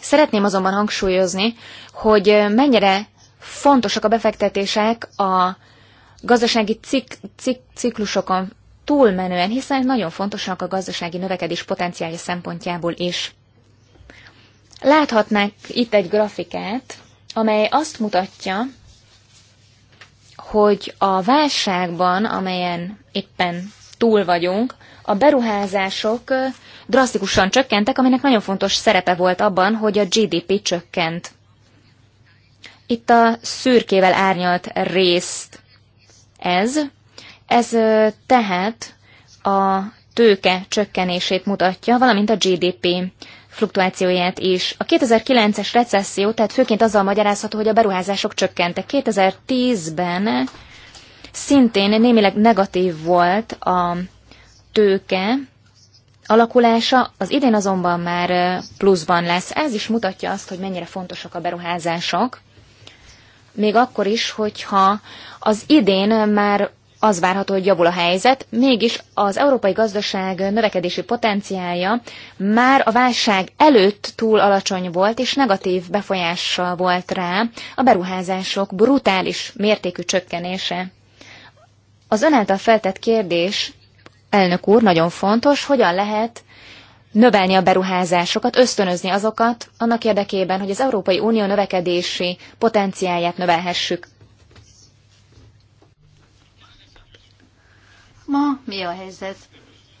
Szeretném azonban hangsúlyozni, hogy mennyire fontosak a befektetések a gazdasági cik, cik, ciklusokon túlmenően, hiszen nagyon fontosak a gazdasági növekedés potenciálja szempontjából is. Láthatnák itt egy grafikát, amely azt mutatja, hogy a válságban, amelyen éppen túl vagyunk, a beruházások drasztikusan csökkentek, aminek nagyon fontos szerepe volt abban, hogy a GDP csökkent. Itt a szürkével árnyalt részt ez. Ez tehát a tőke csökkenését mutatja, valamint a GDP fluktuációját is. A 2009-es recesszió tehát főként azzal magyarázható, hogy a beruházások csökkentek. 2010-ben szintén némileg negatív volt a tőke alakulása, az idén azonban már pluszban lesz. Ez is mutatja azt, hogy mennyire fontosak a beruházások még akkor is, hogyha az idén már az várható, hogy javul a helyzet, mégis az európai gazdaság növekedési potenciálja már a válság előtt túl alacsony volt, és negatív befolyással volt rá a beruházások brutális mértékű csökkenése. Az ön által feltett kérdés, elnök úr, nagyon fontos, hogyan lehet növelni a beruházásokat, ösztönözni azokat annak érdekében, hogy az Európai Unió növekedési potenciáját növelhessük. Ma mi a helyzet?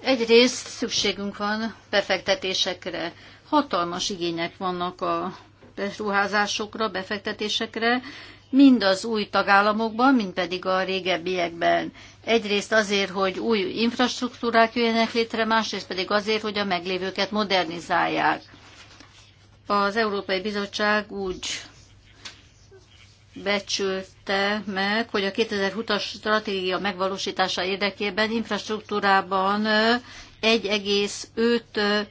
Egyrészt szükségünk van befektetésekre. Hatalmas igények vannak a beruházásokra, befektetésekre, mind az új tagállamokban, mind pedig a régebbiekben. Egyrészt azért, hogy új infrastruktúrák jöjjenek létre, másrészt pedig azért, hogy a meglévőket modernizálják. Az Európai Bizottság úgy becsülte meg, hogy a 2020-as stratégia megvalósítása érdekében infrastruktúrában 1,5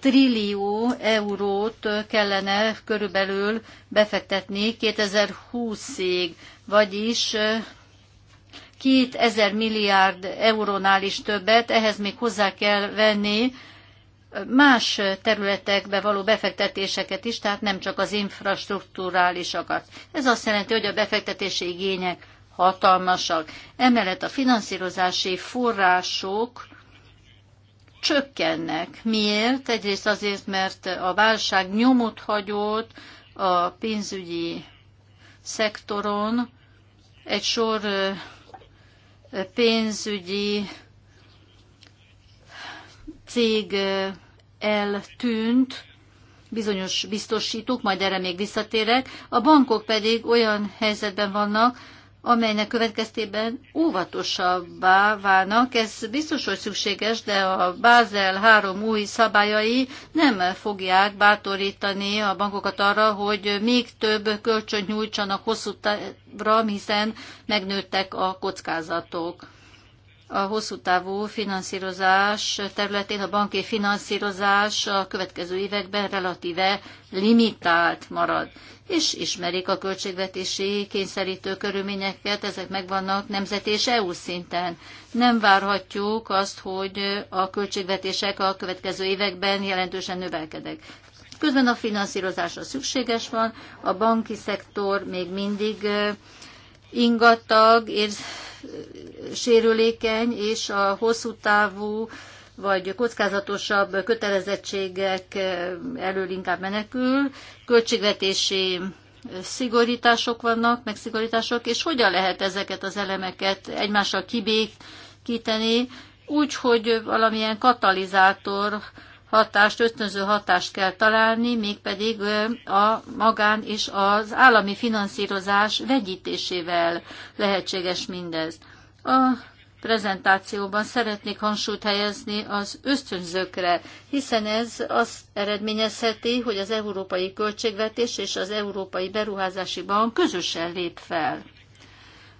trillió eurót kellene körülbelül befektetni 2020-ig, vagyis két ezer milliárd eurónál is többet, ehhez még hozzá kell venni más területekbe való befektetéseket is, tehát nem csak az infrastruktúrálisakat. Ez azt jelenti, hogy a befektetési igények hatalmasak. Emellett a finanszírozási források csökkennek. Miért? Egyrészt azért, mert a válság nyomot hagyott a pénzügyi szektoron, egy sor pénzügyi cég eltűnt, bizonyos biztosítók, majd erre még visszatérek, a bankok pedig olyan helyzetben vannak, amelynek következtében óvatosabbá válnak. Ez biztos, hogy szükséges, de a Bázel három új szabályai nem fogják bátorítani a bankokat arra, hogy még több kölcsönt nyújtsanak hosszú távra, hiszen megnőttek a kockázatok a hosszú távú finanszírozás területén a banki finanszírozás a következő években relatíve limitált marad. És ismerik a költségvetési kényszerítő körülményeket, ezek megvannak nemzet és EU szinten. Nem várhatjuk azt, hogy a költségvetések a következő években jelentősen növelkedek. Közben a finanszírozásra szükséges van, a banki szektor még mindig ingatag, ér, sérülékeny, és a hosszú távú vagy kockázatosabb kötelezettségek eh, elől inkább menekül, költségvetési eh, szigorítások vannak, megszigorítások, és hogyan lehet ezeket az elemeket egymással kibékíteni, úgy, hogy valamilyen katalizátor hatást, ösztönző hatást kell találni, mégpedig a magán és az állami finanszírozás vegyítésével lehetséges mindez. A prezentációban szeretnék hangsúlyt helyezni az ösztönzőkre, hiszen ez azt eredményezheti, hogy az Európai Költségvetés és az Európai Beruházási Bank közösen lép fel.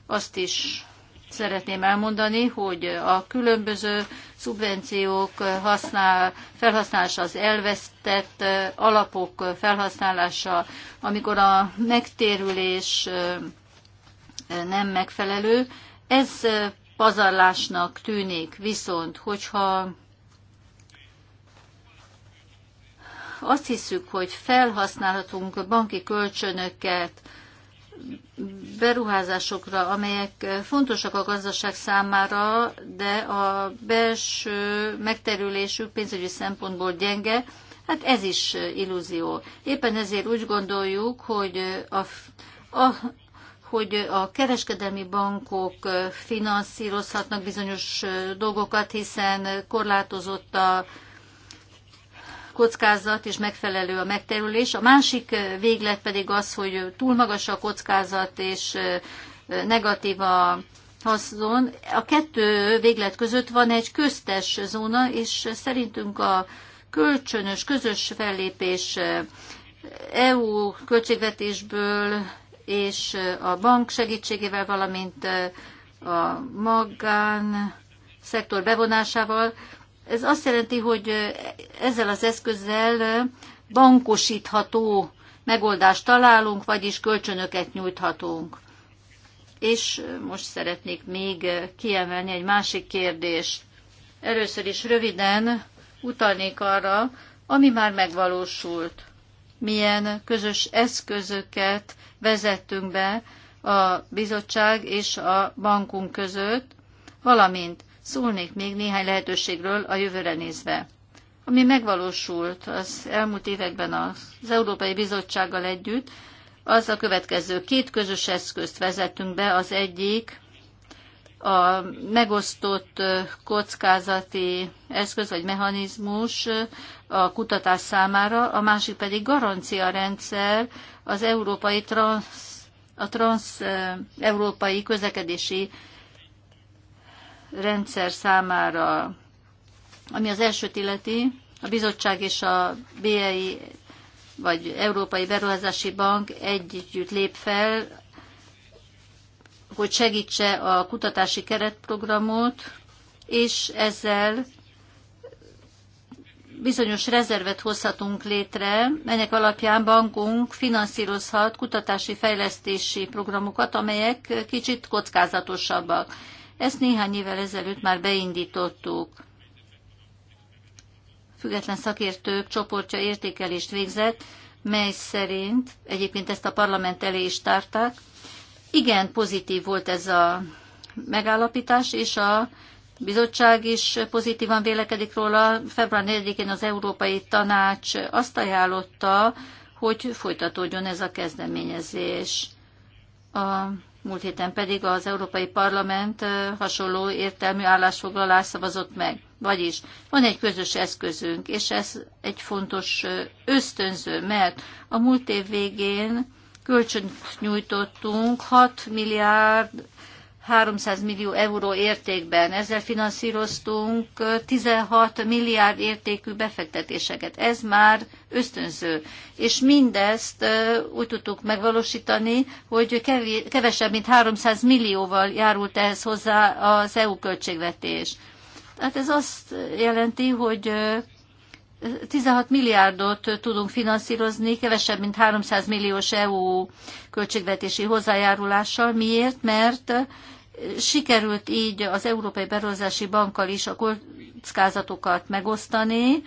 Azt is szeretném elmondani, hogy a különböző szubvenciók használ, felhasználása, az elvesztett alapok felhasználása, amikor a megtérülés nem megfelelő, ez pazarlásnak tűnik, viszont hogyha azt hiszük, hogy felhasználhatunk banki kölcsönöket beruházásokra, amelyek fontosak a gazdaság számára, de a belső megterülésük pénzügyi szempontból gyenge, hát ez is illúzió. Éppen ezért úgy gondoljuk, hogy a, a, hogy a kereskedelmi bankok finanszírozhatnak bizonyos dolgokat, hiszen korlátozott a kockázat és megfelelő a megterülés. A másik véglet pedig az, hogy túl magas a kockázat és negatív a haszon. A kettő véglet között van egy köztes zóna, és szerintünk a kölcsönös, közös fellépés EU költségvetésből és a bank segítségével, valamint a magán szektor bevonásával ez azt jelenti, hogy ezzel az eszközzel bankosítható megoldást találunk, vagyis kölcsönöket nyújthatunk. És most szeretnék még kiemelni egy másik kérdést. Először is röviden utalnék arra, ami már megvalósult. Milyen közös eszközöket vezettünk be a bizottság és a bankunk között, valamint Szólnék még néhány lehetőségről a jövőre nézve. Ami megvalósult az elmúlt években az Európai Bizottsággal együtt, az a következő. Két közös eszközt vezettünk be, az egyik a megosztott kockázati eszköz vagy mechanizmus a kutatás számára, a másik pedig garancia rendszer az európai transz, a transz európai közlekedési rendszer számára. Ami az elsőt illeti, a bizottság és a BEI vagy Európai Beruházási Bank együtt lép fel, hogy segítse a kutatási keretprogramot, és ezzel bizonyos rezervet hozhatunk létre, ennek alapján bankunk finanszírozhat kutatási fejlesztési programokat, amelyek kicsit kockázatosabbak. Ezt néhány évvel ezelőtt már beindítottuk. Független szakértők csoportja értékelést végzett, mely szerint egyébként ezt a parlament elé is tárták. Igen, pozitív volt ez a megállapítás, és a bizottság is pozitívan vélekedik róla. Február 4-én az Európai Tanács azt ajánlotta, hogy folytatódjon ez a kezdeményezés. A múlt héten pedig az Európai Parlament hasonló értelmű állásfoglalás szavazott meg. Vagyis van egy közös eszközünk, és ez egy fontos ösztönző, mert a múlt év végén kölcsönt nyújtottunk 6 milliárd 300 millió euró értékben. Ezzel finanszíroztunk 16 milliárd értékű befektetéseket. Ez már ösztönző. És mindezt úgy tudtuk megvalósítani, hogy kevesebb, mint 300 millióval járult ehhez hozzá az EU költségvetés. Tehát ez azt jelenti, hogy 16 milliárdot tudunk finanszírozni, kevesebb, mint 300 milliós EU költségvetési hozzájárulással. Miért? Mert Sikerült így az Európai Beruházási Bankkal is a kockázatokat megosztani,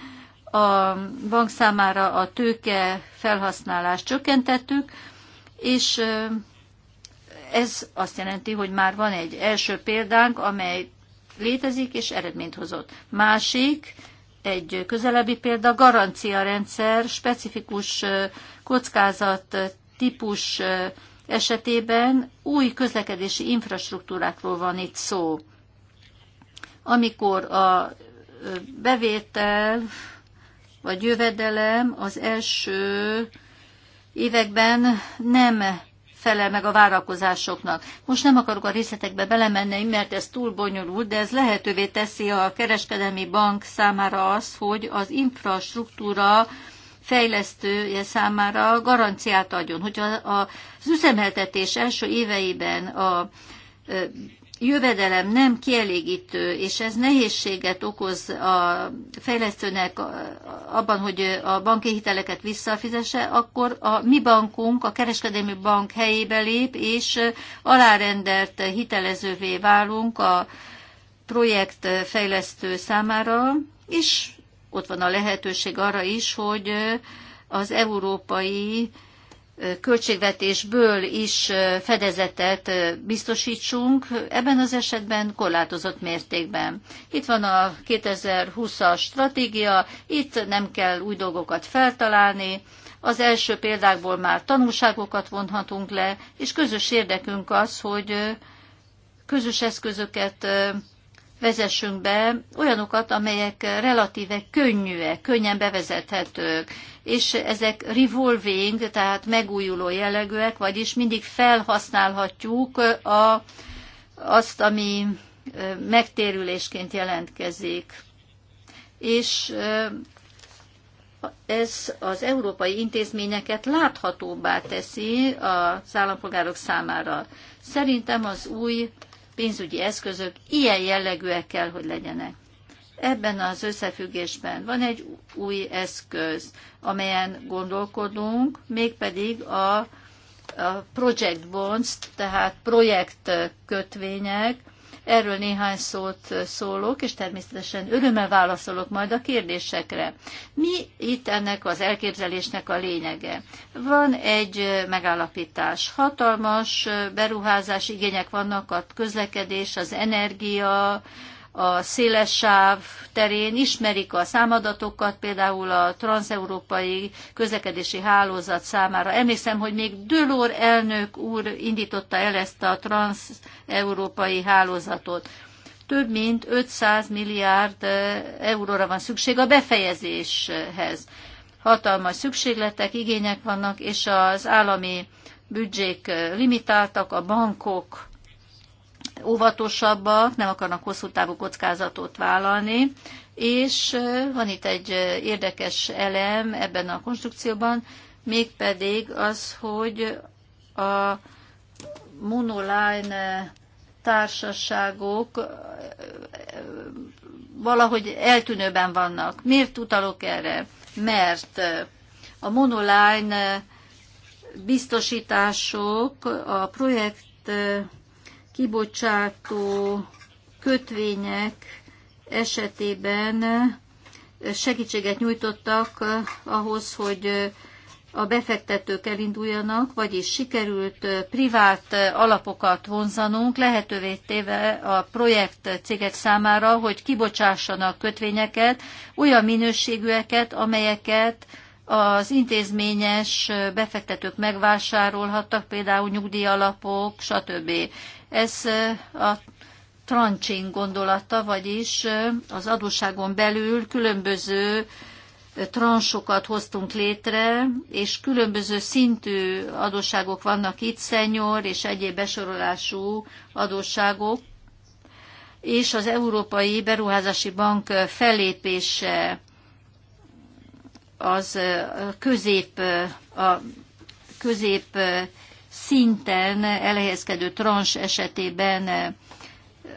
a bank számára a tőke felhasználást csökkentettük, és ez azt jelenti, hogy már van egy első példánk, amely létezik és eredményt hozott. Másik, egy közelebbi példa, garancia rendszer, specifikus kockázat típus esetében új közlekedési infrastruktúrákról van itt szó. Amikor a bevétel vagy jövedelem az első években nem felel meg a várakozásoknak. Most nem akarok a részletekbe belemenni, mert ez túl bonyolult, de ez lehetővé teszi a kereskedelmi bank számára az, hogy az infrastruktúra fejlesztője számára garanciát adjon. Hogyha az üzemeltetés első éveiben a jövedelem nem kielégítő, és ez nehézséget okoz a fejlesztőnek abban, hogy a banki hiteleket visszafizesse, akkor a mi bankunk, a kereskedelmi bank helyébe lép, és alárendelt hitelezővé válunk a projektfejlesztő számára, és ott van a lehetőség arra is, hogy az európai költségvetésből is fedezetet biztosítsunk, ebben az esetben korlátozott mértékben. Itt van a 2020-as stratégia, itt nem kell új dolgokat feltalálni, az első példákból már tanulságokat vonhatunk le, és közös érdekünk az, hogy közös eszközöket vezessünk be olyanokat, amelyek relatíve könnyűek, könnyen bevezethetők, és ezek revolving, tehát megújuló jellegűek, vagyis mindig felhasználhatjuk a, azt, ami megtérülésként jelentkezik. És ez az európai intézményeket láthatóbbá teszi az állampolgárok számára. Szerintem az új pénzügyi eszközök ilyen jellegűek kell, hogy legyenek. Ebben az összefüggésben van egy új eszköz, amelyen gondolkodunk, mégpedig a, a project bonds, tehát projektkötvények, Erről néhány szót szólok, és természetesen örömmel válaszolok majd a kérdésekre. Mi itt ennek az elképzelésnek a lényege? Van egy megállapítás. Hatalmas beruházás igények vannak a közlekedés, az energia, a széles sáv terén ismerik a számadatokat, például a transeurópai közlekedési hálózat számára. Emlékszem, hogy még Dölor elnök úr indította el ezt a transeurópai hálózatot. Több mint 500 milliárd eh, euróra van szükség a befejezéshez. Hatalmas szükségletek, igények vannak, és az állami büdzsék eh, limitáltak, a bankok óvatosabbak, nem akarnak hosszú távú kockázatot vállalni, és van itt egy érdekes elem ebben a konstrukcióban, mégpedig az, hogy a monoline társaságok valahogy eltűnőben vannak. Miért utalok erre? Mert a monoline biztosítások a projekt kibocsátó kötvények esetében segítséget nyújtottak ahhoz, hogy a befektetők elinduljanak, vagyis sikerült privát alapokat vonzanunk, lehetővé téve a projekt cégek számára, hogy kibocsássanak kötvényeket, olyan minőségűeket, amelyeket az intézményes befektetők megvásárolhattak, például nyugdíjalapok, stb. Ez a tranching gondolata, vagyis az adósságon belül különböző transokat hoztunk létre, és különböző szintű adósságok vannak itt, szenyor és egyéb besorolású adósságok, és az Európai Beruházási Bank fellépése az közép, a közép szinten elhelyezkedő trans esetében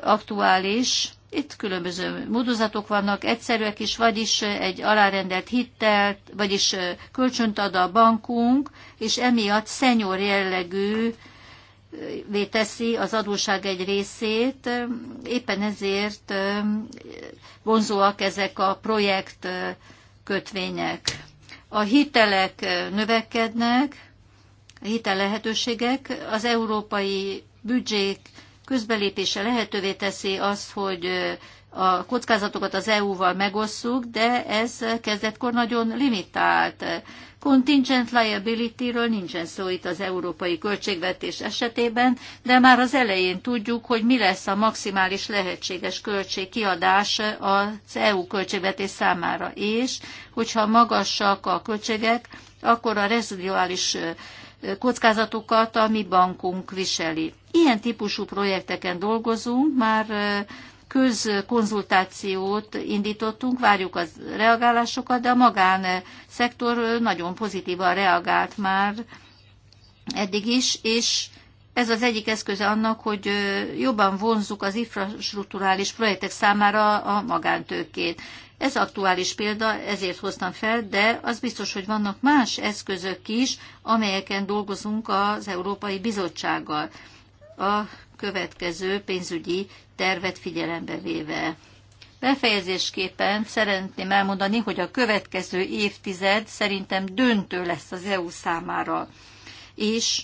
aktuális. Itt különböző módozatok vannak, egyszerűek is, vagyis egy alárendelt hitelt, vagyis kölcsönt ad a bankunk, és emiatt szenyor jellegű eh, teszi az adóság egy részét, éppen ezért eh, vonzóak ezek a projekt eh, kötvények. A hitelek növekednek, lehetőségek. Az európai büdzsék közbelépése lehetővé teszi azt, hogy a kockázatokat az EU-val megosszuk, de ez kezdetkor nagyon limitált. Contingent liability-ről nincsen szó itt az európai költségvetés esetében, de már az elején tudjuk, hogy mi lesz a maximális lehetséges költségkiadás az EU költségvetés számára, és hogyha magasak a költségek, akkor a reziduális kockázatokat a mi bankunk viseli. Ilyen típusú projekteken dolgozunk, már közkonzultációt indítottunk, várjuk a reagálásokat, de a magánszektor nagyon pozitívan reagált már eddig is, és ez az egyik eszköze annak, hogy jobban vonzzuk az infrastruktúrális projektek számára a magántőkét. Ez aktuális példa, ezért hoztam fel, de az biztos, hogy vannak más eszközök is, amelyeken dolgozunk az Európai Bizottsággal a következő pénzügyi tervet figyelembe véve. Befejezésképpen szeretném elmondani, hogy a következő évtized szerintem döntő lesz az EU számára, és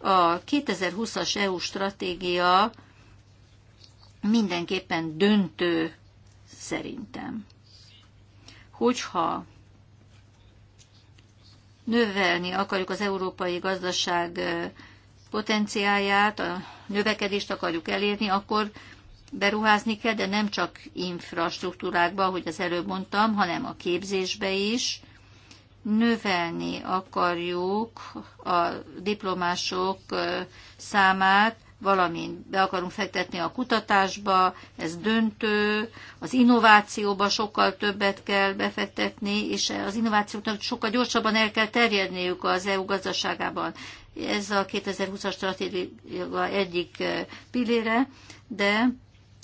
a 2020-as EU stratégia mindenképpen döntő szerintem hogyha növelni akarjuk az európai gazdaság potenciáját, a növekedést akarjuk elérni, akkor beruházni kell, de nem csak infrastruktúrákba, ahogy az előbb mondtam, hanem a képzésbe is. Növelni akarjuk a diplomások számát, valamint be akarunk fektetni a kutatásba, ez döntő, az innovációba sokkal többet kell befektetni, és az innovációknak sokkal gyorsabban el kell terjedniük az EU gazdaságában. Ez a 2020-as stratégia egyik eh, pillére, de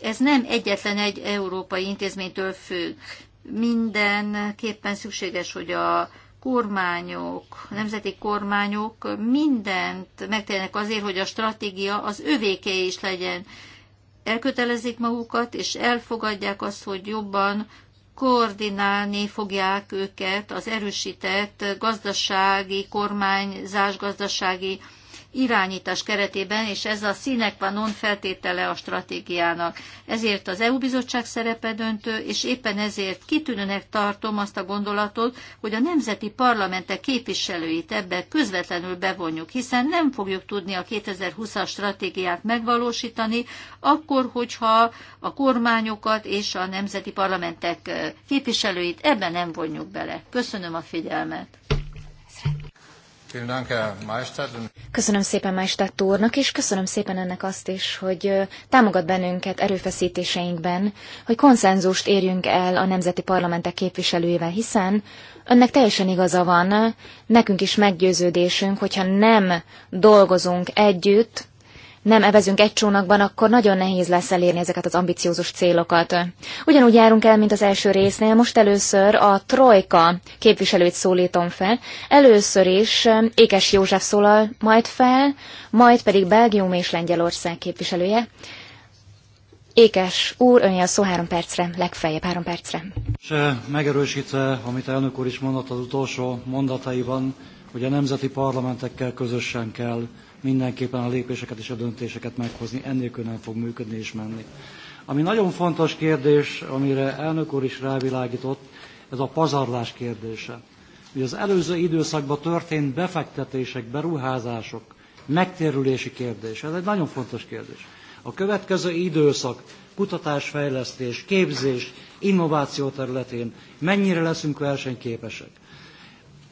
ez nem egyetlen egy európai intézménytől függ. Mindenképpen szükséges, hogy a kormányok, nemzeti kormányok mindent megtennek azért, hogy a stratégia az övéké is legyen. Elkötelezik magukat, és elfogadják azt, hogy jobban koordinálni fogják őket az erősített gazdasági, kormányzás, gazdasági irányítás keretében, és ez a színek van non feltétele a stratégiának. Ezért az EU bizottság szerepe döntő, és éppen ezért kitűnőnek tartom azt a gondolatot, hogy a nemzeti parlamentek képviselőit ebbe közvetlenül bevonjuk, hiszen nem fogjuk tudni a 2020-as stratégiát megvalósítani, akkor, hogyha a kormányokat és a nemzeti parlamentek képviselőit ebben nem vonjuk bele. Köszönöm a figyelmet. Köszönöm szépen Maestad úrnak, és köszönöm szépen ennek azt is, hogy támogat bennünket erőfeszítéseinkben, hogy konszenzust érjünk el a nemzeti parlamentek képviselőivel, hiszen önnek teljesen igaza van, nekünk is meggyőződésünk, hogyha nem dolgozunk együtt, nem evezünk egy csónakban, akkor nagyon nehéz lesz elérni ezeket az ambiciózus célokat. Ugyanúgy járunk el, mint az első résznél. Most először a Trojka képviselőt szólítom fel. Először is um, Ékes József szólal majd fel, majd pedig Belgium és Lengyelország képviselője. Ékes úr, önje a szó három percre, legfeljebb három percre. És eh, megerősítve, amit elnök úr is mondott az utolsó mondataiban, hogy a nemzeti parlamentekkel közösen kell mindenképpen a lépéseket és a döntéseket meghozni, ennélkül nem fog működni és menni. Ami nagyon fontos kérdés, amire elnök úr is rávilágított, ez a pazarlás kérdése. Ugye az előző időszakban történt befektetések, beruházások, megtérülési kérdés. Ez egy nagyon fontos kérdés. A következő időszak kutatásfejlesztés, képzés, innováció területén mennyire leszünk versenyképesek.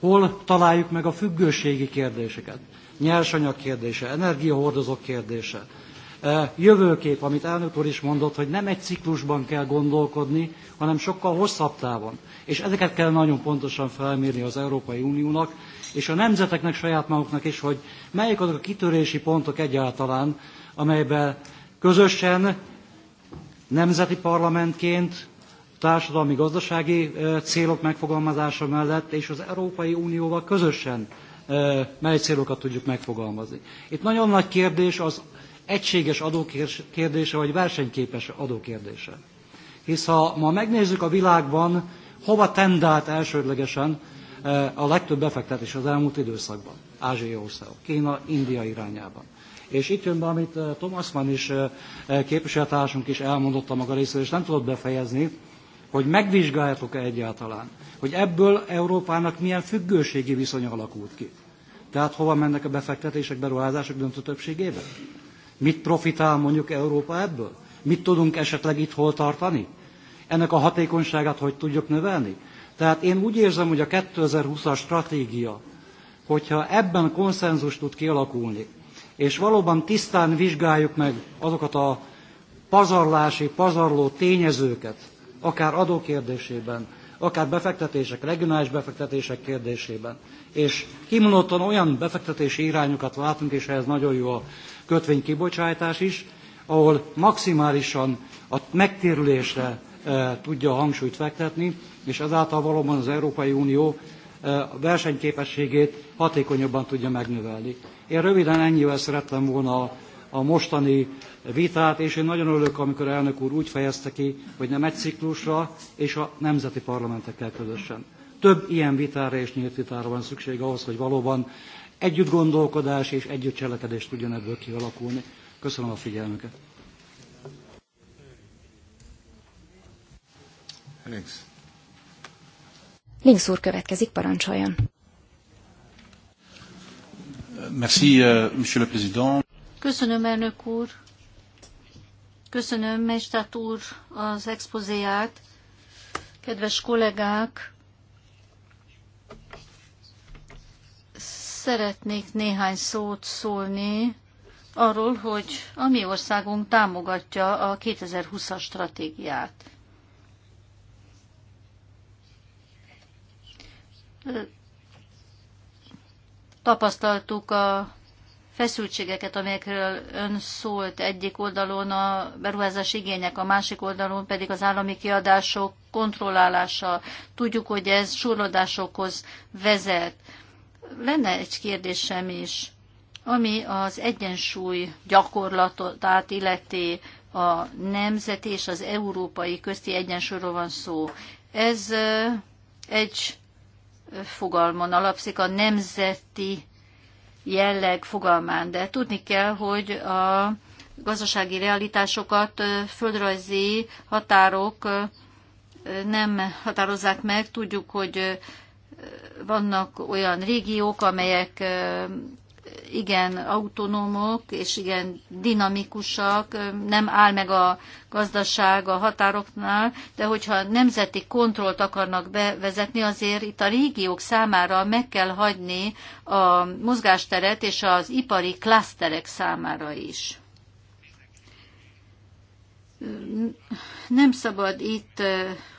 Hol találjuk meg a függőségi kérdéseket? nyersanyag kérdése, energiahordozók kérdése, e, jövőkép, amit elnök úr is mondott, hogy nem egy ciklusban kell gondolkodni, hanem sokkal hosszabb távon. És ezeket kell nagyon pontosan felmérni az Európai Uniónak, és a nemzeteknek, saját maguknak is, hogy melyik azok a kitörési pontok egyáltalán, amelyben közösen, nemzeti parlamentként, társadalmi-gazdasági e, célok megfogalmazása mellett és az Európai Unióval közösen mely célokat tudjuk megfogalmazni. Itt nagyon nagy kérdés az egységes adókérdése, vagy versenyképes adókérdése. Hisz ha ma megnézzük a világban, hova tendált elsődlegesen a legtöbb befektetés az elmúlt időszakban. Ázsiai országok, Kína, India irányában. És itt jön be, amit Thomas Mann is, képviselőtársunk is elmondotta maga részéről, és nem tudott befejezni, hogy megvizsgáljátok e egyáltalán, hogy ebből Európának milyen függőségi viszony alakult ki. Tehát hova mennek a befektetések, beruházások döntő többségében? Mit profitál mondjuk Európa ebből? Mit tudunk esetleg itt hol tartani? Ennek a hatékonyságát hogy tudjuk növelni? Tehát én úgy érzem, hogy a 2020-as stratégia, hogyha ebben konszenzus tud kialakulni, és valóban tisztán vizsgáljuk meg azokat a pazarlási, pazarló tényezőket, akár adó kérdésében, akár befektetések, regionális befektetések kérdésében. És kimondottan olyan befektetési irányokat látunk, és ehhez nagyon jó a kötvénykibocsátás is, ahol maximálisan a megtérülésre e, tudja a hangsúlyt fektetni, és ezáltal valóban az Európai Unió e, a versenyképességét hatékonyabban tudja megnövelni. Én röviden ennyivel szerettem volna a a mostani vitát, és én nagyon örülök, amikor elnök úr úgy fejezte ki, hogy nem egy ciklusra, és a nemzeti parlamentekkel közösen. Több ilyen vitára és nyílt vitára van szükség ahhoz, hogy valóban együtt gondolkodás és együtt cselekedés tudjon ebből kialakulni. Köszönöm a figyelmüket. Links. Links úr következik, parancsoljon. Merci, euh, monsieur le président. Köszönöm, elnök úr. Köszönöm, Mestát úr, az expozéját. Kedves kollégák, szeretnék néhány szót szólni arról, hogy a mi országunk támogatja a 2020-as stratégiát. Tapasztaltuk a feszültségeket, amelyekről ön szólt egyik oldalon a beruházás igények, a másik oldalon pedig az állami kiadások kontrollálása. Tudjuk, hogy ez surlódásokhoz vezet. Lenne egy kérdésem is, ami az egyensúly gyakorlatát illeti a nemzeti és az európai közti egyensúlyról van szó. Ez egy fogalmon alapszik a nemzeti jelleg fogalmán, de tudni kell, hogy a gazdasági realitásokat földrajzi határok nem határozzák meg. Tudjuk, hogy vannak olyan régiók, amelyek igen autonómok és igen dinamikusak, nem áll meg a gazdaság a határoknál, de hogyha nemzeti kontrollt akarnak bevezetni, azért itt a régiók számára meg kell hagyni a mozgásteret és az ipari klaszterek számára is. Nem szabad itt,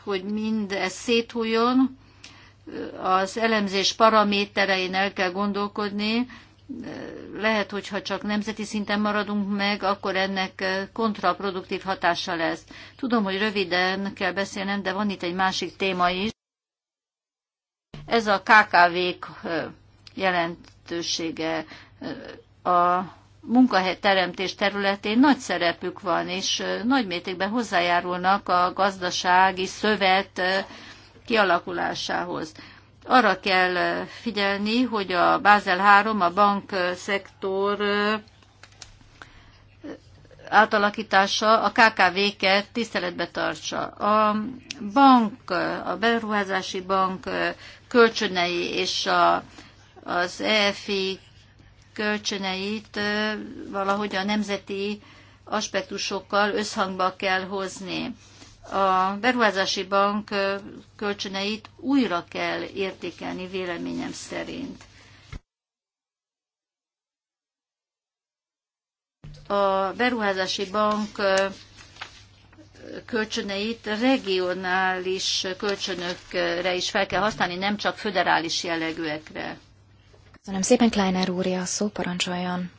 hogy mind ez széthújon, az elemzés paramétereinél kell gondolkodni, lehet, hogyha csak nemzeti szinten maradunk meg, akkor ennek kontraproduktív hatása lesz. Tudom, hogy röviden kell beszélnem, de van itt egy másik téma is. Ez a KKV-k jelentősége a munkahelyteremtés területén nagy szerepük van, és nagy mértékben hozzájárulnak a gazdasági szövet kialakulásához arra kell figyelni, hogy a Bázel 3 a bankszektor átalakítása a KKV-ket tiszteletbe tartsa. A bank, a beruházási bank kölcsönei és a, az EFI kölcsöneit valahogy a nemzeti aspektusokkal összhangba kell hozni a beruházási bank kölcsöneit újra kell értékelni véleményem szerint. A beruházási bank kölcsöneit regionális kölcsönökre is fel kell használni, nem csak föderális jellegűekre. Köszönöm szépen, Kleiner úr, a szó parancsoljon.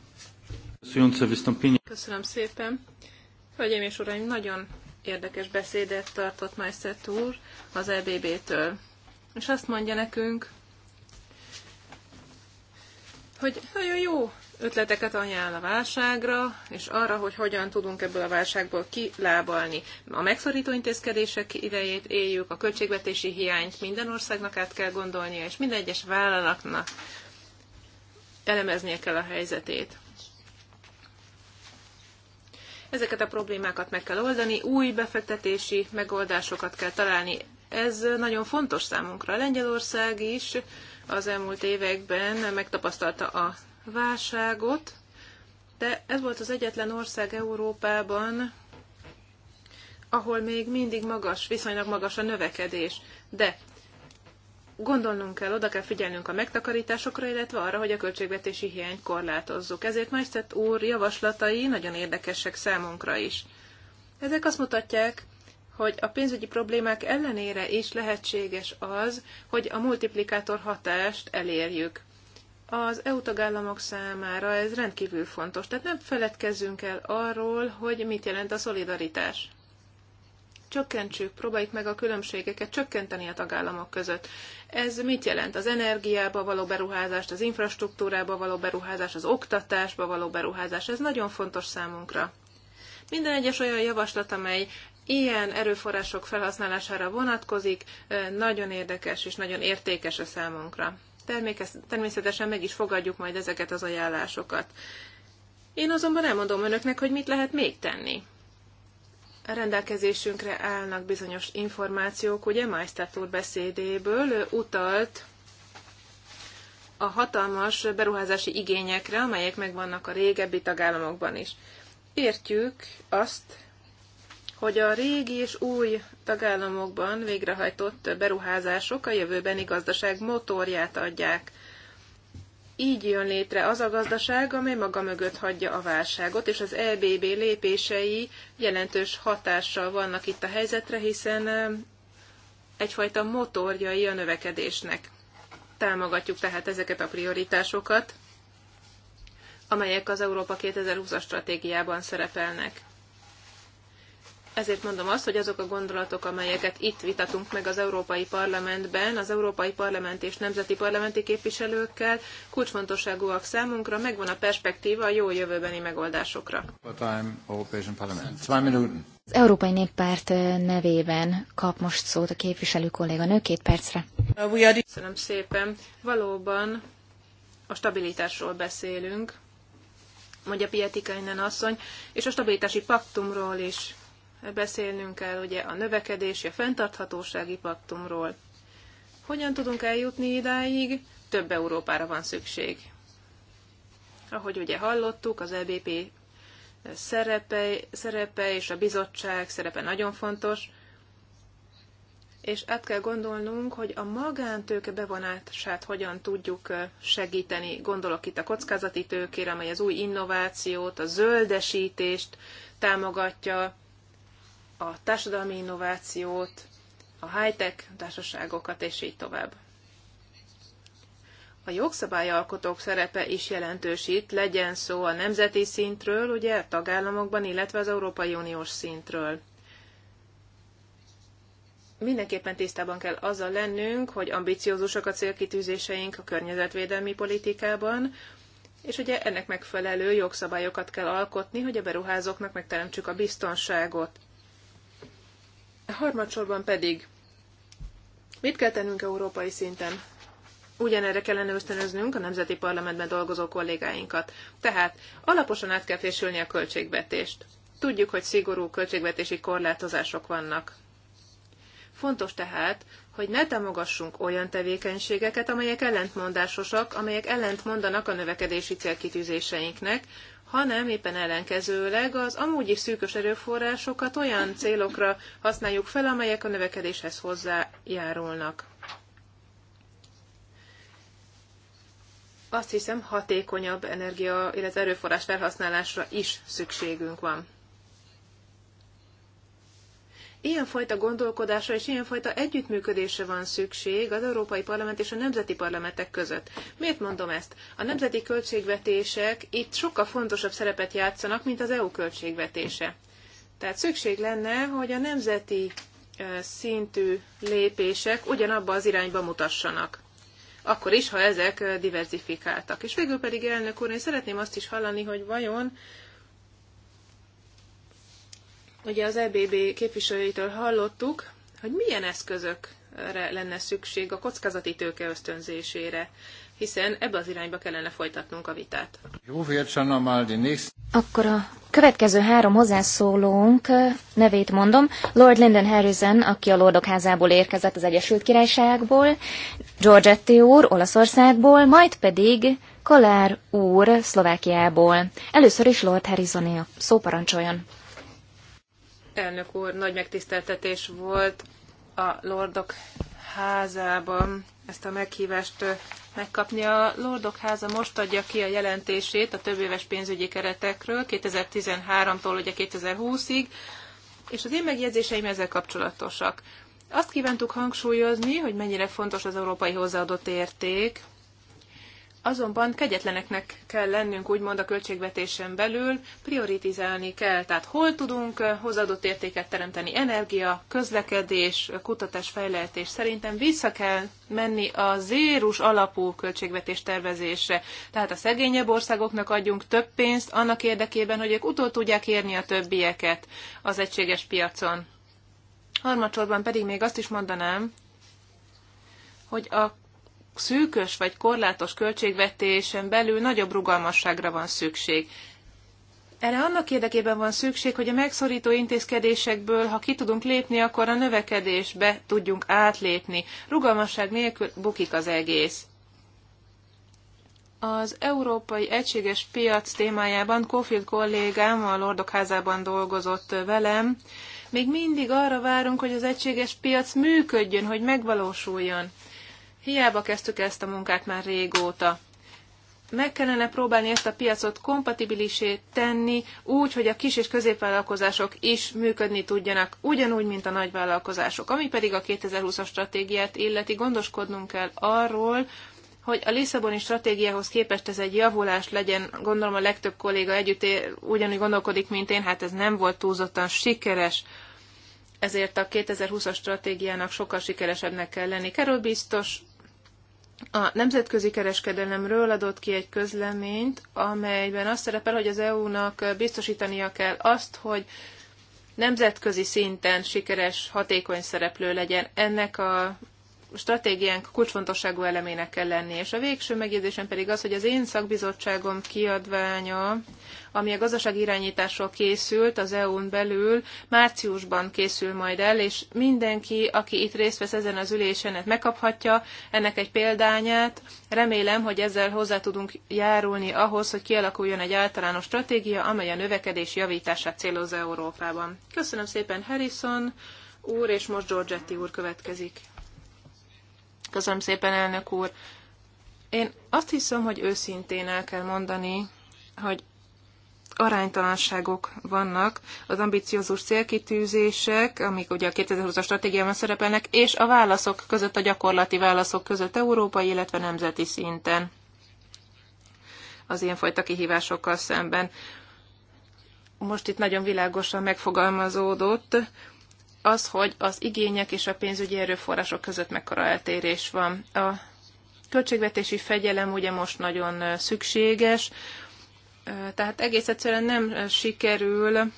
Köszönöm szépen. Hölgyeim és uraim, nagyon érdekes beszédet tartott Majszett úr az EBB-től. És azt mondja nekünk, hogy nagyon jó ötleteket ajánl a válságra, és arra, hogy hogyan tudunk ebből a válságból kilábalni. A megszorító intézkedések idejét éljük, a költségvetési hiányt minden országnak át kell gondolnia, és minden egyes vállalatnak elemeznie kell a helyzetét. Ezeket a problémákat meg kell oldani, új befektetési megoldásokat kell találni. Ez nagyon fontos számunkra. Lengyelország is az elmúlt években megtapasztalta a válságot, de ez volt az egyetlen ország Európában, ahol még mindig magas, viszonylag magas a növekedés. De gondolnunk kell, oda kell figyelnünk a megtakarításokra, illetve arra, hogy a költségvetési hiányt korlátozzuk. Ezért Majszett úr javaslatai nagyon érdekesek számunkra is. Ezek azt mutatják, hogy a pénzügyi problémák ellenére is lehetséges az, hogy a multiplikátor hatást elérjük. Az EU tagállamok számára ez rendkívül fontos, tehát nem feledkezzünk el arról, hogy mit jelent a szolidaritás csökkentsük, próbáljuk meg a különbségeket csökkenteni a tagállamok között. Ez mit jelent? Az energiába való beruházást, az infrastruktúrába való beruházást, az oktatásba való beruházást. Ez nagyon fontos számunkra. Minden egyes olyan javaslat, amely ilyen erőforrások felhasználására vonatkozik, nagyon érdekes és nagyon értékes a számunkra. Természetesen meg is fogadjuk majd ezeket az ajánlásokat. Én azonban elmondom önöknek, hogy mit lehet még tenni rendelkezésünkre állnak bizonyos információk, ugye Majsztát úr beszédéből utalt a hatalmas beruházási igényekre, amelyek megvannak a régebbi tagállamokban is. Értjük azt, hogy a régi és új tagállamokban végrehajtott beruházások a jövőbeni gazdaság motorját adják így jön létre az a gazdaság, amely maga mögött hagyja a válságot, és az EBB lépései jelentős hatással vannak itt a helyzetre, hiszen egyfajta motorjai a növekedésnek. Támogatjuk tehát ezeket a prioritásokat, amelyek az Európa 2020-as stratégiában szerepelnek. Ezért mondom azt, hogy azok a gondolatok, amelyeket itt vitatunk meg az Európai Parlamentben, az Európai Parlament és nemzeti parlamenti képviselőkkel kulcsfontosságúak számunkra, megvan a perspektíva a jó jövőbeni megoldásokra. Az Európai Néppárt eh, nevében kap most szót a képviselő kolléganő két percre. Köszönöm szépen. Valóban a stabilitásról beszélünk, mondja Pietikainen asszony, és a stabilitási paktumról is beszélnünk kell, ugye a növekedési, a fenntarthatósági paktumról. Hogyan tudunk eljutni idáig? Több Európára van szükség. Ahogy ugye hallottuk, az EBP szerepe, szerepe és a bizottság szerepe nagyon fontos, és át kell gondolnunk, hogy a magántőke bevonását hogyan tudjuk segíteni. Gondolok itt a kockázati tőkére, amely az új innovációt, a zöldesítést támogatja, a társadalmi innovációt, a high-tech társaságokat, és így tovább. A jogszabályalkotók szerepe is jelentős itt, legyen szó a nemzeti szintről, ugye, a tagállamokban, illetve az Európai Uniós szintről. Mindenképpen tisztában kell azzal lennünk, hogy ambiciózusak a célkitűzéseink a környezetvédelmi politikában, és ugye ennek megfelelő jogszabályokat kell alkotni, hogy a beruházóknak megteremtsük a biztonságot. Harmadsorban pedig mit kell tennünk európai szinten? ugyanerre kellene ösztönöznünk a nemzeti parlamentben dolgozó kollégáinkat. Tehát alaposan át kell fésülni a költségvetést. Tudjuk, hogy szigorú költségvetési korlátozások vannak. Fontos tehát, hogy ne támogassunk olyan tevékenységeket, amelyek ellentmondásosak, amelyek ellentmondanak a növekedési célkitűzéseinknek, hanem éppen ellenkezőleg az amúgy is szűkös erőforrásokat olyan célokra használjuk fel, amelyek a növekedéshez hozzájárulnak. Azt hiszem, hatékonyabb energia, illetve erőforrás felhasználásra is szükségünk van. Ilyenfajta gondolkodásra és ilyenfajta együttműködésre van szükség az Európai Parlament és a nemzeti parlamentek között. Miért mondom ezt? A nemzeti költségvetések itt sokkal fontosabb szerepet játszanak, mint az EU költségvetése. Tehát szükség lenne, hogy a nemzeti szintű lépések ugyanabba az irányba mutassanak. Akkor is, ha ezek diversifikáltak. És végül pedig, elnök úr, én szeretném azt is hallani, hogy vajon ugye az EBB képviselőitől hallottuk, hogy milyen eszközökre lenne szükség a kockázati tőke ösztönzésére, hiszen ebbe az irányba kellene folytatnunk a vitát. Akkor a következő három hozzászólónk nevét mondom. Lord Lyndon Harrison, aki a Lordok házából érkezett az Egyesült Királyságból, Giorgetti úr Olaszországból, majd pedig Kolár úr Szlovákiából. Először is Lord Harrison a szó parancsoljon elnök úr, nagy megtiszteltetés volt a Lordok házában ezt a meghívást megkapni. A Lordok háza most adja ki a jelentését a többéves pénzügyi keretekről 2013-tól ugye 2020-ig, és az én megjegyzéseim ezzel kapcsolatosak. Azt kívántuk hangsúlyozni, hogy mennyire fontos az európai hozzáadott érték, Azonban kegyetleneknek kell lennünk úgymond a költségvetésen belül, prioritizálni kell, tehát hol tudunk eh, hozadott értéket teremteni, energia, közlekedés, eh, kutatás, fejlesztés. Szerintem vissza kell menni a zérus alapú költségvetés tervezésre. Tehát a szegényebb országoknak adjunk több pénzt annak érdekében, hogy ők utol tudják érni a többieket az egységes piacon. Harmadsorban pedig még azt is mondanám, hogy a szűkös vagy korlátos költségvetésen belül nagyobb rugalmasságra van szükség. Erre annak érdekében van szükség, hogy a megszorító intézkedésekből, ha ki tudunk lépni, akkor a növekedésbe tudjunk átlépni. Rugalmasság nélkül bukik az egész. Az Európai Egységes Piac témájában Kofield kollégám a Lordok házában dolgozott velem. Még mindig arra várunk, hogy az egységes piac működjön, hogy megvalósuljon. Hiába kezdtük ezt a munkát már régóta. Meg kellene próbálni ezt a piacot kompatibilisé tenni, úgy, hogy a kis és középvállalkozások is működni tudjanak, ugyanúgy, mint a nagyvállalkozások. Ami pedig a 2020-as stratégiát illeti, gondoskodnunk kell arról, hogy a Lisszaboni stratégiához képest ez egy javulás legyen, gondolom a legtöbb kolléga együtt ér, ugyanúgy gondolkodik, mint én, hát ez nem volt túlzottan sikeres, ezért a 2020-as stratégiának sokkal sikeresebbnek kell lenni. Kerül biztos a nemzetközi kereskedelemről adott ki egy közleményt, amelyben azt szerepel, hogy az EU-nak biztosítania kell azt, hogy nemzetközi szinten sikeres, hatékony szereplő legyen. Ennek a stratégiánk kulcsfontosságú elemének kell lenni. És a végső megjegyzésem pedig az, hogy az én szakbizottságom kiadványa, ami a gazdasági irányításról készült az EU-n belül, márciusban készül majd el, és mindenki, aki itt részt vesz ezen az ülésen, hát megkaphatja ennek egy példányát. Remélem, hogy ezzel hozzá tudunk járulni ahhoz, hogy kialakuljon egy általános stratégia, amely a növekedés javítását céloz Európában. Köszönöm szépen Harrison úr, és most Giorgetti úr következik. Köszönöm szépen, elnök úr. Én azt hiszem, hogy őszintén el kell mondani, hogy aránytalanságok vannak az ambiciózus célkitűzések, amik ugye a 2020-as stratégiában szerepelnek, és a válaszok között, a gyakorlati válaszok között európai, illetve nemzeti szinten az ilyenfajta kihívásokkal szemben. Most itt nagyon világosan megfogalmazódott, az, hogy az igények és a pénzügyi erőforrások között mekkora eltérés van. A költségvetési fegyelem ugye most nagyon szükséges, tehát egész egyszerűen nem sikerül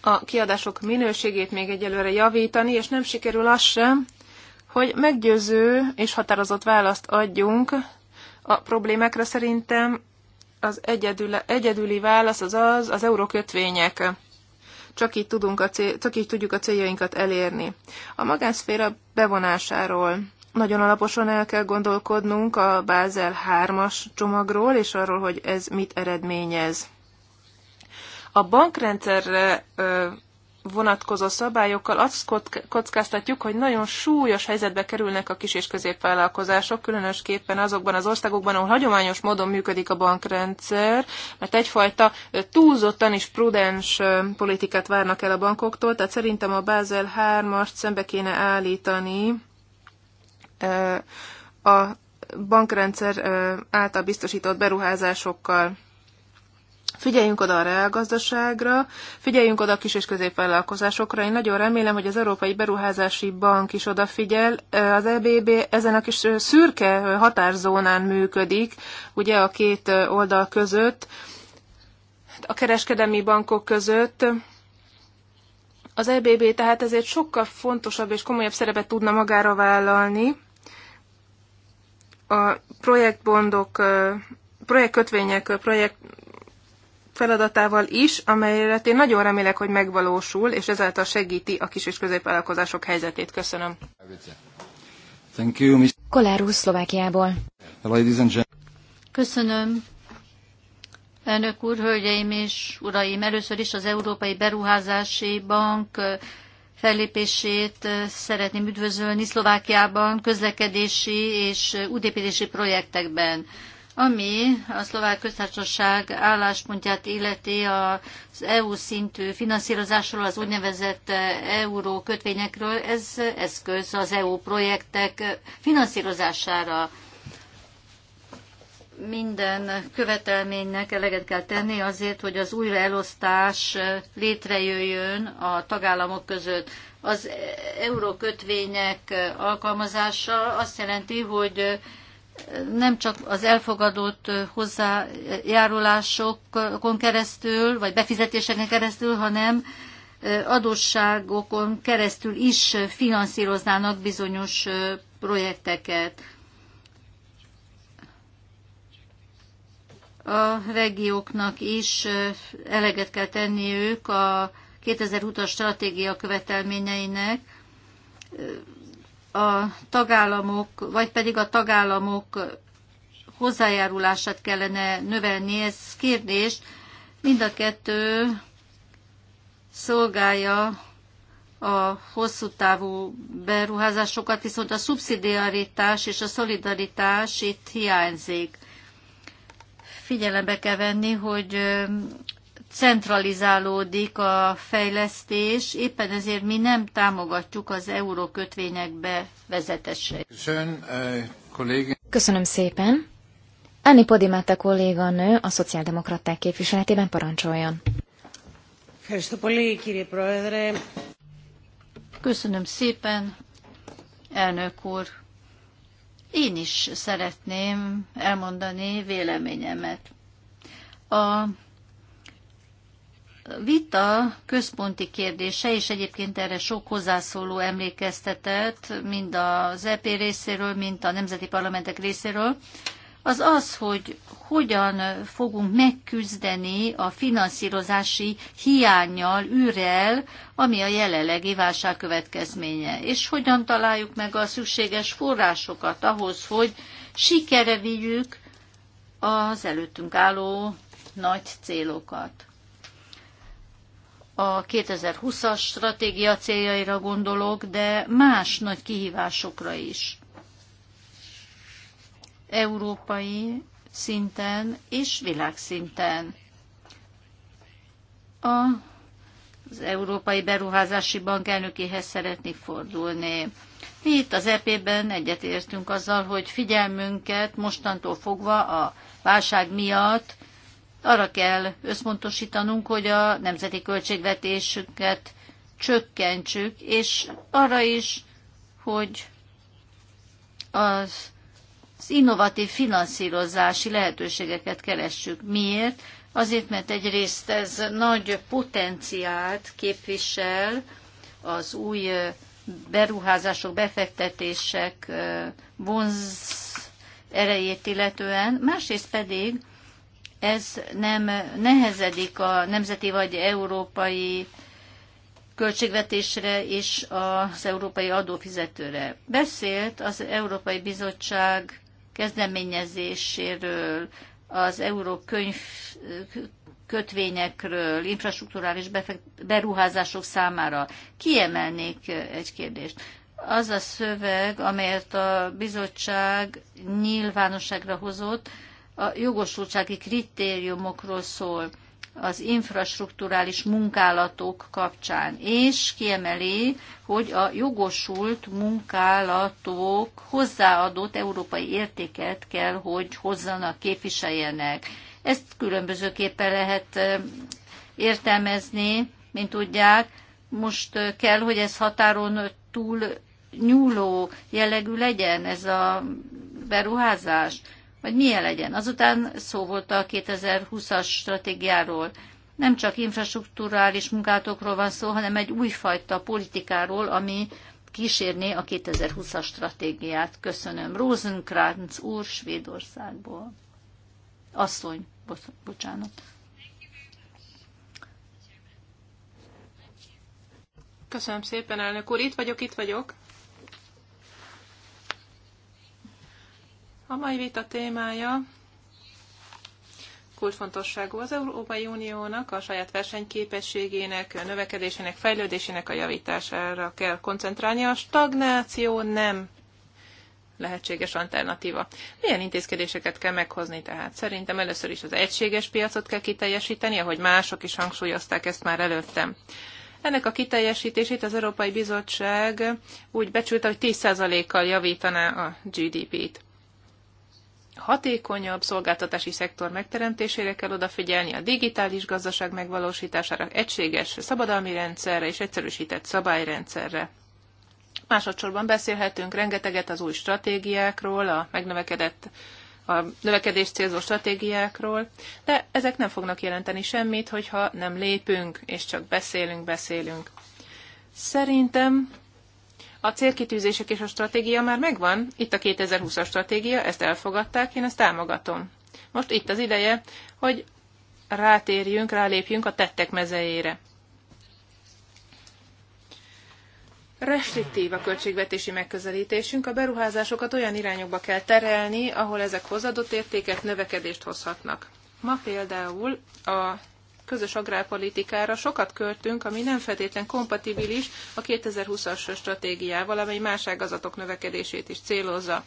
a kiadások minőségét még egyelőre javítani, és nem sikerül az sem, hogy meggyőző és határozott választ adjunk a problémákra szerintem az egyedül, egyedüli válasz az az, az eurókötvények csak így, tudunk a cél, csak így tudjuk a céljainkat elérni. A magánszféra bevonásáról nagyon alaposan el kell gondolkodnunk a Bázel 3-as csomagról, és arról, hogy ez mit eredményez. A bankrendszerre vonatkozó szabályokkal azt kockáztatjuk, hogy nagyon súlyos helyzetbe kerülnek a kis és középvállalkozások, különösképpen azokban az országokban, ahol hagyományos módon működik a bankrendszer, mert egyfajta túlzottan is prudens politikát várnak el a bankoktól, tehát szerintem a Bázel 3-ast szembe kéne állítani a bankrendszer által biztosított beruházásokkal. Figyeljünk oda a reálgazdaságra, figyeljünk oda a kis és középvállalkozásokra. Én nagyon remélem, hogy az Európai Beruházási Bank is odafigyel. Az EBB ezen a kis szürke határzónán működik, ugye a két oldal között, a kereskedelmi bankok között. Az EBB tehát ezért sokkal fontosabb és komolyabb szerepet tudna magára vállalni. A projektbondok, projektkötvények, projekt feladatával is, amelyre én nagyon remélek, hogy megvalósul, és ezáltal segíti a kis és középvállalkozások helyzetét. Köszönöm. Thank you, Kolárus Szlovákiából. Köszönöm. Elnök úr, hölgyeim és uraim, először is az Európai Beruházási Bank fellépését szeretném üdvözölni Szlovákiában közlekedési és útépítési projektekben ami a szlovák köztársaság álláspontját illeti az EU szintű finanszírozásról, az úgynevezett euró kötvényekről, ez eszköz az EU projektek finanszírozására. Minden követelménynek eleget kell tenni azért, hogy az újraelosztás létrejöjjön a tagállamok között. Az eurókötvények alkalmazása azt jelenti, hogy nem csak az elfogadott hozzájárulásokon keresztül, vagy befizetéseken keresztül, hanem adósságokon keresztül is finanszíroznának bizonyos projekteket. a regióknak is eleget kell tenniük a 2020-as stratégia követelményeinek a tagállamok, vagy pedig a tagállamok hozzájárulását kellene növelni. Ez kérdés, mind a kettő szolgálja a hosszú távú beruházásokat, viszont a szubszidiaritás és a szolidaritás itt hiányzik. Figyelembe kell venni, hogy centralizálódik a fejlesztés, éppen ezért mi nem támogatjuk az eurókötvények bevezetését. Eh, Köszönöm szépen. Anni Podimata kolléganő a szociáldemokraták képviseletében parancsoljon. Köszönöm szépen, elnök úr. Én is szeretném elmondani véleményemet. A vita központi kérdése, és egyébként erre sok hozzászóló emlékeztetett, mind az EP részéről, mind a nemzeti parlamentek részéről, az az, hogy hogyan fogunk megküzdeni a finanszírozási hiányjal, űrrel, ami a jelenlegi válság következménye, és hogyan találjuk meg a szükséges forrásokat ahhoz, hogy sikere vigyük az előttünk álló nagy célokat a 2020-as stratégia céljaira gondolok, de más nagy kihívásokra is. Európai szinten és világszinten. A, az Európai Beruházási Bank elnökéhez szeretnék fordulni. Mi itt az EP-ben egyetértünk azzal, hogy figyelmünket mostantól fogva a válság miatt arra kell összpontosítanunk, hogy a nemzeti költségvetésüket csökkentsük, és arra is, hogy az, az innovatív finanszírozási lehetőségeket keressük. Miért? Azért, mert egyrészt ez nagy potenciált képvisel az új beruházások, befektetések vonz erejét illetően, másrészt pedig ez nem nehezedik a nemzeti vagy európai költségvetésre és az európai adófizetőre. Beszélt az Európai Bizottság kezdeményezéséről, az euró könyv kötvényekről, infrastruktúrális beruházások számára. Kiemelnék egy kérdést. Az a szöveg, amelyet a bizottság nyilvánosságra hozott, a jogosultsági kritériumokról szól az infrastruktúrális munkálatok kapcsán, és kiemeli, hogy a jogosult munkálatok hozzáadott európai értéket kell, hogy hozzanak, képviseljenek. Ezt különbözőképpen lehet értelmezni, mint tudják. Most kell, hogy ez határon túl nyúló jellegű legyen ez a beruházás vagy milyen legyen. Azután szó volt a 2020-as stratégiáról. Nem csak infrastruktúrális munkátokról van szó, hanem egy újfajta politikáról, ami kísérné a 2020-as stratégiát. Köszönöm. Rosenkrantz úr Svédországból. Asszony, bocsánat. Köszönöm szépen, elnök úr. Itt vagyok, itt vagyok. A mai vita témája kulcsfontosságú az Európai Uniónak, a saját versenyképességének, növekedésének, fejlődésének a javítására kell koncentrálnia. A stagnáció nem lehetséges alternatíva. Milyen intézkedéseket kell meghozni tehát? Szerintem először is az egységes piacot kell kiteljesíteni, ahogy mások is hangsúlyozták ezt már előttem. Ennek a kiteljesítését az Európai Bizottság úgy becsülte, hogy 10%-kal javítaná a GDP-t hatékonyabb szolgáltatási szektor megteremtésére kell odafigyelni, a digitális gazdaság megvalósítására, egységes szabadalmi rendszerre és egyszerűsített szabályrendszerre. Másodszorban beszélhetünk rengeteget az új stratégiákról, a megnövekedett a növekedés célzó stratégiákról, de ezek nem fognak jelenteni semmit, hogyha nem lépünk, és csak beszélünk, beszélünk. Szerintem a célkitűzések és a stratégia már megvan. Itt a 2020-as stratégia, ezt elfogadták, én ezt támogatom. Most itt az ideje, hogy rátérjünk, rálépjünk a tettek mezejére. Restriktív a költségvetési megközelítésünk, a beruházásokat olyan irányokba kell terelni, ahol ezek hozadott értéket, növekedést hozhatnak. Ma például a közös agrárpolitikára sokat költünk, ami nem feltétlen kompatibilis a 2020-as stratégiával, amely más ágazatok növekedését is célozza.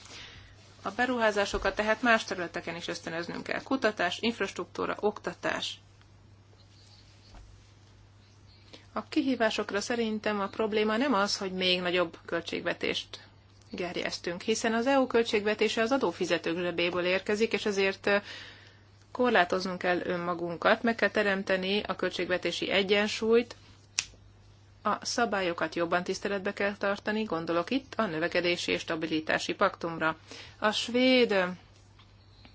A beruházásokat tehát más területeken is ösztönöznünk kell. Kutatás, infrastruktúra, oktatás. A kihívásokra szerintem a probléma nem az, hogy még nagyobb költségvetést gerjesztünk, hiszen az EU költségvetése az adófizetők zsebéből érkezik, és ezért korlátoznunk kell önmagunkat, meg kell teremteni a költségvetési egyensúlyt, a szabályokat jobban tiszteletbe kell tartani, gondolok itt a növekedési és stabilitási paktumra. A svéd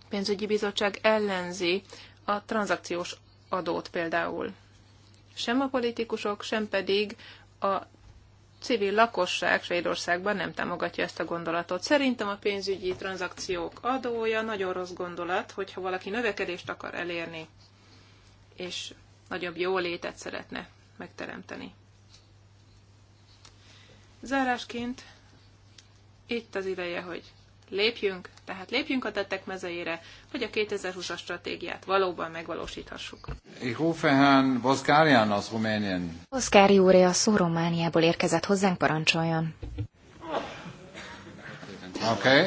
pénzügyi bizottság ellenzi a tranzakciós adót például. Sem a politikusok, sem pedig a civil lakosság Svédországban nem támogatja ezt a gondolatot. Szerintem a pénzügyi tranzakciók adója nagyon rossz gondolat, hogyha valaki növekedést akar elérni, és nagyobb jólétet szeretne megteremteni. Zárásként itt az ideje, hogy lépjünk, tehát lépjünk a tettek mezeire, hogy a 2020-as stratégiát valóban megvalósíthassuk. Hófehán Boszkárián úré a szó Romániából érkezett hozzánk, parancsoljon. Oké. Okay.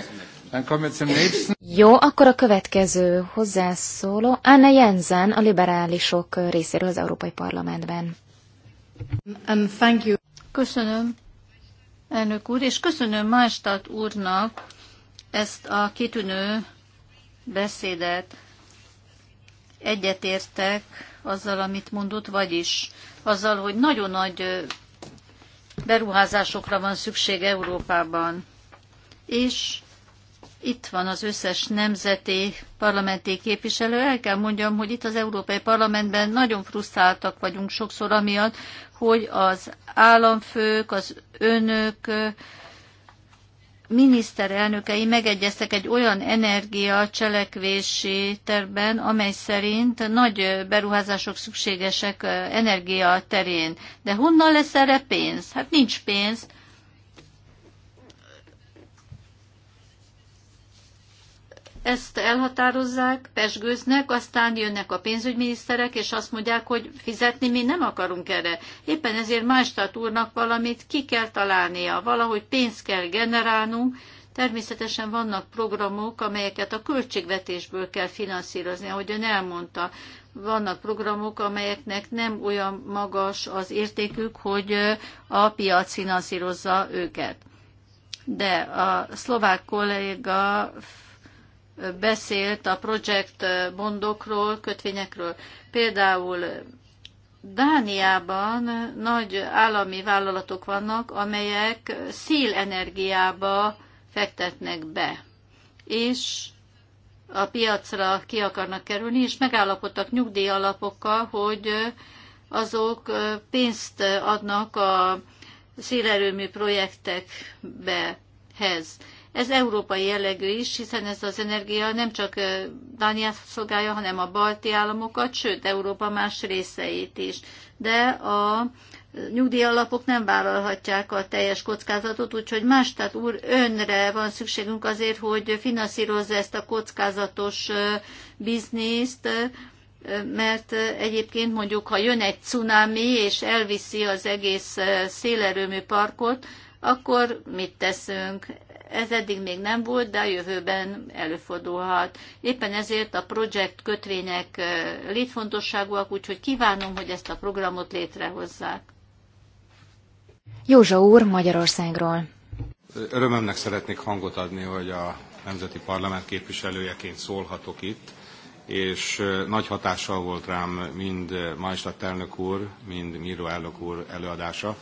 Jó, akkor a következő hozzászóló Anna Jensen, a liberálisok részéről az Európai Parlamentben. Um, thank you. Köszönöm, elnök úr, és köszönöm Mástat úrnak, ezt a kitűnő beszédet egyetértek azzal, amit mondott, vagyis azzal, hogy nagyon nagy beruházásokra van szükség Európában. És itt van az összes nemzeti parlamenti képviselő. El kell mondjam, hogy itt az Európai Parlamentben nagyon frusztráltak vagyunk sokszor amiatt, hogy az államfők, az önök, miniszterelnökei megegyeztek egy olyan energia cselekvési terben, amely szerint nagy beruházások szükségesek energia terén. De honnan lesz erre pénz? Hát nincs pénz, ezt elhatározzák, pesgőznek, aztán jönnek a pénzügyminiszterek, és azt mondják, hogy fizetni mi nem akarunk erre. Éppen ezért más úrnak valamit ki kell találnia, valahogy pénzt kell generálnunk, Természetesen vannak programok, amelyeket a költségvetésből kell finanszírozni, ahogy ön elmondta. Vannak programok, amelyeknek nem olyan magas az értékük, hogy a piac finanszírozza őket. De a szlovák kolléga beszélt a projekt bondokról, kötvényekről. Például Dániában nagy állami vállalatok vannak, amelyek szélenergiába fektetnek be, és a piacra ki akarnak kerülni, és megállapodtak nyugdíjalapokkal, hogy azok pénzt adnak a szélerőmű projektekbehez. Ez európai jellegű is, hiszen ez az energia nem csak Dániát szolgálja, hanem a balti államokat, sőt Európa más részeit is. De a nyugdíjalapok nem vállalhatják a teljes kockázatot, úgyhogy más, tehát úr, önre van szükségünk azért, hogy finanszírozza ezt a kockázatos bizniszt, mert egyébként mondjuk, ha jön egy cunami, és elviszi az egész szélerőmű parkot, akkor mit teszünk? Ez eddig még nem volt, de a jövőben előfordulhat. Éppen ezért a projekt kötvények létfontosságúak, úgyhogy kívánom, hogy ezt a programot létrehozzák. Józsa úr Magyarországról. Örömömnek szeretnék hangot adni, hogy a Nemzeti Parlament képviselőjeként szólhatok itt, és nagy hatással volt rám mind Majstadt elnök úr, mind Miró elnök úr előadása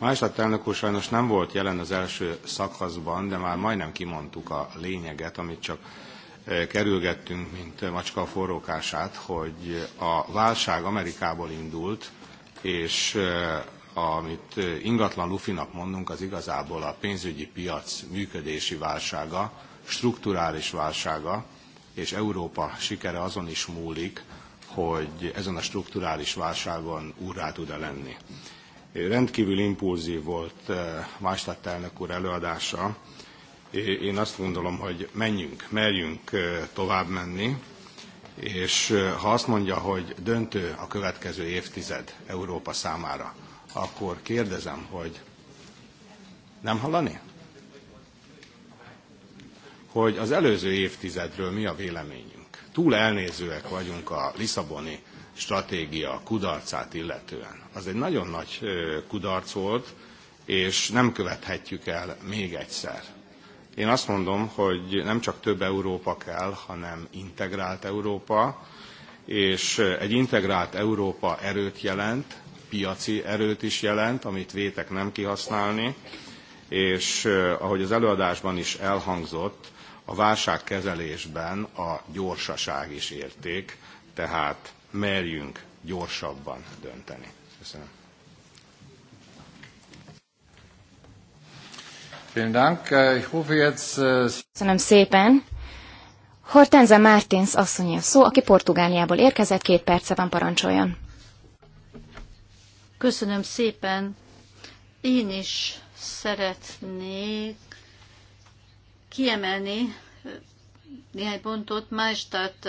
Májslat elnök úr sajnos nem volt jelen az első szakaszban, de már majdnem kimondtuk a lényeget, amit csak e, kerülgettünk, mint macska a forrókását, hogy a válság Amerikából indult, és e, amit ingatlan lufinak mondunk, az igazából a pénzügyi piac működési válsága, strukturális válsága, és Európa sikere azon is múlik, hogy ezen a strukturális válságon úrrá tud-e lenni rendkívül impulzív volt Mástát eh, elnök úr előadása. Én azt gondolom, hogy menjünk, merjünk eh, tovább menni, és eh, ha azt mondja, hogy döntő a következő évtized Európa számára, akkor kérdezem, hogy nem hallani? Hogy az előző évtizedről mi a véleményünk? Túl elnézőek vagyunk a Lisszaboni stratégia kudarcát illetően. Az egy nagyon nagy kudarc volt, és nem követhetjük el még egyszer. Én azt mondom, hogy nem csak több Európa kell, hanem integrált Európa, és egy integrált Európa erőt jelent, piaci erőt is jelent, amit vétek nem kihasználni, és ahogy az előadásban is elhangzott, a válságkezelésben a gyorsaság is érték, tehát merjünk gyorsabban dönteni. Köszönöm. Äh, äh, Köszönöm szépen. Hortenza Martins asszonyi a szó, aki Portugáliából érkezett, két perce van, parancsoljon. Köszönöm szépen. Én is szeretnék kiemelni néhány pontot Maestat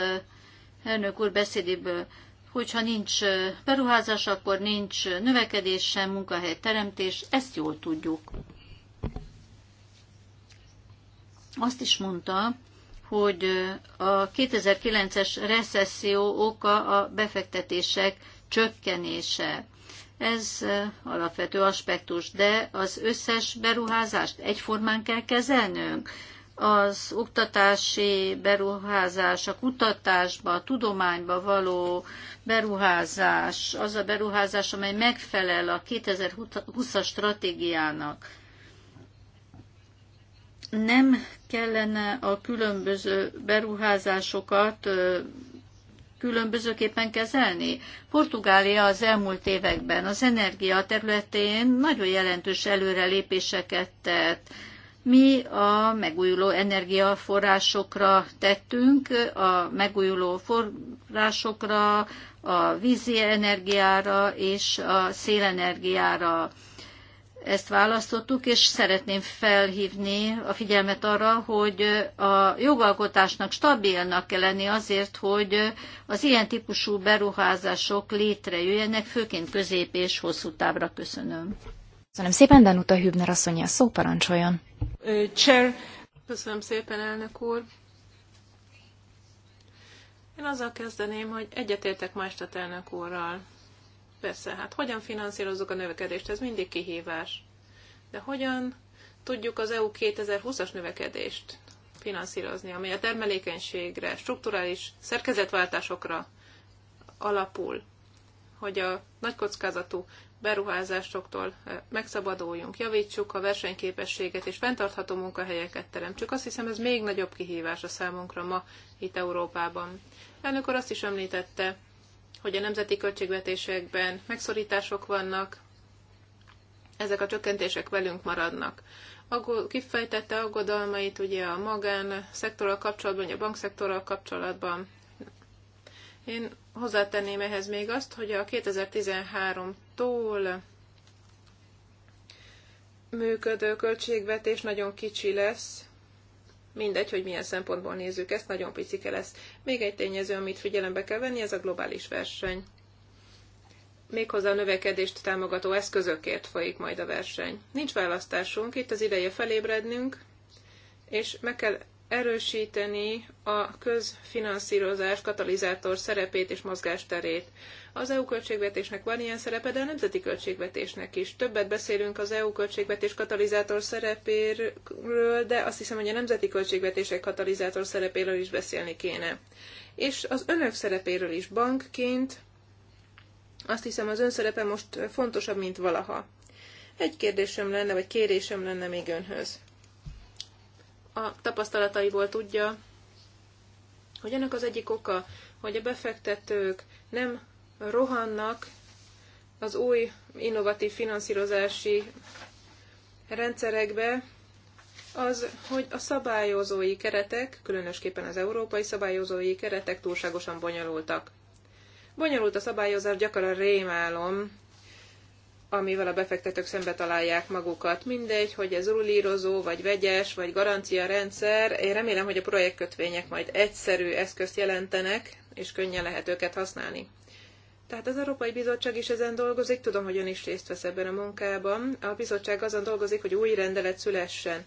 elnök úr beszédéből, hogyha nincs beruházás, akkor nincs növekedés sem, munkahely teremtés, ezt jól tudjuk. Azt is mondta, hogy a 2009-es recesszió oka a befektetések csökkenése. Ez alapvető aspektus, de az összes beruházást egyformán kell kezelnünk az oktatási beruházás, a kutatásba, a tudományba való beruházás, az a beruházás, amely megfelel a 2020-as stratégiának. Nem kellene a különböző beruházásokat különbözőképpen kezelni? Portugália az elmúlt években az energia területén nagyon jelentős előrelépéseket tett mi a megújuló energiaforrásokra tettünk, a megújuló forrásokra, a vízi energiára és a szélenergiára ezt választottuk, és szeretném felhívni a figyelmet arra, hogy a jogalkotásnak stabilnak kell lenni azért, hogy az ilyen típusú beruházások létrejöjjenek, főként közép és hosszú távra. Köszönöm. Köszönöm szépen, Danuta Hübner asszonyja, a szó parancsoljon. Chair. Köszönöm szépen, elnök úr. Én azzal kezdeném, hogy egyetértek Maestat elnök úrral. Persze, hát hogyan finanszírozzuk a növekedést, ez mindig kihívás. De hogyan tudjuk az EU 2020-as növekedést finanszírozni, ami a termelékenységre, strukturális szerkezetváltásokra alapul, hogy a nagy kockázatú beruházásoktól megszabaduljunk, javítsuk a versenyképességet és fenntartható munkahelyeket teremtsük. Azt hiszem ez még nagyobb kihívás a számunkra ma itt Európában. Elnök úr azt is említette, hogy a nemzeti költségvetésekben megszorítások vannak, ezek a csökkentések velünk maradnak. Kifejtette aggodalmait ugye a magán szektorral kapcsolatban, a bankszektorral kapcsolatban, én hozzátenném ehhez még azt, hogy a 2013-tól működő költségvetés nagyon kicsi lesz, mindegy, hogy milyen szempontból nézzük ezt, nagyon picike lesz. Még egy tényező, amit figyelembe kell venni, ez a globális verseny. Méghozzá a növekedést támogató eszközökért folyik majd a verseny. Nincs választásunk, itt az ideje felébrednünk, és meg kell erősíteni a közfinanszírozás katalizátor szerepét és mozgásterét. Az EU költségvetésnek van ilyen szerepe, de a nemzeti költségvetésnek is. Többet beszélünk az EU költségvetés katalizátor szerepéről, de azt hiszem, hogy a nemzeti költségvetések katalizátor szerepéről is beszélni kéne. És az önök szerepéről is bankként, azt hiszem az ön szerepe most fontosabb, mint valaha. Egy kérdésem lenne, vagy kérésem lenne még önhöz a tapasztalataiból tudja, hogy ennek az egyik oka, hogy a befektetők nem rohannak az új innovatív finanszírozási rendszerekbe, az, hogy a szabályozói keretek, különösképpen az európai szabályozói keretek túlságosan bonyolultak. Bonyolult a szabályozás, gyakran rémálom amivel a befektetők szembe találják magukat. Mindegy, hogy ez rulírozó, vagy vegyes, vagy garancia rendszer. Én remélem, hogy a projektkötvények majd egyszerű eszközt jelentenek, és könnyen lehet őket használni. Tehát az Európai Bizottság is ezen dolgozik, tudom, hogy ön is részt vesz ebben a munkában. A bizottság azon dolgozik, hogy új rendelet szülessen.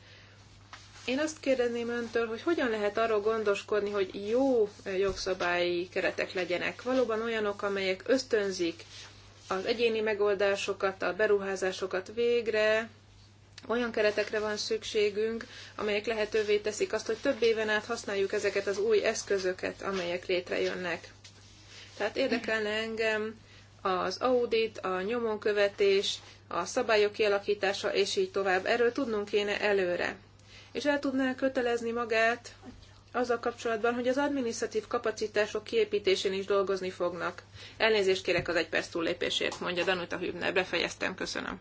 Én azt kérdezném öntől, hogy hogyan lehet arról gondoskodni, hogy jó jogszabályi keretek legyenek, valóban olyanok, amelyek ösztönzik az egyéni megoldásokat, a beruházásokat végre, olyan keretekre van szükségünk, amelyek lehetővé teszik azt, hogy több éven át használjuk ezeket az új eszközöket, amelyek létrejönnek. Tehát érdekelne engem az audit, a nyomonkövetés, a szabályok kialakítása, és így tovább. Erről tudnunk kéne előre. És el tudná kötelezni magát azzal kapcsolatban, hogy az adminisztratív kapacitások kiépítésén is dolgozni fognak. Elnézést kérek az egy perc túllépésért, mondja Danuta Hübner. Befejeztem, köszönöm.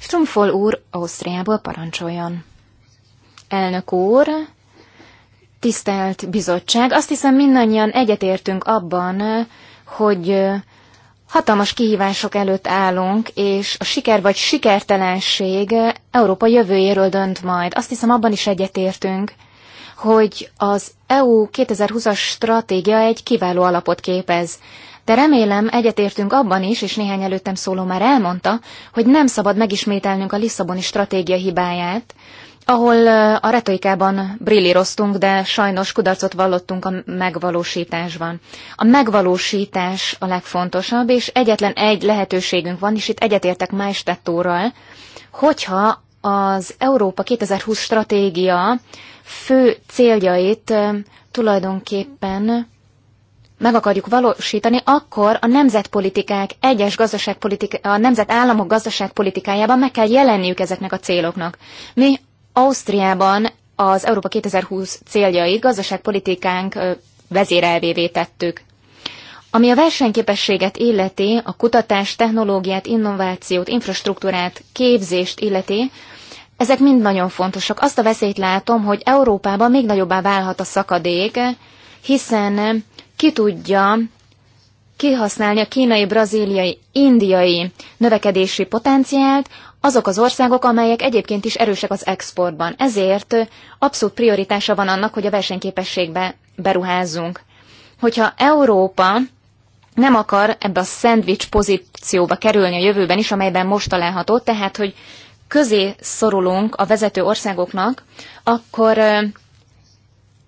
Stumpfol, úr Ausztriából parancsoljon. Elnök úr, tisztelt bizottság, azt hiszem mindannyian egyetértünk abban, hogy Hatalmas kihívások előtt állunk, és a siker vagy sikertelenség Európa jövőjéről dönt majd. Azt hiszem, abban is egyetértünk, hogy az EU 2020-as stratégia egy kiváló alapot képez. De remélem egyetértünk abban is, és néhány előttem szóló már elmondta, hogy nem szabad megismételnünk a Lisszaboni stratégia hibáját, ahol a retorikában brilliroztunk, de sajnos kudarcot vallottunk a megvalósításban. A megvalósítás a legfontosabb, és egyetlen egy lehetőségünk van, és itt egyetértek Májstettóral, hogyha az Európa 2020 stratégia fő céljait tulajdonképpen meg akarjuk valósítani, akkor a nemzetpolitikák, egyes gazdaságpolitika, a nemzetállamok gazdaságpolitikájában meg kell jelenniük ezeknek a céloknak. Mi Ausztriában az Európa 2020 céljait gazdaságpolitikánk vezérelvévé tettük. Ami a versenyképességet illeti, a kutatást, technológiát, innovációt, infrastruktúrát, képzést illeti, ezek mind nagyon fontosak. Azt a veszélyt látom, hogy Európában még nagyobbá válhat a szakadék, hiszen ki tudja kihasználni a kínai, braziliai, indiai növekedési potenciált, azok az országok, amelyek egyébként is erősek az exportban. Ezért abszolút prioritása van annak, hogy a versenyképességbe beruházzunk. Hogyha Európa nem akar ebbe a szendvics pozícióba kerülni a jövőben is, amelyben most található, tehát hogy közé szorulunk a vezető országoknak, akkor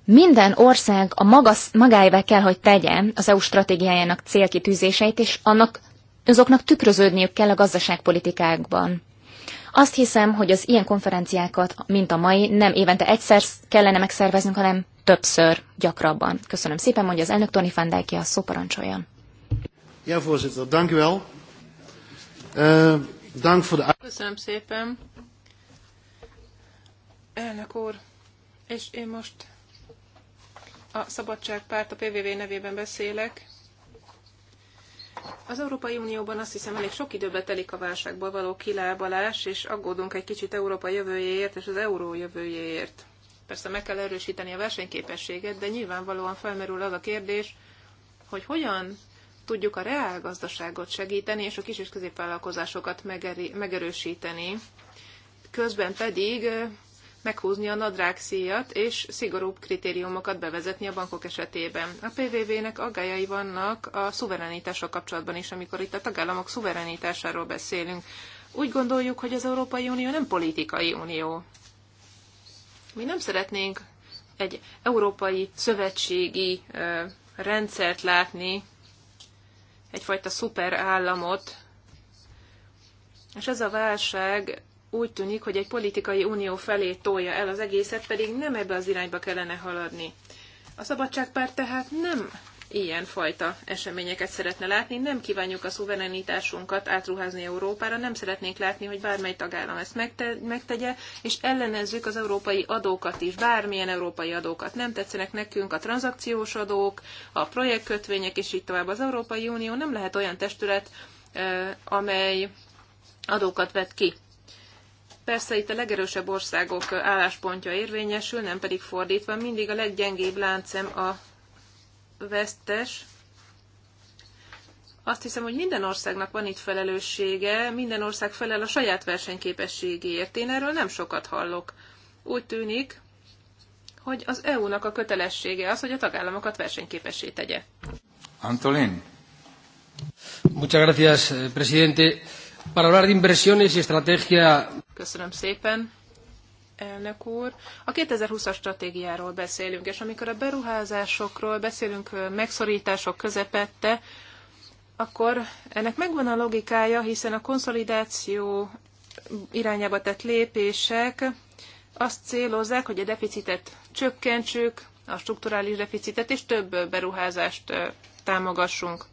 minden ország a maga, magáévá kell, hogy tegye az EU stratégiájának célkitűzéseit, és annak, azoknak tükröződniük kell a gazdaságpolitikákban. Azt hiszem, hogy az ilyen konferenciákat, mint a mai, nem évente egyszer kellene megszerveznünk, hanem többször, gyakrabban. Köszönöm szépen, mondja az elnök Tony van a szóparancsoljon. Ja, voorzitter, dank u wel. Uh, dank voor de... Köszönöm szépen. Elnök úr, és én most a Szabadságpárt a PVV nevében beszélek. Az Európai Unióban azt hiszem elég sok időbe telik a válságból való kilábalás, és aggódunk egy kicsit Európa jövőjéért és az euró jövőjéért. Persze meg kell erősíteni a versenyképességet, de nyilvánvalóan felmerül az a kérdés, hogy hogyan tudjuk a reálgazdaságot segíteni, és a kis és középvállalkozásokat megerősíteni. Közben pedig meghúzni a nadrág szíjat és szigorúbb kritériumokat bevezetni a bankok esetében. A PVV-nek aggájai vannak a szuverenitással kapcsolatban is, amikor itt a tagállamok szuverenitásáról beszélünk. Úgy gondoljuk, hogy az Európai Unió nem politikai unió. Mi nem szeretnénk egy európai szövetségi rendszert látni, egyfajta szuperállamot, és ez a válság úgy tűnik, hogy egy politikai unió felé tolja el az egészet, pedig nem ebbe az irányba kellene haladni. A szabadságpárt tehát nem ilyen fajta eseményeket szeretne látni, nem kívánjuk a szuverenitásunkat átruházni Európára, nem szeretnénk látni, hogy bármely tagállam ezt megtegye, és ellenezzük az európai adókat is, bármilyen európai adókat. Nem tetszenek nekünk a tranzakciós adók, a projektkötvények, és így tovább. Az Európai Unió nem lehet olyan testület, amely adókat vet ki Persze itt a legerősebb országok álláspontja érvényesül, nem pedig fordítva, mindig a leggyengébb láncem a vesztes. Azt hiszem, hogy minden országnak van itt felelőssége, minden ország felel a saját versenyképességéért. Én erről nem sokat hallok. Úgy tűnik, hogy az EU-nak a kötelessége az, hogy a tagállamokat versenyképessé tegye. Antolin. Muchas gracias, eh, presidente. Para hablar de inversiones y estrategia Köszönöm szépen, elnök úr. A 2020-as stratégiáról beszélünk, és amikor a beruházásokról beszélünk megszorítások közepette, akkor ennek megvan a logikája, hiszen a konszolidáció irányába tett lépések azt célozzák, hogy a deficitet csökkentsük, a strukturális deficitet, és több beruházást támogassunk.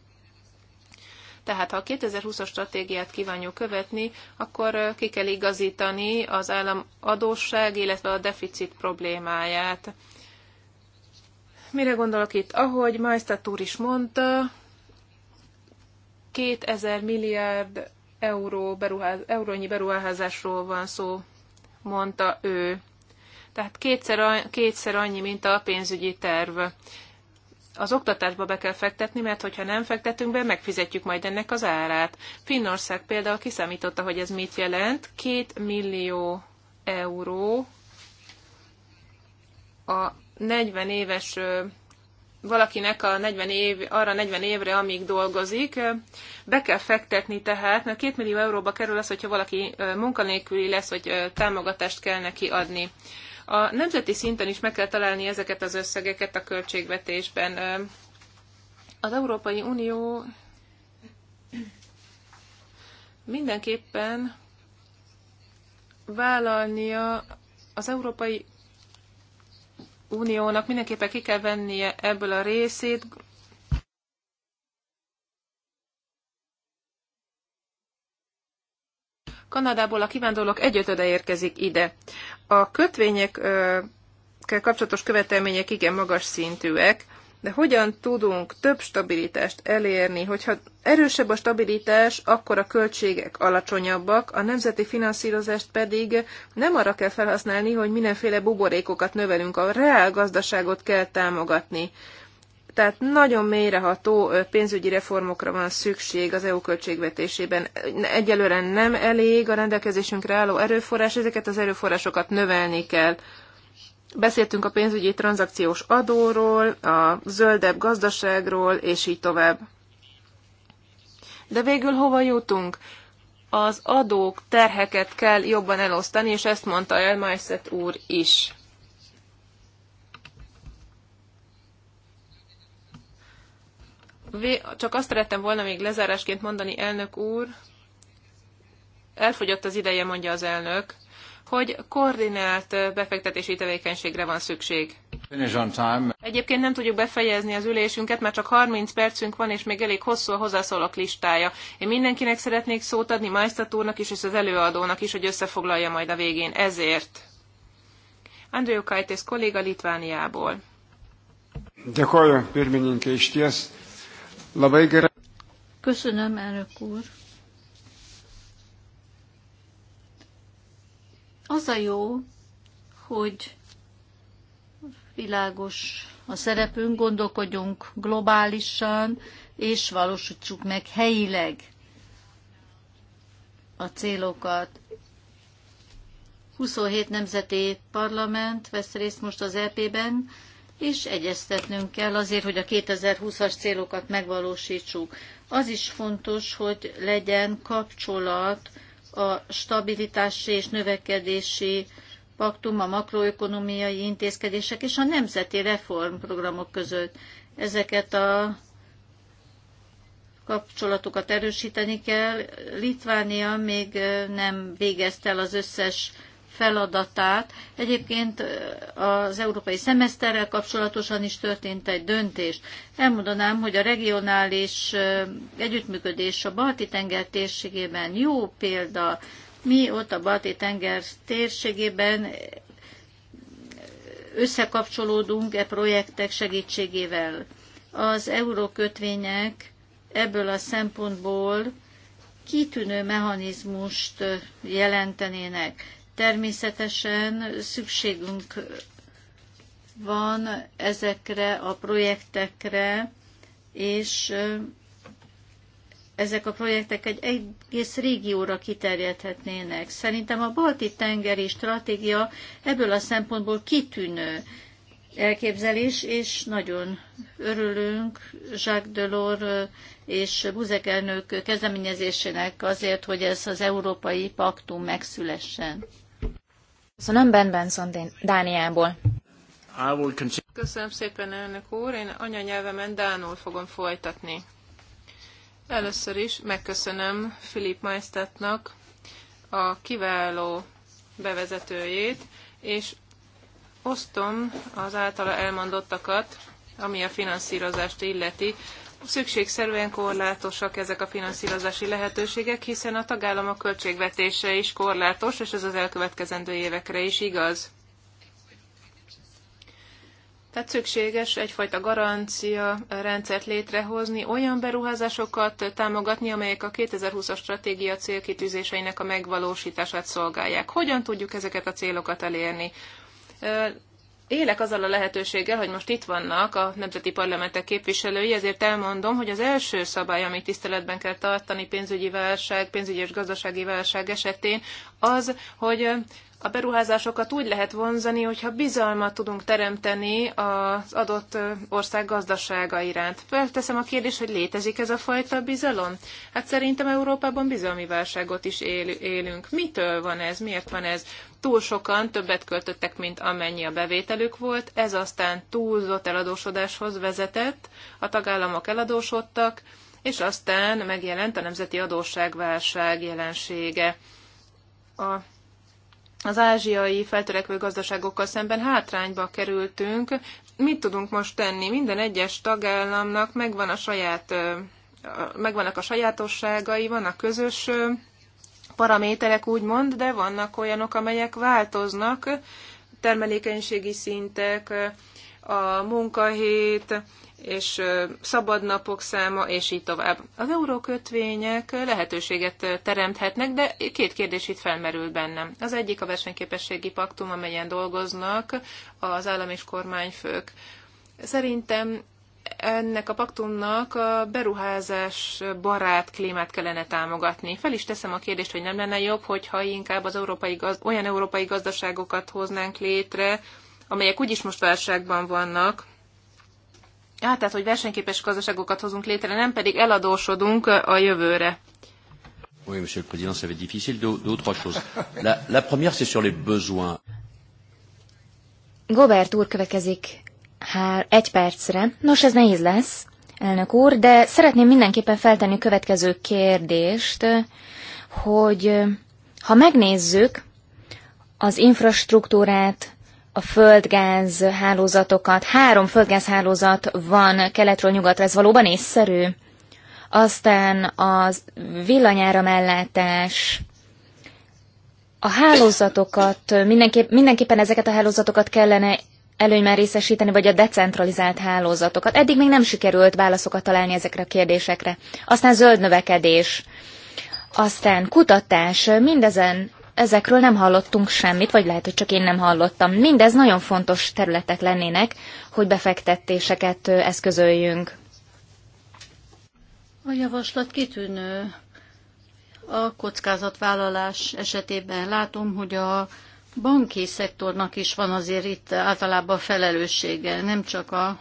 Tehát ha a 2020-as stratégiát kívánjuk követni, akkor ki kell igazítani az állam adósság, illetve a deficit problémáját. Mire gondolok itt? Ahogy Majsztát úr is mondta, 2000 milliárd euró beruház, eurónyi beruházásról van szó, mondta ő. Tehát kétszer, kétszer annyi, mint a pénzügyi terv az oktatásba be kell fektetni, mert hogyha nem fektetünk be, megfizetjük majd ennek az árát. Finnország például kiszámította, hogy ez mit jelent. Két millió euró a 40 éves valakinek a 40 év, arra 40 évre, amíg dolgozik, be kell fektetni tehát, mert 2 millió euróba kerül az, hogyha valaki munkanélküli lesz, hogy támogatást kell neki adni. A nemzeti szinten is meg kell találni ezeket az összegeket a költségvetésben. Az Európai Unió mindenképpen vállalnia az Európai Uniónak mindenképpen ki kell vennie ebből a részét, Kanadából a kivándorlók egyötöde érkezik ide. A kötvényekkel kapcsolatos követelmények igen magas szintűek, de hogyan tudunk több stabilitást elérni, hogyha erősebb a stabilitás, akkor a költségek alacsonyabbak, a nemzeti finanszírozást pedig nem arra kell felhasználni, hogy mindenféle buborékokat növelünk, a reál gazdaságot kell támogatni. Tehát nagyon mélyreható pénzügyi reformokra van szükség az EU költségvetésében. Egyelőre nem elég a rendelkezésünkre álló erőforrás, ezeket az erőforrásokat növelni kell. Beszéltünk a pénzügyi tranzakciós adóról, a zöldebb gazdaságról, és így tovább. De végül hova jutunk? Az adók terheket kell jobban elosztani, és ezt mondta el Majszet úr is. Csak azt szerettem volna még lezárásként mondani, elnök úr, elfogyott az ideje, mondja az elnök, hogy koordinált befektetési tevékenységre van szükség. Egyébként nem tudjuk befejezni az ülésünket, mert csak 30 percünk van, és még elég hosszú a hozzászólók listája. Én mindenkinek szeretnék szót adni, Majsztat úrnak is, és az előadónak is, hogy összefoglalja majd a végén. Ezért. Andrew Kajtész kolléga Litvániából. Gyakorlom, pirmininkés, tiesz. Köszönöm, elnök úr. Az a jó, hogy világos a szerepünk, gondolkodjunk globálisan, és valósítsuk meg helyileg a célokat. 27 nemzeti parlament vesz részt most az EP-ben, és egyeztetnünk kell azért, hogy a 2020-as célokat megvalósítsuk. Az is fontos, hogy legyen kapcsolat a stabilitási és növekedési paktum, a makroökonomiai intézkedések és a nemzeti reformprogramok között. Ezeket a kapcsolatokat erősíteni kell. Litvánia még nem végezte el az összes feladatát. Egyébként az európai szemeszterrel kapcsolatosan is történt egy döntés. Elmondanám, hogy a regionális együttműködés a Balti-tenger térségében jó példa. Mi ott a Balti-tenger térségében összekapcsolódunk e projektek segítségével. Az eurókötvények ebből a szempontból kitűnő mechanizmust jelentenének. Természetesen szükségünk van ezekre a projektekre, és ezek a projektek egy egész régióra kiterjedhetnének. Szerintem a balti tengeri stratégia ebből a szempontból kitűnő, elképzelés, és nagyon örülünk Jacques Delors és Buzek elnök kezdeményezésének azért, hogy ez az európai paktum megszülessen. Köszönöm Ben Benson Dániából. Köszönöm szépen, elnök úr. Én anyanyelvemen Dánul fogom folytatni. Először is megköszönöm Filip Majsztatnak a kiváló bevezetőjét, és Osztom az általa elmondottakat, ami a finanszírozást illeti. Szükségszerűen korlátosak ezek a finanszírozási lehetőségek, hiszen a tagállamok költségvetése is korlátos, és ez az elkövetkezendő évekre is igaz. Tehát szükséges egyfajta garancia rendszert létrehozni, olyan beruházásokat támogatni, amelyek a 2020-as stratégia célkitűzéseinek a megvalósítását szolgálják. Hogyan tudjuk ezeket a célokat elérni? élek azzal a lehetőséggel, hogy most itt vannak a nemzeti parlamentek képviselői, ezért elmondom, hogy az első szabály, amit tiszteletben kell tartani pénzügyi válság, pénzügyi és gazdasági válság esetén, az, hogy a beruházásokat úgy lehet vonzani, hogyha bizalmat tudunk teremteni az adott ország gazdasága iránt. Felteszem a kérdést, hogy létezik ez a fajta bizalom? Hát szerintem Európában bizalmi válságot is élünk. Mitől van ez? Miért van ez? Túl sokan többet költöttek, mint amennyi a bevételük volt, ez aztán túlzott eladósodáshoz vezetett, a tagállamok eladósodtak, és aztán megjelent a nemzeti adósságválság jelensége. A az ázsiai feltörekvő gazdaságokkal szemben hátrányba kerültünk. Mit tudunk most tenni? Minden egyes tagállamnak megvan a saját, megvannak a sajátosságai, vannak közös paraméterek, úgymond, de vannak olyanok, amelyek változnak, termelékenységi szintek, a munkahét, és szabadnapok száma, és így tovább. Az eurókötvények lehetőséget teremthetnek, de két kérdés itt felmerül bennem. Az egyik a versenyképességi paktum, amelyen dolgoznak az állam és kormányfők. Szerintem ennek a paktumnak a beruházás barát klímát kellene támogatni. Fel is teszem a kérdést, hogy nem lenne jobb, hogyha inkább az európai gaz- olyan európai gazdaságokat hoznánk létre, amelyek úgyis most válságban vannak, Ja, hát, tehát, hogy versenyképes gazdaságokat hozunk létre, nem pedig eladósodunk a jövőre. Oui, Monsieur le Président, ça va être difficile. Deux, deux ou trois choses. La, la première, c'est sur les besoins. Gobert úr következik hár, egy percre. Nos, ez nehéz lesz, elnök úr, de szeretném mindenképpen feltenni a következő kérdést, hogy ha megnézzük az infrastruktúrát, a földgáz hálózatokat. Három földgáz hálózat van keletről nyugatra, ez valóban észszerű. Aztán az mellátás. a hálózatokat, mindenképp, mindenképpen ezeket a hálózatokat kellene előnyben részesíteni, vagy a decentralizált hálózatokat. Eddig még nem sikerült válaszokat találni ezekre a kérdésekre. Aztán zöld növekedés, aztán kutatás, mindezen ezekről nem hallottunk semmit, vagy lehet, hogy csak én nem hallottam. Mindez nagyon fontos területek lennének, hogy befektetéseket eszközöljünk. A javaslat kitűnő. A kockázatvállalás esetében látom, hogy a banki szektornak is van azért itt általában felelőssége, nem csak a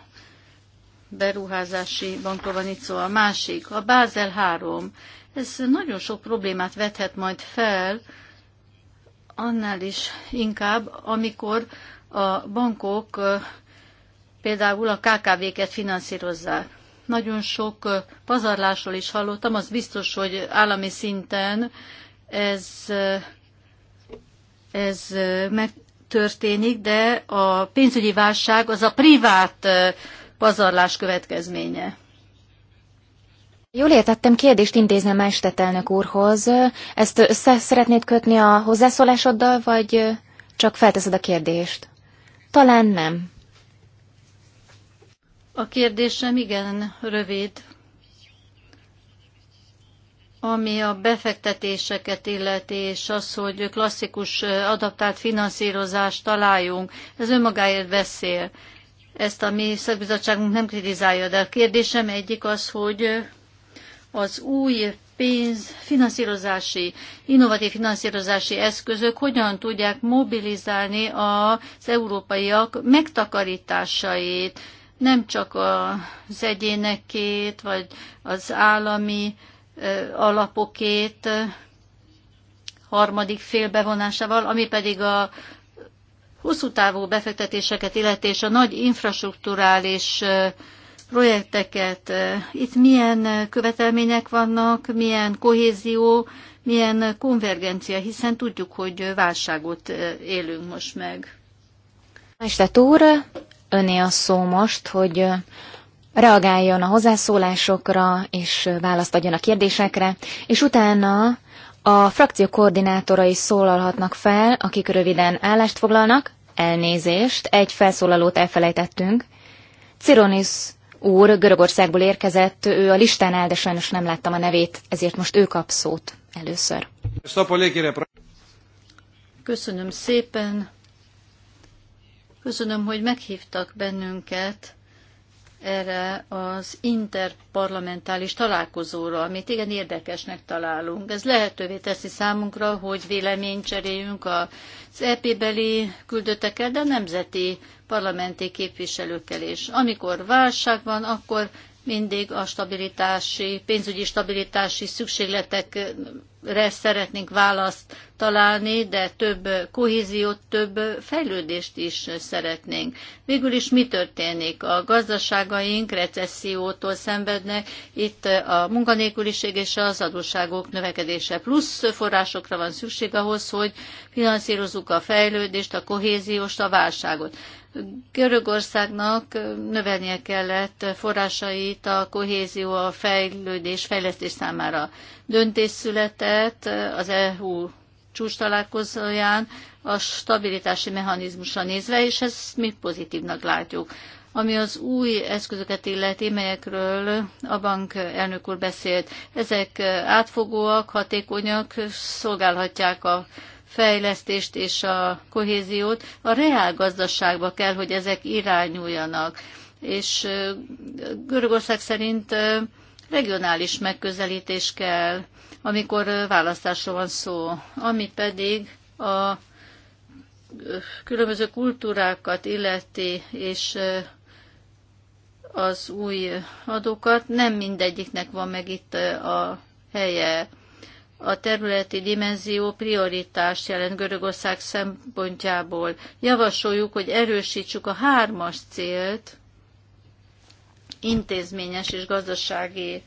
beruházási bankról van itt szó, a másik, a Bázel 3. Ez nagyon sok problémát vethet majd fel, annál is inkább, amikor a bankok például a KKV-ket finanszírozzák. Nagyon sok pazarlásról is hallottam, az biztos, hogy állami szinten ez, ez megtörténik, de a pénzügyi válság az a privát pazarlás következménye. Jól értettem, kérdést intézne Mestet elnök úrhoz. Ezt össze szeretnéd kötni a hozzászólásoddal, vagy csak felteszed a kérdést? Talán nem. A kérdésem igen rövid, ami a befektetéseket illeti, és az, hogy klasszikus adaptált finanszírozást találjunk, ez önmagáért beszél. Ezt a mi szakbizottságunk nem kritizálja, de a kérdésem egyik az, hogy az új pénz, finanszírozási, innovatív finanszírozási eszközök hogyan tudják mobilizálni az európaiak megtakarításait, nem csak az egyénekét, vagy az állami alapokét harmadik fél bevonásával, ami pedig a hosszú távú befektetéseket illeti és a nagy infrastruktúrális projekteket. Itt milyen követelmények vannak, milyen kohézió, milyen konvergencia, hiszen tudjuk, hogy válságot élünk most meg. Mester úr, öné a szó most, hogy reagáljon a hozzászólásokra, és választ adjon a kérdésekre, és utána a frakció koordinátorai szólalhatnak fel, akik röviden állást foglalnak, elnézést, egy felszólalót elfelejtettünk. Cironis úr Görögországból érkezett, ő a listán áll, de sajnos nem láttam a nevét, ezért most ő kap szót először. Köszönöm szépen. Köszönöm, hogy meghívtak bennünket erre az interparlamentális találkozóra, amit igen érdekesnek találunk. Ez lehetővé teszi számunkra, hogy véleményt cseréljünk az EP-beli küldöttekkel, de nemzeti parlamenti képviselőkkel is. Amikor válság van, akkor mindig a stabilitási, pénzügyi stabilitási szükségletekre szeretnénk választ találni, de több kohéziót, több fejlődést is szeretnénk. Végül is mi történik? A gazdaságaink recessziótól szenvednek, itt a munkanélküliség és az adósságok növekedése. Plusz forrásokra van szükség ahhoz, hogy finanszírozzuk a fejlődést, a kohézióst, a válságot. Görögországnak növelnie kellett forrásait a kohézió, a fejlődés, fejlesztés számára. Döntés született az EU csúcs találkozóján a stabilitási mechanizmusra nézve, és ezt mi pozitívnak látjuk. Ami az új eszközöket illeti, melyekről a bank elnök úr beszélt, ezek átfogóak, hatékonyak, szolgálhatják a fejlesztést és a kohéziót, a reál gazdaságba kell, hogy ezek irányuljanak. És Görögország szerint regionális megközelítés kell, amikor választásról van szó, ami pedig a különböző kultúrákat illeti, és az új adókat. Nem mindegyiknek van meg itt a helye a területi dimenzió prioritást jelent Görögország szempontjából. Javasoljuk, hogy erősítsük a hármas célt, intézményes és gazdasági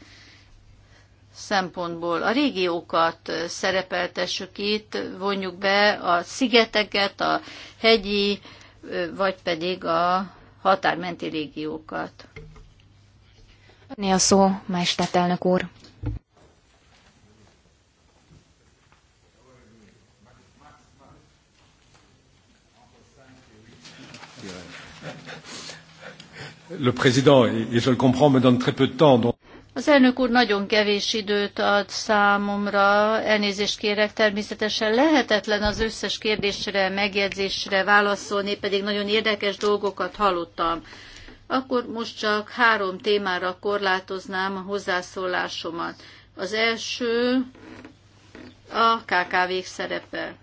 szempontból. A régiókat szerepeltessük itt, vonjuk be a szigeteket, a hegyi, vagy pedig a határmenti régiókat. Néha szó, szó, elnök úr. Az elnök úr nagyon kevés időt ad számomra, elnézést kérek, természetesen lehetetlen az összes kérdésre, megjegyzésre válaszolni, pedig nagyon érdekes dolgokat hallottam. Akkor most csak három témára korlátoznám a hozzászólásomat. Az első a KKV-k szerepe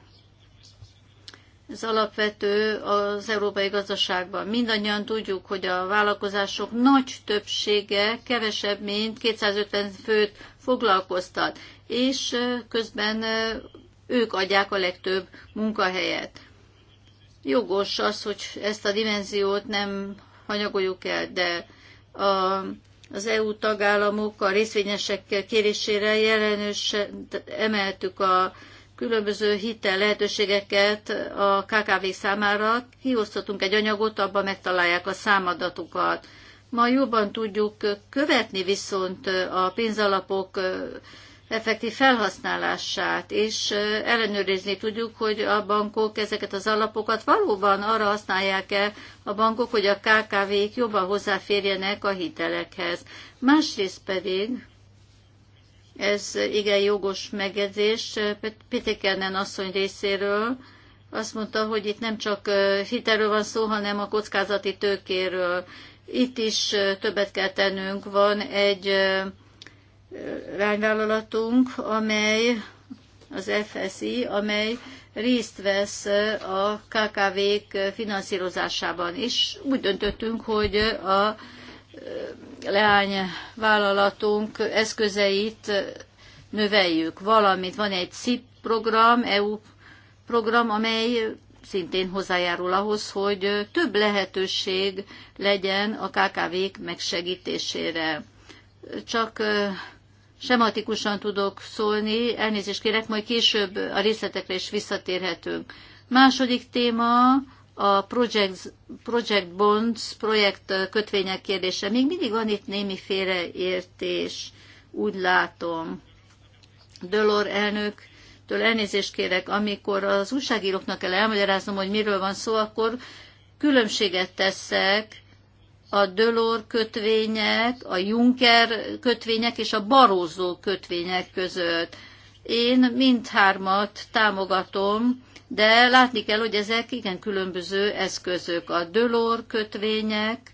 ez alapvető az európai gazdaságban. Mindannyian tudjuk, hogy a vállalkozások nagy többsége kevesebb, mint 250 főt foglalkoztat, és közben ők adják a legtöbb munkahelyet. Jogos az, hogy ezt a dimenziót nem hanyagoljuk el, de a, az EU tagállamok a részvényesek kérésére jelenős emeltük a különböző hitel lehetőségeket a KKV számára. Kiosztottunk egy anyagot, abban megtalálják a számadatukat. Ma jobban tudjuk követni viszont a pénzalapok effektív felhasználását, és ellenőrizni tudjuk, hogy a bankok ezeket az alapokat valóban arra használják e a bankok, hogy a KKV-k jobban hozzáférjenek a hitelekhez. Másrészt pedig ez igen jogos megjegyzés Pitikernen asszony részéről. Azt mondta, hogy itt nem csak hitelről van szó, hanem a kockázati tőkéről. Itt is többet kell tennünk. Van egy lányvállalatunk, amely az FSI, amely részt vesz a KKV-k finanszírozásában, és úgy döntöttünk, hogy a leányvállalatunk eszközeit növeljük, valamit van egy CIP program, EU program, amely szintén hozzájárul ahhoz, hogy több lehetőség legyen a KKV-k megsegítésére. Csak sematikusan tudok szólni, elnézést kérek, majd később a részletekre is visszatérhetünk. Második téma a Project, Project Bonds, projekt kötvények kérdése. Még mindig van itt némi félreértés, úgy látom. Dölor elnök től elnézést kérek, amikor az újságíróknak kell elmagyaráznom, hogy miről van szó, akkor különbséget teszek a Dölor kötvények, a Juncker kötvények és a Barózó kötvények között. Én mindhármat támogatom, de látni kell, hogy ezek igen különböző eszközök. A Dölor kötvények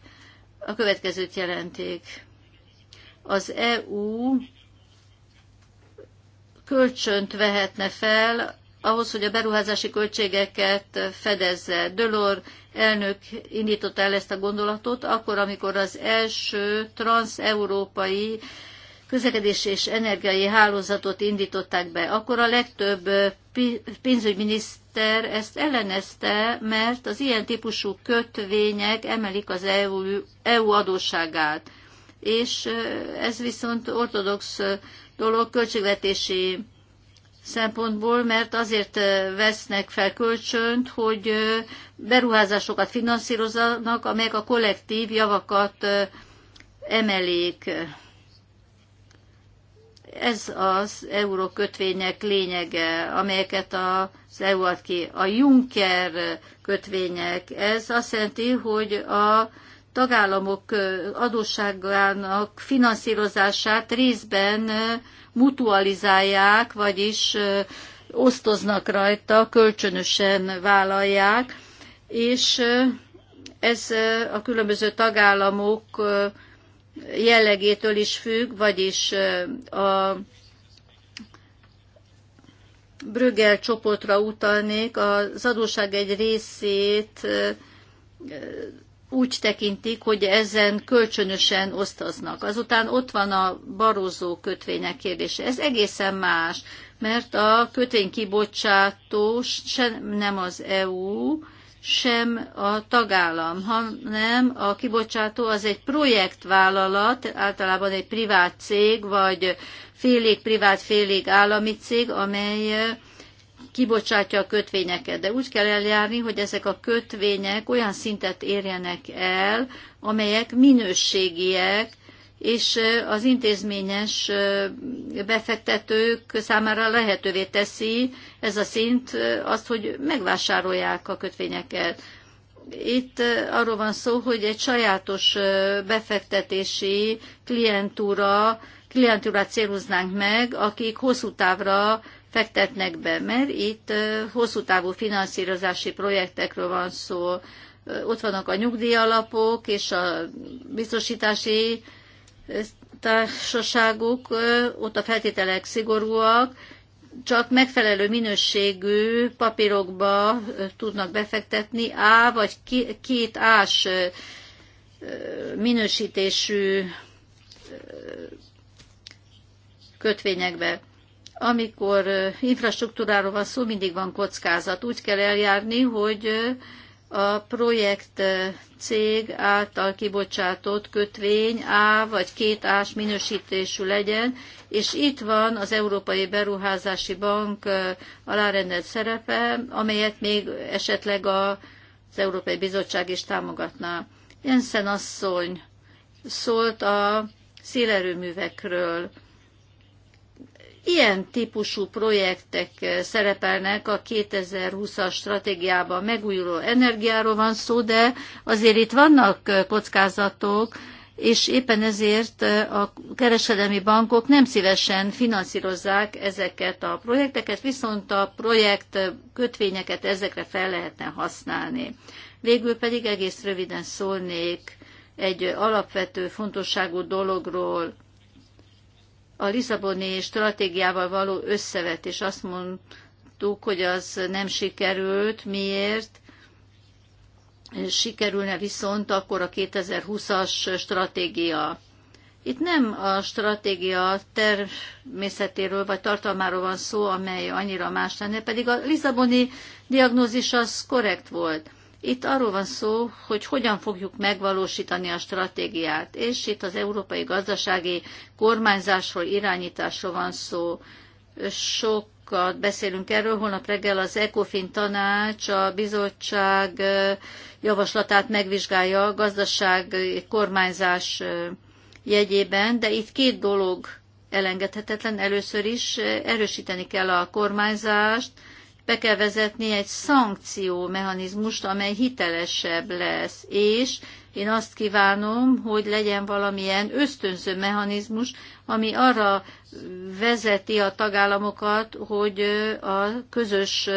a következőt jelenték. Az EU kölcsönt vehetne fel ahhoz, hogy a beruházási költségeket fedezze. Dölor elnök indította el ezt a gondolatot, akkor, amikor az első transeurópai európai közlekedési és energiai hálózatot indították be. Akkor a legtöbb pénzügyminiszter ezt ellenezte, mert az ilyen típusú kötvények emelik az EU, EU adósságát. És ez viszont ortodox dolog költségvetési szempontból, mert azért vesznek fel kölcsönt, hogy beruházásokat finanszírozzanak, amelyek a kollektív javakat emelik ez az euró lényege, amelyeket az EU ad ki. A Juncker kötvények, ez azt jelenti, hogy a tagállamok adósságának finanszírozását részben mutualizálják, vagyis osztoznak rajta, kölcsönösen vállalják, és ez a különböző tagállamok jellegétől is függ, vagyis a Brüggel csoportra utalnék, az adóság egy részét úgy tekintik, hogy ezen kölcsönösen osztoznak. Azután ott van a barózó kötvények kérdése. Ez egészen más, mert a kötvénykibocsátó sem nem az EU, sem a tagállam, hanem a kibocsátó az egy projektvállalat, általában egy privát cég, vagy félig privát, félig állami cég, amely eh, kibocsátja a kötvényeket. De úgy kell eljárni, hogy ezek a kötvények olyan szintet érjenek el, amelyek minőségiek, és az intézményes befektetők számára lehetővé teszi ez a szint azt, hogy megvásárolják a kötvényeket. Itt arról van szó, hogy egy sajátos befektetési klientúra, klientúra céloznánk meg, akik hosszú távra fektetnek be, mert itt hosszú távú finanszírozási projektekről van szó. Ott vannak a nyugdíjalapok és a biztosítási társaságuk, ott a feltételek szigorúak, csak megfelelő minőségű papírokba tudnak befektetni A vagy két ás minősítésű kötvényekbe. Amikor infrastruktúráról van szó, mindig van kockázat. Úgy kell eljárni, hogy a projekt eh, cég által kibocsátott kötvény A vagy két ás minősítésű legyen, és itt van az Európai Beruházási Bank eh, alárendelt szerepe, amelyet még esetleg az Európai Bizottság is támogatná. Jensen asszony szólt a szélerőművekről. Ilyen típusú projektek eh, szerepelnek a 2020-as stratégiában. Megújuló energiáról van szó, de azért itt vannak eh, kockázatok, és éppen ezért eh, a kereskedelmi bankok nem szívesen finanszírozzák ezeket a projekteket, viszont a projekt kötvényeket ezekre fel lehetne használni. Végül pedig egész röviden szólnék egy alapvető fontosságú dologról, a Lisszaboni stratégiával való összevetés. Azt mondtuk, hogy az nem sikerült. Miért? Sikerülne viszont akkor a 2020-as stratégia. Itt nem a stratégia természetéről vagy tartalmáról van szó, amely annyira más lenne, pedig a Lisszaboni diagnózis az korrekt volt. Itt arról van szó, hogy hogyan fogjuk megvalósítani a stratégiát, és itt az európai gazdasági kormányzásról, irányításról van szó. Sokat beszélünk erről, holnap reggel az ECOFIN tanács, a bizottság javaslatát megvizsgálja a gazdasági kormányzás jegyében, de itt két dolog elengedhetetlen. Először is erősíteni kell a kormányzást, be kell vezetni egy szankció mechanizmust, amely hitelesebb lesz, és én azt kívánom, hogy legyen valamilyen ösztönző mechanizmus, ami arra vezeti a tagállamokat, hogy a közös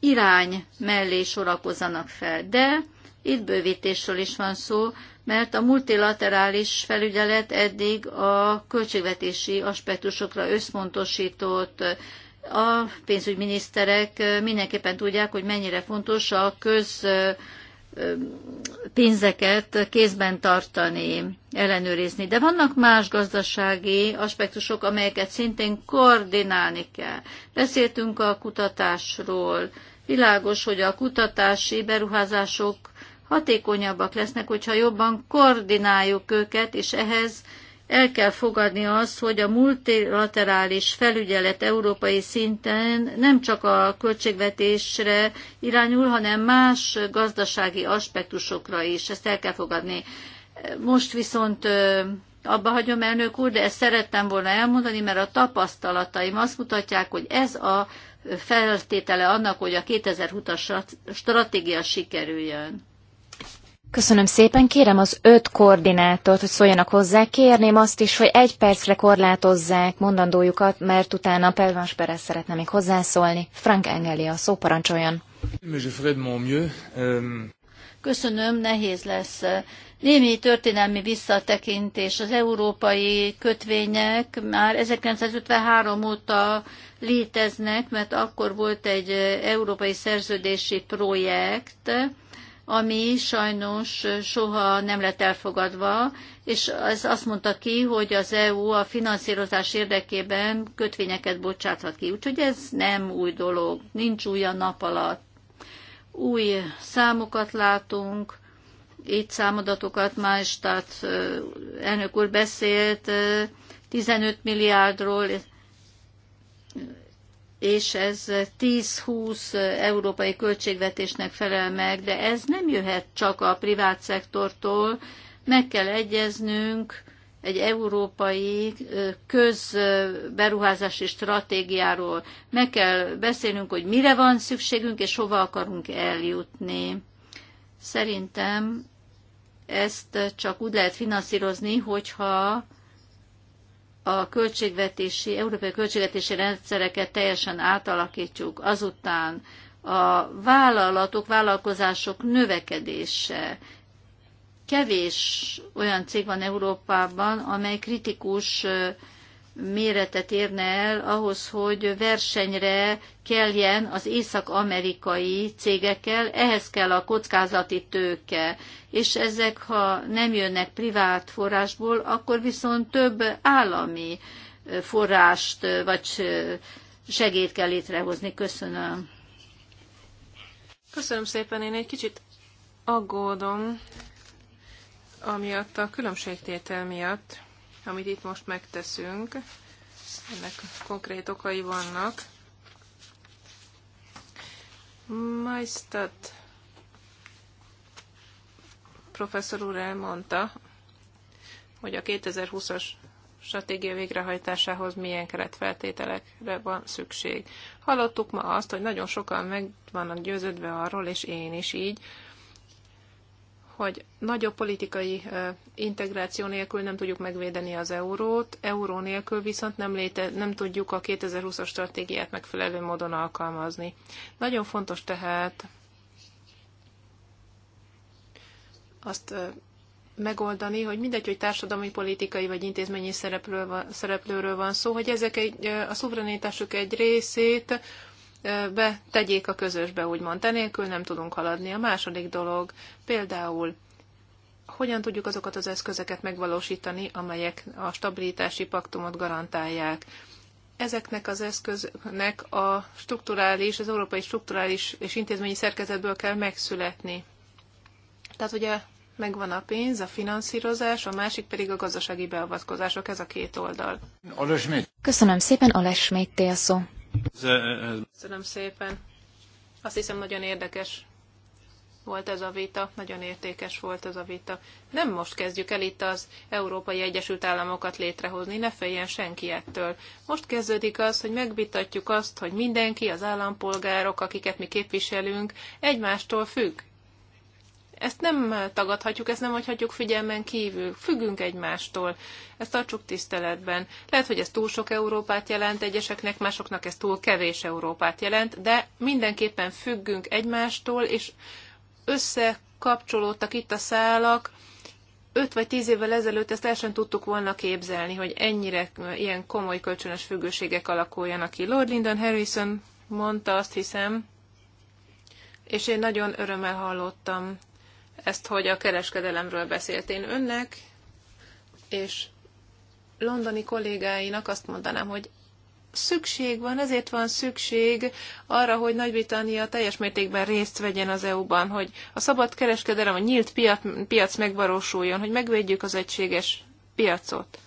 irány mellé sorakozzanak fel. De itt bővítésről is van szó, mert a multilaterális felügyelet eddig a költségvetési aspektusokra összpontosított a pénzügyminiszterek mindenképpen tudják, hogy mennyire fontos a köz pénzeket kézben tartani, ellenőrizni. De vannak más gazdasági aspektusok, amelyeket szintén koordinálni kell. Beszéltünk a kutatásról. Világos, hogy a kutatási beruházások hatékonyabbak lesznek, hogyha jobban koordináljuk őket, és ehhez el kell fogadni azt, hogy a multilaterális felügyelet európai szinten nem csak a költségvetésre irányul, hanem más gazdasági aspektusokra is. Ezt el kell fogadni. Most viszont abba hagyom, elnök úr, de ezt szerettem volna elmondani, mert a tapasztalataim azt mutatják, hogy ez a feltétele annak, hogy a 2020-as stratégia sikerüljön. Köszönöm szépen, kérem az öt koordinátort, hogy szóljanak hozzá. Kérném azt is, hogy egy percre korlátozzák mondandójukat, mert utána a Perez szeretne még hozzászólni. Frank Engeli a szó parancsoljon. Euh, Köszönöm, nehéz lesz. Némi történelmi visszatekintés. Az európai kötvények már 1953 óta léteznek, mert akkor volt egy európai szerződési projekt, ami sajnos soha nem lett elfogadva, és ez azt mondta ki, hogy az EU a finanszírozás érdekében kötvényeket bocsáthat ki. Úgyhogy ez nem új dolog, nincs új a nap alatt. Új számokat látunk, itt számadatokat már tehát elnök úr beszélt, 15 milliárdról, és ez 10-20 európai költségvetésnek felel meg, de ez nem jöhet csak a privát szektortól, meg kell egyeznünk egy európai közberuházási stratégiáról. Meg kell beszélnünk, hogy mire van szükségünk, és hova akarunk eljutni. Szerintem ezt csak úgy lehet finanszírozni, hogyha a költségvetési, európai költségvetési rendszereket teljesen átalakítjuk, azután a vállalatok, vállalkozások növekedése. Kevés olyan cég van Európában, amely kritikus méretet érne el ahhoz, hogy versenyre kelljen, az észak-amerikai cégekkel, ehhez kell a kockázati tőke, és ezek, ha nem jönnek privát forrásból, akkor viszont több állami forrást vagy segélyt kell létrehozni. Köszönöm. Köszönöm szépen, én egy kicsit aggódom, amiatt a különbségtétel miatt, amit itt most megteszünk. Ennek konkrét okai vannak. Majstat professzor úr elmondta, hogy a 2020-as stratégia végrehajtásához milyen keretfeltételekre van szükség. Hallottuk ma azt, hogy nagyon sokan meg vannak győződve arról, és én is így, hogy nagyobb politikai integráció nélkül nem tudjuk megvédeni az eurót, euró nélkül viszont nem, léte, nem tudjuk a 2020-as stratégiát megfelelő módon alkalmazni. Nagyon fontos tehát azt megoldani, hogy mindegy, hogy társadalmi, politikai vagy intézményi szereplőről van, szó, hogy ezek egy, a szuverenitásuk egy részét be tegyék a közösbe, úgymond. Tenélkül nem tudunk haladni. A második dolog például hogyan tudjuk azokat az eszközeket megvalósítani, amelyek a stabilitási paktumot garantálják. Ezeknek az eszköznek a strukturális, az európai strukturális és intézményi szerkezetből kell megszületni. Tehát ugye megvan a pénz, a finanszírozás, a másik pedig a gazdasági beavatkozások, ez a két oldal. Köszönöm szépen, Olesmét, tél szó. Köszönöm szépen. Azt hiszem, nagyon érdekes volt ez a vita, nagyon értékes volt ez a vita. Nem most kezdjük el itt az Európai Egyesült Államokat létrehozni, ne féljen senki ettől. Most kezdődik az, hogy megvitatjuk azt, hogy mindenki, az állampolgárok, akiket mi képviselünk, egymástól függ. Ezt nem tagadhatjuk, ezt nem hagyhatjuk figyelmen kívül. Függünk egymástól. Ezt tartsuk tiszteletben. Lehet, hogy ez túl sok Európát jelent egyeseknek, másoknak ez túl kevés Európát jelent, de mindenképpen függünk egymástól, és összekapcsolódtak itt a szálak, öt vagy tíz évvel ezelőtt ezt el sem tudtuk volna képzelni, hogy ennyire ilyen komoly kölcsönös függőségek alakuljanak ki. Lord Lyndon Harrison mondta azt hiszem, és én nagyon örömmel hallottam ezt, hogy a kereskedelemről beszélt én önnek, és londoni kollégáinak azt mondanám, hogy szükség van, ezért van szükség arra, hogy Nagy-Britannia teljes mértékben részt vegyen az EU-ban, hogy a szabad kereskedelem, a nyílt piac, piac megvalósuljon, hogy megvédjük az egységes piacot.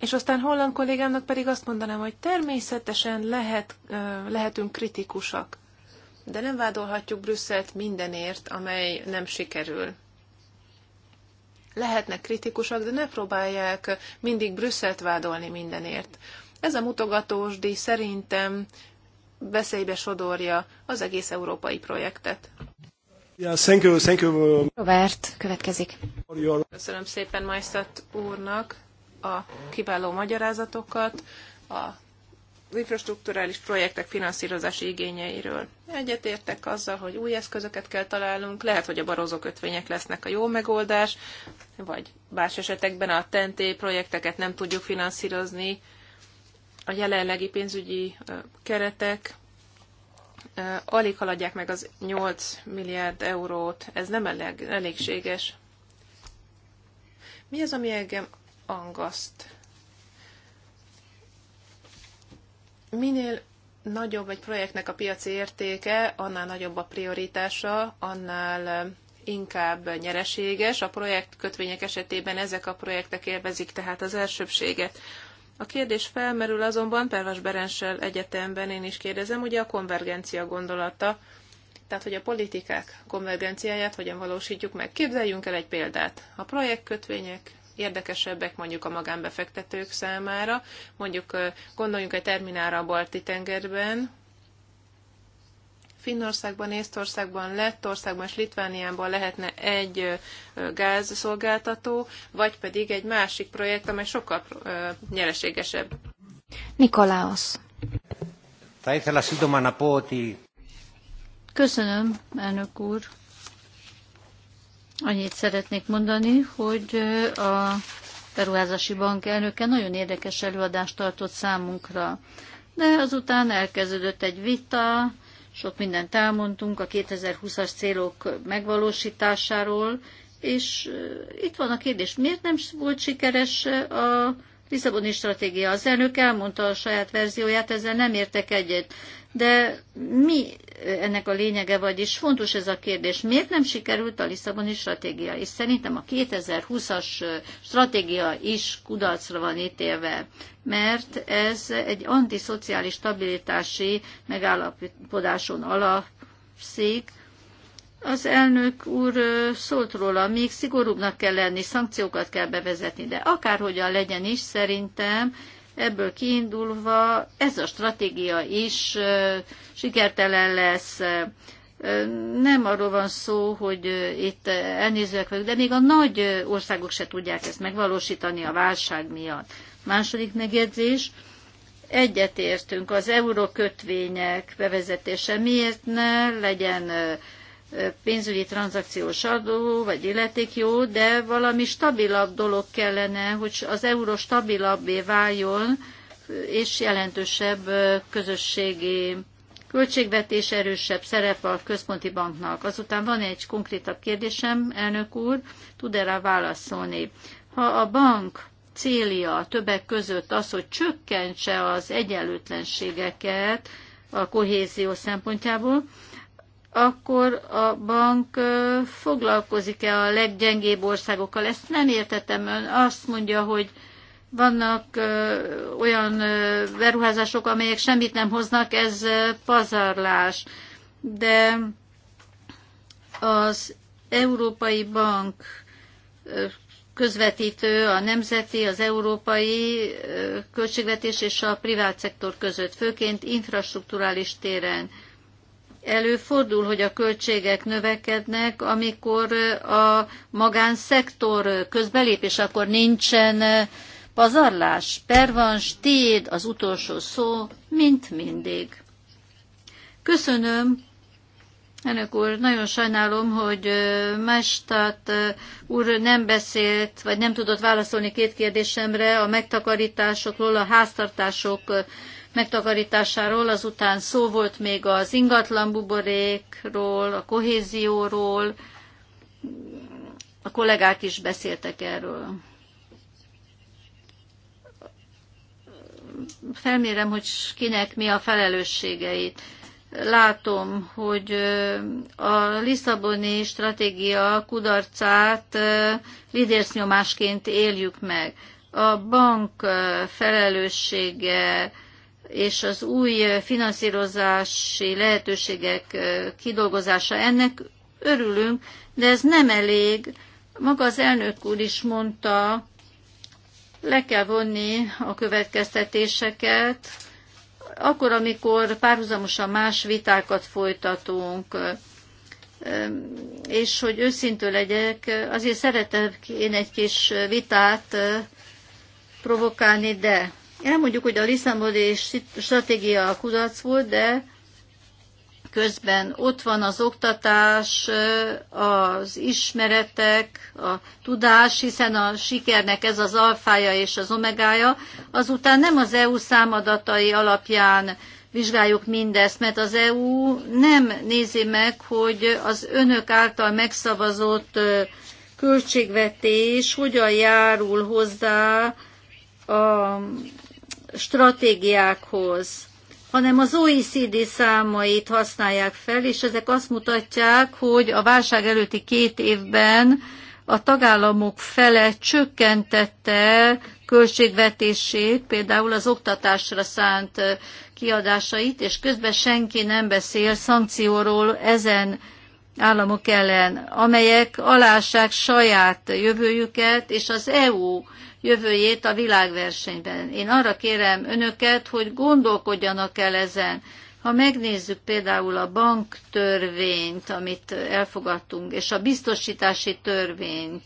És aztán holland kollégámnak pedig azt mondanám, hogy természetesen lehet, lehetünk kritikusak de nem vádolhatjuk Brüsszelt mindenért, amely nem sikerül. Lehetnek kritikusak, de ne próbálják mindig Brüsszelt vádolni mindenért. Ez a díj szerintem veszélybe sodorja az egész európai projektet. Yeah, thank you, thank you. Uh, Robert, következik. Köszönöm szépen Majszat úrnak a kiváló magyarázatokat, a infrastruktúrális projektek finanszírozási igényeiről. Egyetértek azzal, hogy új eszközöket kell találnunk, lehet, hogy a barozó kötvények lesznek a jó megoldás, vagy más esetekben a TNT projekteket nem tudjuk finanszírozni, a jelenlegi pénzügyi keretek alig haladják meg az 8 milliárd eurót, ez nem elég, elégséges. Mi az, ami engem angaszt? Minél nagyobb egy projektnek a piaci értéke, annál nagyobb a prioritása, annál inkább nyereséges. A projekt kötvények esetében ezek a projektek élvezik tehát az elsőbséget. A kérdés felmerül azonban, Pervas Berenssel egyetemben én is kérdezem, ugye a konvergencia gondolata, tehát hogy a politikák konvergenciáját hogyan valósítjuk meg. Képzeljünk el egy példát. A projektkötvények érdekesebbek mondjuk a magánbefektetők számára. Mondjuk gondoljunk egy terminálra a Balti-tengerben, Finnországban, Észtországban, Lettországban és Litvániában lehetne egy gázszolgáltató, vagy pedig egy másik projekt, amely sokkal nyereségesebb. Nikolaos. Köszönöm, elnök úr. Annyit szeretnék mondani, hogy a Beruházási Bank elnöke nagyon érdekes előadást tartott számunkra. De azután elkezdődött egy vita, sok mindent elmondtunk a 2020-as célok megvalósításáról, és itt van a kérdés, miért nem volt sikeres a Lisszaboni stratégia. Az elnök elmondta a saját verzióját, ezzel nem értek egyet. De mi ennek a lényege, vagyis fontos ez a kérdés. Miért nem sikerült a Lisszaboni stratégia? És szerintem a 2020-as stratégia is kudarcra van ítélve, mert ez egy antiszociális stabilitási megállapodáson alapszik, az elnök úr szólt róla, még szigorúbbnak kell lenni, szankciókat kell bevezetni, de akárhogyan legyen is, szerintem ebből kiindulva ez a stratégia is sikertelen lesz. Nem arról van szó, hogy itt elnézőek vagyok, de még a nagy országok se tudják ezt megvalósítani a válság miatt. Második megjegyzés, egyetértünk az eurókötvények bevezetése. Miért ne legyen pénzügyi tranzakciós adó vagy illeték jó, de valami stabilabb dolog kellene, hogy az euró stabilabbé váljon, és jelentősebb közösségi költségvetés, erősebb szerep a központi banknak. Azután van egy konkrétabb kérdésem, elnök úr, tud-e rá válaszolni? Ha a bank célja többek között az, hogy csökkentse az egyenlőtlenségeket a kohézió szempontjából, akkor a bank foglalkozik-e a leggyengébb országokkal? Ezt nem értetem. Ön azt mondja, hogy vannak olyan beruházások, amelyek semmit nem hoznak, ez pazarlás. De az Európai Bank közvetítő a nemzeti, az európai költségvetés és a privát szektor között, főként infrastruktúrális téren előfordul, hogy a költségek növekednek, amikor a magánszektor közbelépés, akkor nincsen pazarlás. Pervans, tiéd az utolsó szó, mint mindig. Köszönöm, Önök úr, nagyon sajnálom, hogy Mestat úr nem beszélt, vagy nem tudott válaszolni két kérdésemre, a megtakarításokról, a háztartások megtakarításáról, azután szó volt még az ingatlan buborékról, a kohézióról, a kollégák is beszéltek erről. Felmérem, hogy kinek mi a felelősségeit. Látom, hogy a Lisszaboni stratégia kudarcát lidérsznyomásként éljük meg. A bank felelőssége, és az új finanszírozási lehetőségek kidolgozása ennek örülünk, de ez nem elég. Maga az elnök úr is mondta, le kell vonni a következtetéseket, akkor, amikor párhuzamosan más vitákat folytatunk, és hogy őszintő legyek, azért szeretek én egy kis vitát provokálni, de Elmondjuk, hogy a Lisszaboni stratégia a kudarc volt, de közben ott van az oktatás, az ismeretek, a tudás, hiszen a sikernek ez az alfája és az omegája. Azután nem az EU számadatai alapján vizsgáljuk mindezt, mert az EU nem nézi meg, hogy az önök által megszavazott költségvetés hogyan járul hozzá a stratégiákhoz, hanem az OECD számait használják fel, és ezek azt mutatják, hogy a válság előtti két évben a tagállamok fele csökkentette költségvetését, például az oktatásra szánt kiadásait, és közben senki nem beszél szankcióról ezen államok ellen, amelyek alássák saját jövőjüket és az EU jövőjét a világversenyben. Én arra kérem önöket, hogy gondolkodjanak el ezen. Ha megnézzük például a banktörvényt, amit elfogadtunk, és a biztosítási törvényt,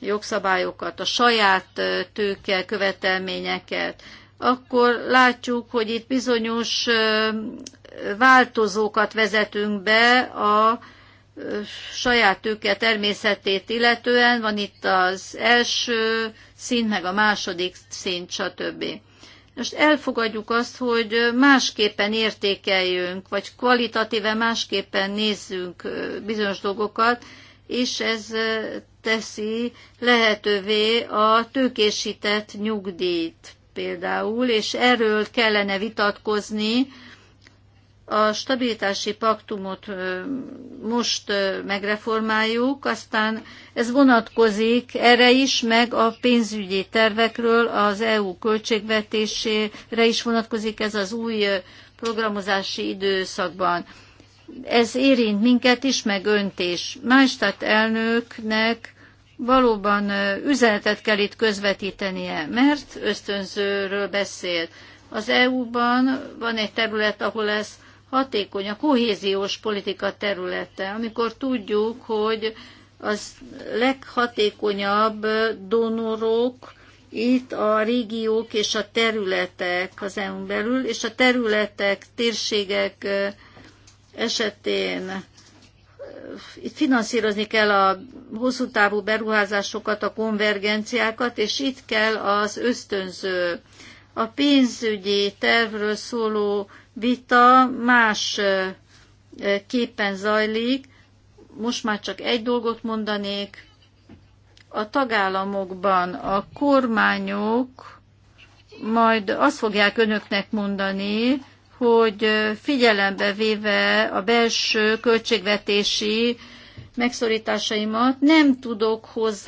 jogszabályokat, a saját tőke követelményeket, akkor látjuk, hogy itt bizonyos változókat vezetünk be a saját tőke természetét illetően, van itt az első szint, meg a második szint, stb. Most elfogadjuk azt, hogy másképpen értékeljünk, vagy kvalitatíve másképpen nézzünk bizonyos dolgokat, és ez teszi lehetővé a tőkésített nyugdíjt például, és erről kellene vitatkozni a stabilitási paktumot most megreformáljuk, aztán ez vonatkozik erre is, meg a pénzügyi tervekről, az EU költségvetésére is vonatkozik ez az új programozási időszakban. Ez érint minket is, meg önt is. Mástát elnöknek valóban üzenetet kell itt közvetítenie, mert ösztönzőről beszélt. Az EU-ban van egy terület, ahol ez hatékony a kohéziós politika területe, amikor tudjuk, hogy az leghatékonyabb donorok itt a régiók és a területek az EU-n belül, és a területek, térségek esetén itt finanszírozni kell a hosszú távú beruházásokat, a konvergenciákat, és itt kell az ösztönző. A pénzügyi tervről szóló vita más képen zajlik. Most már csak egy dolgot mondanék. A tagállamokban a kormányok majd azt fogják önöknek mondani, hogy figyelembe véve a belső költségvetési megszorításaimat nem tudok hozzá